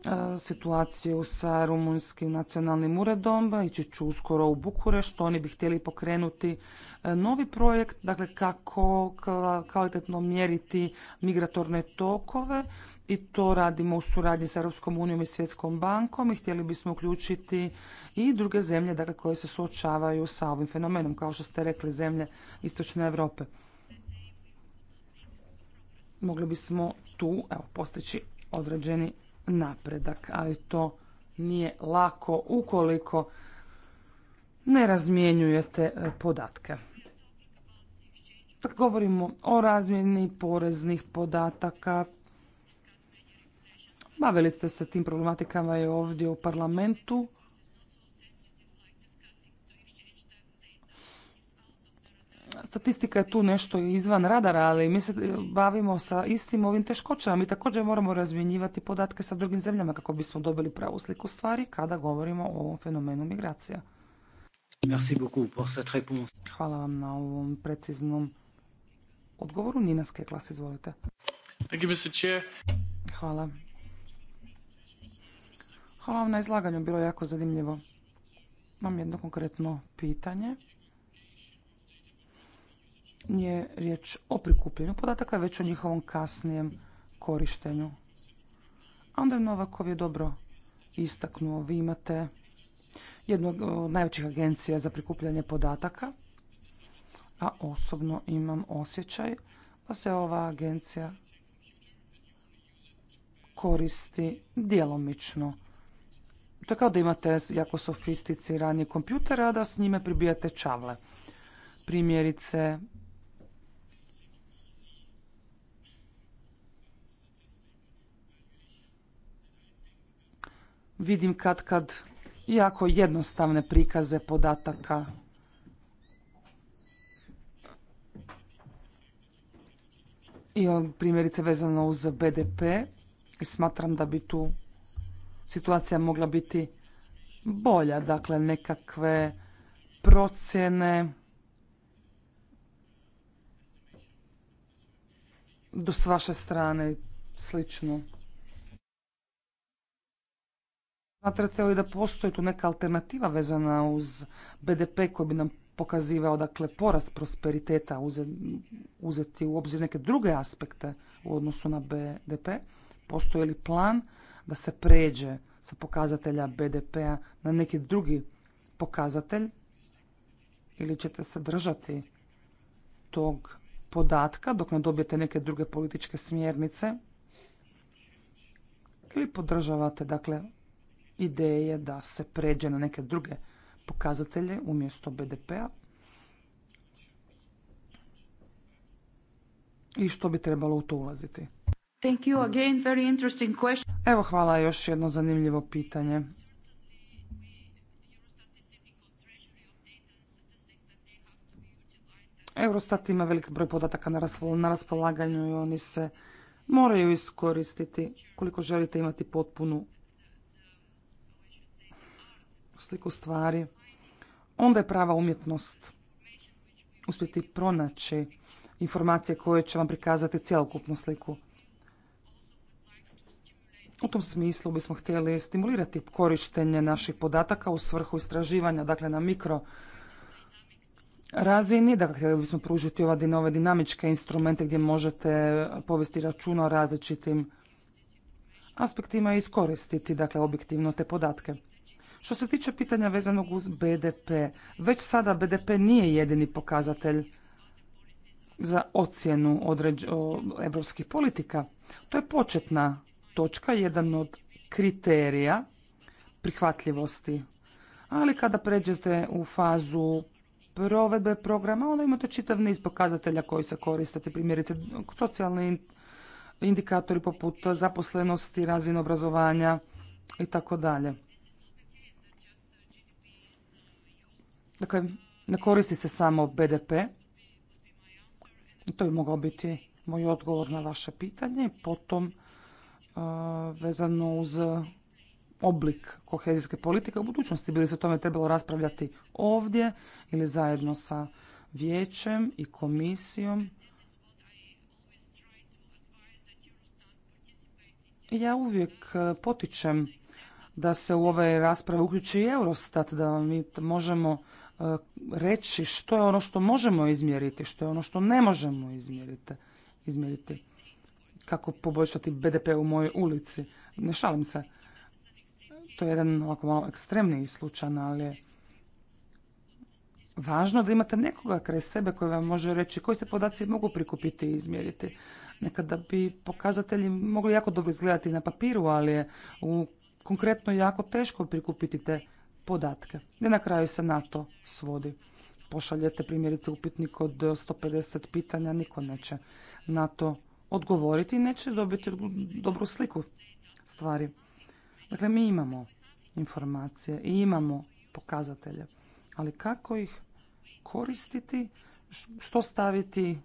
E, situaciju sa rumunjskim nacionalnim uredom. Ići ću uskoro u Bukurešt. Oni bi htjeli pokrenuti e, novi projekt, dakle kako kvalitetno mjeriti migratorne tokove i to radimo u suradnji sa Europskom unijom i Svjetskom bankom i htjeli bismo uključiti i druge zemlje dakle, koje se suočavaju sa ovim fenomenom, kao što ste rekli, zemlje Istočne Europe. Mogli bismo tu evo, postići određeni napredak, ali to nije lako ukoliko ne razmjenjujete e, podatke. Tako govorimo o razmjeni poreznih podataka. Bavili ste se tim problematikama i ovdje u parlamentu. Statistika je tu nešto izvan radara, ali mi se bavimo sa istim ovim teškoćama. Mi također moramo razmjenjivati podatke sa drugim zemljama kako bismo dobili pravu sliku stvari kada govorimo o ovom fenomenu migracija. Hvala vam na ovom preciznom odgovoru. Nina Skeklas, izvolite. Hvala. Hvala vam na izlaganju, bilo je jako zanimljivo. Imam jedno konkretno pitanje nije riječ o prikupljenju podataka, već o njihovom kasnijem korištenju. Andrej Novakov je dobro istaknuo. Vi imate jednu od najvećih agencija za prikupljanje podataka, a osobno imam osjećaj da se ova agencija koristi djelomično. To je kao da imate jako sofisticirani kompjuter, a da s njime pribijate čavle. Primjerice, vidim kad kad jako jednostavne prikaze podataka. I on primjerice vezano uz BDP i smatram da bi tu situacija mogla biti bolja, dakle nekakve procjene do s vaše strane slično. Smatrate li da postoji tu neka alternativa vezana uz BDP koji bi nam pokazivao dakle porast prosperiteta uzeti u obzir neke druge aspekte u odnosu na BDP? Postoji li plan da se pređe sa pokazatelja BDP-a na neki drugi pokazatelj ili ćete se držati tog podatka dok ne dobijete neke druge političke smjernice ili podržavate dakle ideje da se pređe na neke druge pokazatelje umjesto BDP-a i što bi trebalo u to ulaziti. Evo hvala još jedno zanimljivo pitanje. Eurostat ima velik broj podataka na raspolaganju i oni se moraju iskoristiti koliko želite imati potpunu sliku stvari, onda je prava umjetnost uspjeti pronaći informacije koje će vam prikazati cjelokupnu sliku. U tom smislu bismo htjeli stimulirati korištenje naših podataka u svrhu istraživanja, dakle na mikro razini, dakle htjeli bismo pružiti nove dinamičke instrumente gdje možete povesti računa o različitim aspektima i iskoristiti dakle objektivno te podatke. Što se tiče pitanja vezanog uz BDP, već sada BDP nije jedini pokazatelj za ocjenu europskih evropskih politika. To je početna točka, jedan od kriterija prihvatljivosti. Ali kada pređete u fazu provedbe programa, onda imate čitav niz pokazatelja koji se koriste primjerice socijalni indikatori poput zaposlenosti, razine obrazovanja i tako dalje. Dakle, ne koristi se samo BDP. To bi mogao biti moj odgovor na vaše pitanje. Potom e, vezano uz oblik kohezijske politike u budućnosti. bi li se o tome trebalo raspravljati ovdje ili zajedno sa vijećem i komisijom. Ja uvijek e, potičem da se u ove rasprave uključi i Eurostat, da mi možemo E, reći što je ono što možemo izmjeriti, što je ono što ne možemo izmjeriti. Kako poboljšati BDP u mojoj ulici. Ne šalim se. To je jedan ovako malo ekstremni slučaj, ali je važno da imate nekoga kraj sebe koji vam može reći koji se podaci mogu prikupiti i izmjeriti. Nekada bi pokazatelji mogli jako dobro izgledati na papiru, ali je u konkretno jako teško prikupiti te podatke. I na kraju se na to svodi. Pošaljete primjerice upitnik od 150 pitanja, niko neće na to odgovoriti i neće dobiti dobru sliku stvari. Dakle, mi imamo informacije i imamo pokazatelje, ali kako ih koristiti, što staviti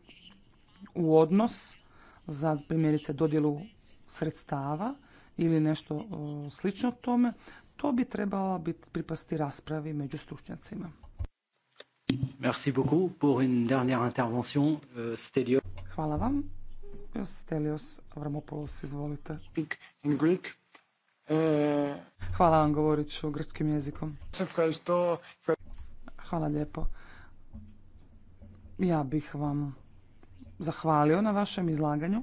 u odnos za primjerice dodjelu sredstava ili nešto slično tome, to bi trebala biti pripasti raspravi među stručnjacima. Merci beaucoup pour une dernière intervention. Euh, Stelios. Hvala vam. Stelios Avramopoulos, izvolite. In Greek. Uh, Hvala vam, govorit ću grčkim jezikom. Hvala lijepo. Ja bih vam zahvalio na vašem izlaganju.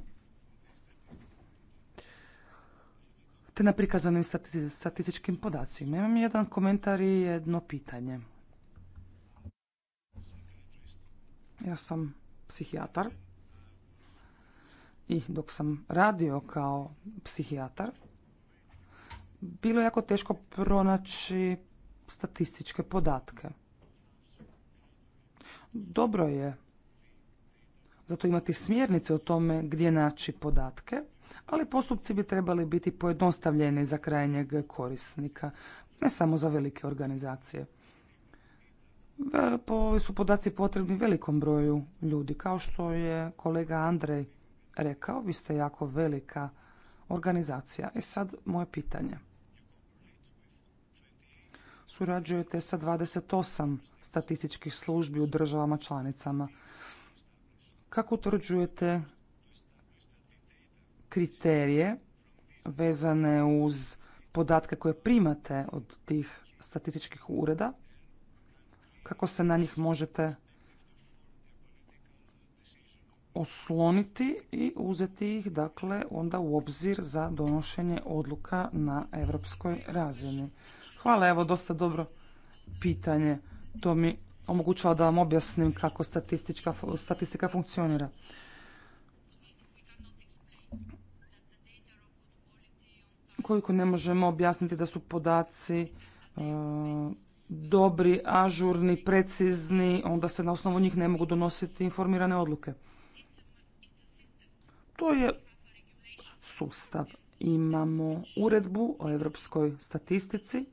te na prikazanim statističkim podacima. Imam jedan komentar i jedno pitanje. Ja sam psihijatar i dok sam radio kao psihijatar, bilo je jako teško pronaći statističke podatke. Dobro je zato imati smjernice o tome gdje naći podatke, ali postupci bi trebali biti pojednostavljeni za krajnjeg korisnika, ne samo za velike organizacije. Ovi su podaci potrebni velikom broju ljudi. Kao što je kolega Andrej rekao, vi ste jako velika organizacija. E sad moje pitanje. Surađujete sa 28 statističkih službi u državama članicama. Kako utvrđujete kriterije vezane uz podatke koje primate od tih statističkih ureda, kako se na njih možete osloniti i uzeti ih dakle onda u obzir za donošenje odluka na europskoj razini. Hvala, evo dosta dobro pitanje. To mi omogućava da vam objasnim kako statistička, statistika funkcionira. ukoliko ne možemo objasniti da su podaci e, dobri, ažurni, precizni, onda se na osnovu njih ne mogu donositi informirane odluke. To je sustav. Imamo uredbu o europskoj statistici,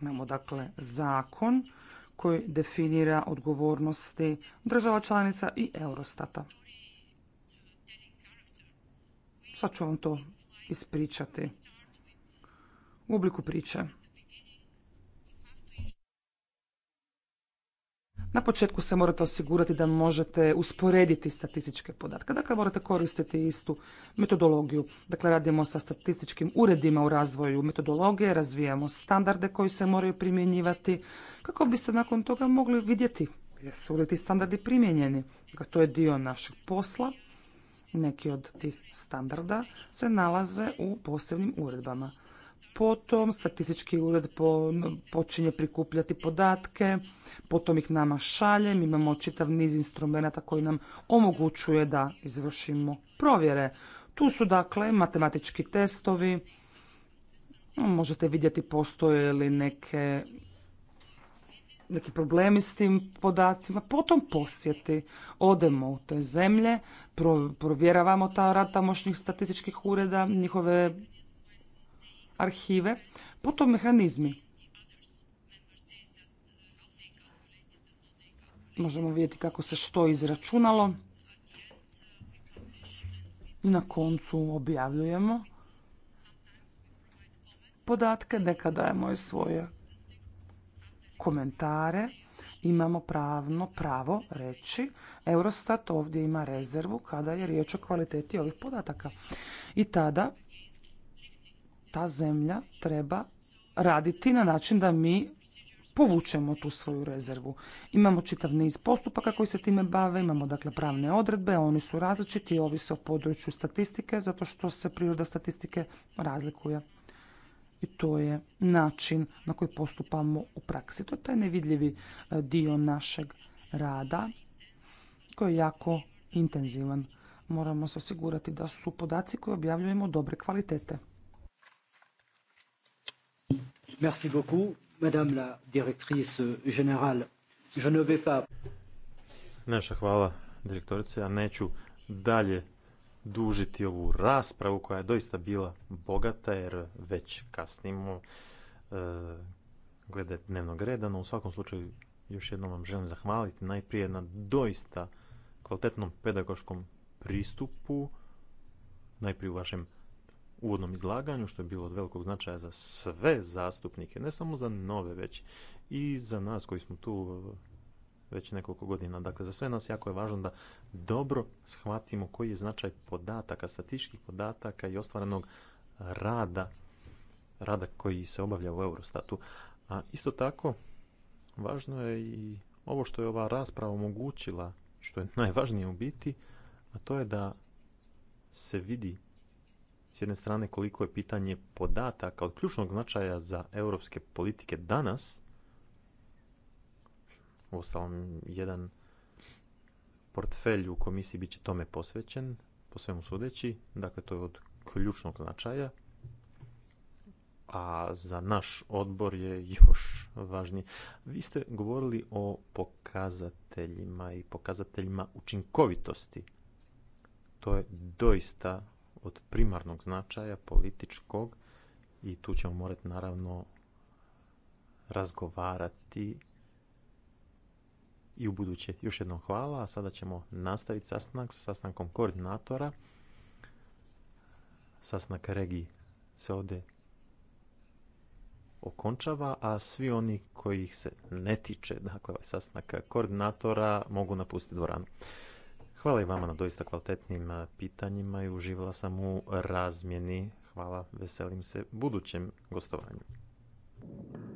imamo dakle zakon koji definira odgovornosti država članica i Eurostata. Sad ću vam to ispričati u obliku priče. Na početku se morate osigurati da možete usporediti statističke podatke. Dakle, morate koristiti istu metodologiju. Dakle, radimo sa statističkim uredima u razvoju metodologije, razvijamo standarde koji se moraju primjenjivati kako biste nakon toga mogli vidjeti jesu li ti standardi primjenjeni. Dakle, to je dio našeg posla. Neki od tih standarda se nalaze u posebnim uredbama. Potom statistički ured počinje prikupljati podatke, potom ih nama šalje, mi imamo čitav niz instrumenta koji nam omogućuje da izvršimo provjere. Tu su dakle matematički testovi, možete vidjeti postoje li neke neki problemi s tim podacima, potom posjeti. Odemo u te zemlje, provjeravamo ta rad tamošnjih statističkih ureda, njihove arhive, potom mehanizmi. Možemo vidjeti kako se što izračunalo. na koncu objavljujemo podatke, neka dajemo i svoje komentare. Imamo pravno pravo reći, Eurostat ovdje ima rezervu kada je riječ o kvaliteti ovih podataka. I tada ta zemlja treba raditi na način da mi povučemo tu svoju rezervu. Imamo čitav niz postupaka koji se time bave, imamo dakle pravne odredbe, oni su različiti i ovise o području statistike zato što se priroda statistike razlikuje. I to je način na koji postupamo u praksi. To je taj nevidljivi e, dio našeg rada koji je jako intenzivan. Moramo se osigurati da su podaci koje objavljujemo dobre kvalitete. Merci beaucoup, madame la directrice générale. Je ne vais pas... Naša hvala, direktorice. Ja neću dalje dužiti ovu raspravu koja je doista bila bogata jer već kasnimo e, glede dnevnog reda, no u svakom slučaju još jednom vam želim zahvaliti najprije na doista kvalitetnom pedagoškom pristupu, najprije u vašem uvodnom izlaganju, što je bilo od velikog značaja za sve zastupnike, ne samo za nove, već i za nas koji smo tu uh, već nekoliko godina. Dakle, za sve nas jako je važno da dobro shvatimo koji je značaj podataka, statističkih podataka i ostvarenog rada, rada koji se obavlja u Eurostatu. A isto tako, važno je i ovo što je ova rasprava omogućila, što je najvažnije u biti, a to je da se vidi s jedne strane koliko je pitanje podataka od ključnog značaja za europske politike danas, uostalom jedan portfelj u komisiji bit će tome posvećen, po svemu sudeći, dakle to je od ključnog značaja, a za naš odbor je još važnije. Vi ste govorili o pokazateljima i pokazateljima učinkovitosti. To je doista od primarnog značaja političkog i tu ćemo morati naravno razgovarati i u buduće. Još jednom hvala, a sada ćemo nastaviti sastanak sa sastankom koordinatora. Sastanak regiji se ovdje okončava, a svi oni kojih se ne tiče, dakle ovaj sastanak koordinatora, mogu napustiti dvoranu. Hvala i vama na doista kvalitetnim pitanjima i uživala sam u razmjeni. Hvala, veselim se budućem gostovanju.